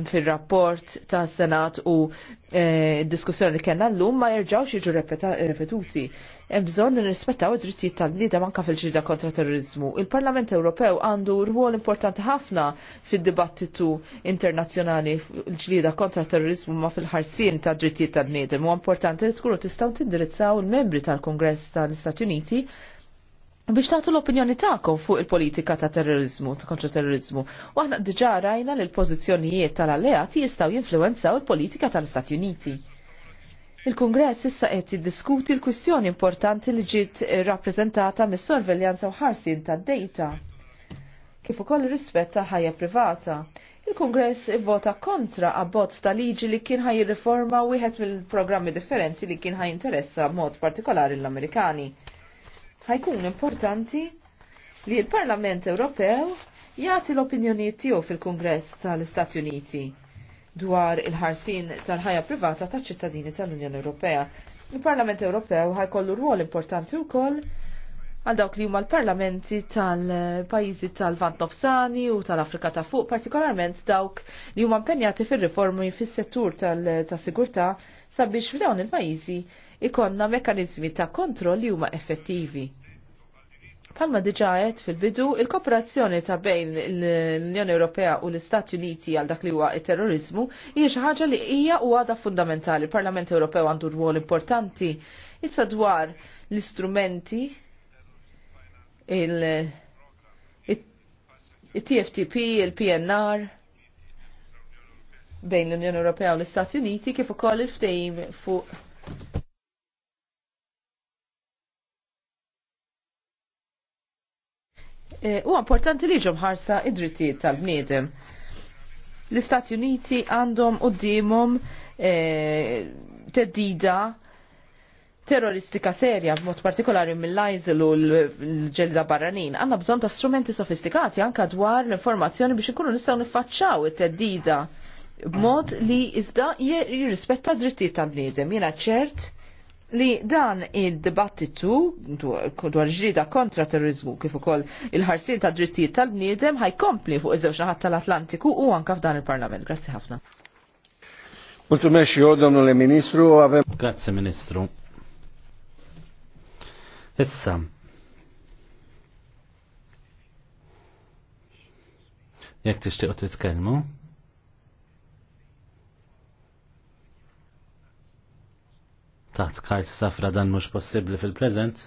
S6: fil-rapport ta' Senat u d eh, diskussjoni li kellna llum ma jerġgħux jiġu repetuti. Hemm bżonn nirrispettaw id-drittijiet tal-bniedem manka fil ġirda kontra terrorizmu. Il-Parlament Ewropew għandu rwol importanti ħafna fid-dibattitu internazzjonali l ġirda kontra terrorizmu ma fil-ħarsien ta' drittijiet tal-bniedem u importanti li tkunu tistgħu tindirizzaw il-membri tal-Kongress tal-Istati Uniti biex tagħtu l-opinjoni tagħkom fuq il-politika ta' terrorizmu, ta' kontra terrorizmu. U aħna diġà rajna li l-pożizzjonijiet tal-alleati jistgħu jinfluwenzaw il-politika tal-Istati Uniti. il kongress issa qed jiddiskuti l-kwistjoni importanti li ġiet rappreżentata mis-sorveljanza u ħarsin tad-dejta. Kif ukoll rispett ta' ħajja privata. Il-Kongress ivvota kontra abbozz ta' liġi li kien ħaj riforma wieħed mill-programmi differenti li kien ħaj interessa mod partikolari l-Amerikani ħajkun importanti li l-Parlament Ewropew jagħti l opinjonijiet tiegħu fil-Kungress tal-Istati Uniti dwar il-ħarsin tal-ħajja privata taċ ċittadini tal-Unjoni Ewropea. Il-Parlament Ewropew ħajkollu rwol importanti wkoll għal dawk li huma l-parlamenti tal-pajjiżi tal-Vant Nofsani u tal-Afrika ta' fuq, partikolarment dawk li huma impenjati fir-riformi fis-settur tal-sigurtà sabiex f'dawn il-pajjiżi ikonna mekanizmi ta' kontroll li huma effettivi. Palma diġaħet fil-bidu, il-kooperazzjoni ta' bejn l-Unjoni Ewropea u l-Istati Uniti għal dak li huwa terrorizmu hija xi ħaġa li hija u għada fundamentali. Il-Parlament Ewropew għandu rwol importanti issa dwar l-istrumenti il- il-TFTP, il-PNR, bejn l-Unjoni Ewropea u l-Istati Uniti kif ukoll il-ftehim fuq Eh, u importanti li ħarsa id-drittijiet tal-bniedem. L-Istati Uniti għandhom u d-dimum eh, teddida terroristika serja b'mod partikolari mill-ISIL u l-ġelda barranin għanna bżon ta' strumenti sofistikati anka dwar l-informazzjoni biex nkunu nistgħu niffaċċaw it-teddida b'mod li iżda jirrispetta drittijiet tal-bniedem. Jiena ċert li dan id-dibattitu dwar ġrida kontra terrorizmu kif ukoll il ħarsin ta' drittijiet tal-bniedem ħajkompli fuq iż-żewġ naħat tal-Atlantiku u anka f'dan il-Parlament. Grazzi ħafna.
S2: Multumex jo, domnule Ministru. Grazzi, Ministru. Issa. Jek t titkellmu? taħt kart safra dan mhux possibbli fil-preżent.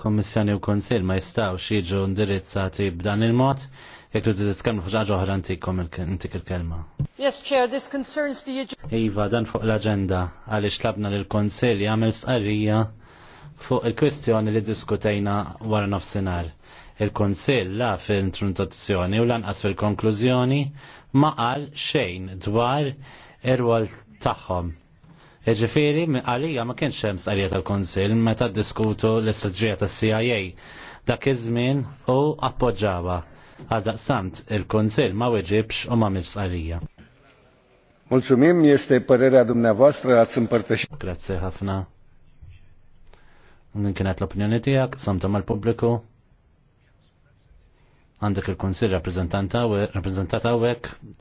S2: Kommissjoni u konsil ma jistaw jiġu indirizzati b'dan il-mod, jekk tu t-tkemmu ħaġa oħra antikom intik il-kelma.
S1: Yes, Chair, this concerns the
S2: Iva, dan fuq l-aġenda għaliex tlabna l konsil jagħmel sqarrija fuq il-kwestjoni li diskutejna wara nofsinhar. il konsil la fil-introduzzjoni u lanqas fil-konklużjoni ma qal xejn dwar ir-rwol tagħhom. Ġifiri, għalija ma kienx hemm għalija tal-Kunsill meta diskutu l-istraġija tas-CIA. Dak iż-żmien u appoġġawa. għal daqsant il-Kunsill ma weġibx u ma mhix sqarrija. jeste este għadumna vostra ați împărtășit. Grazie, ħafna. Unin kienet l-opinjoni tijak, samta mal publiku għandek il-konsil rappresentata
S4: għawek,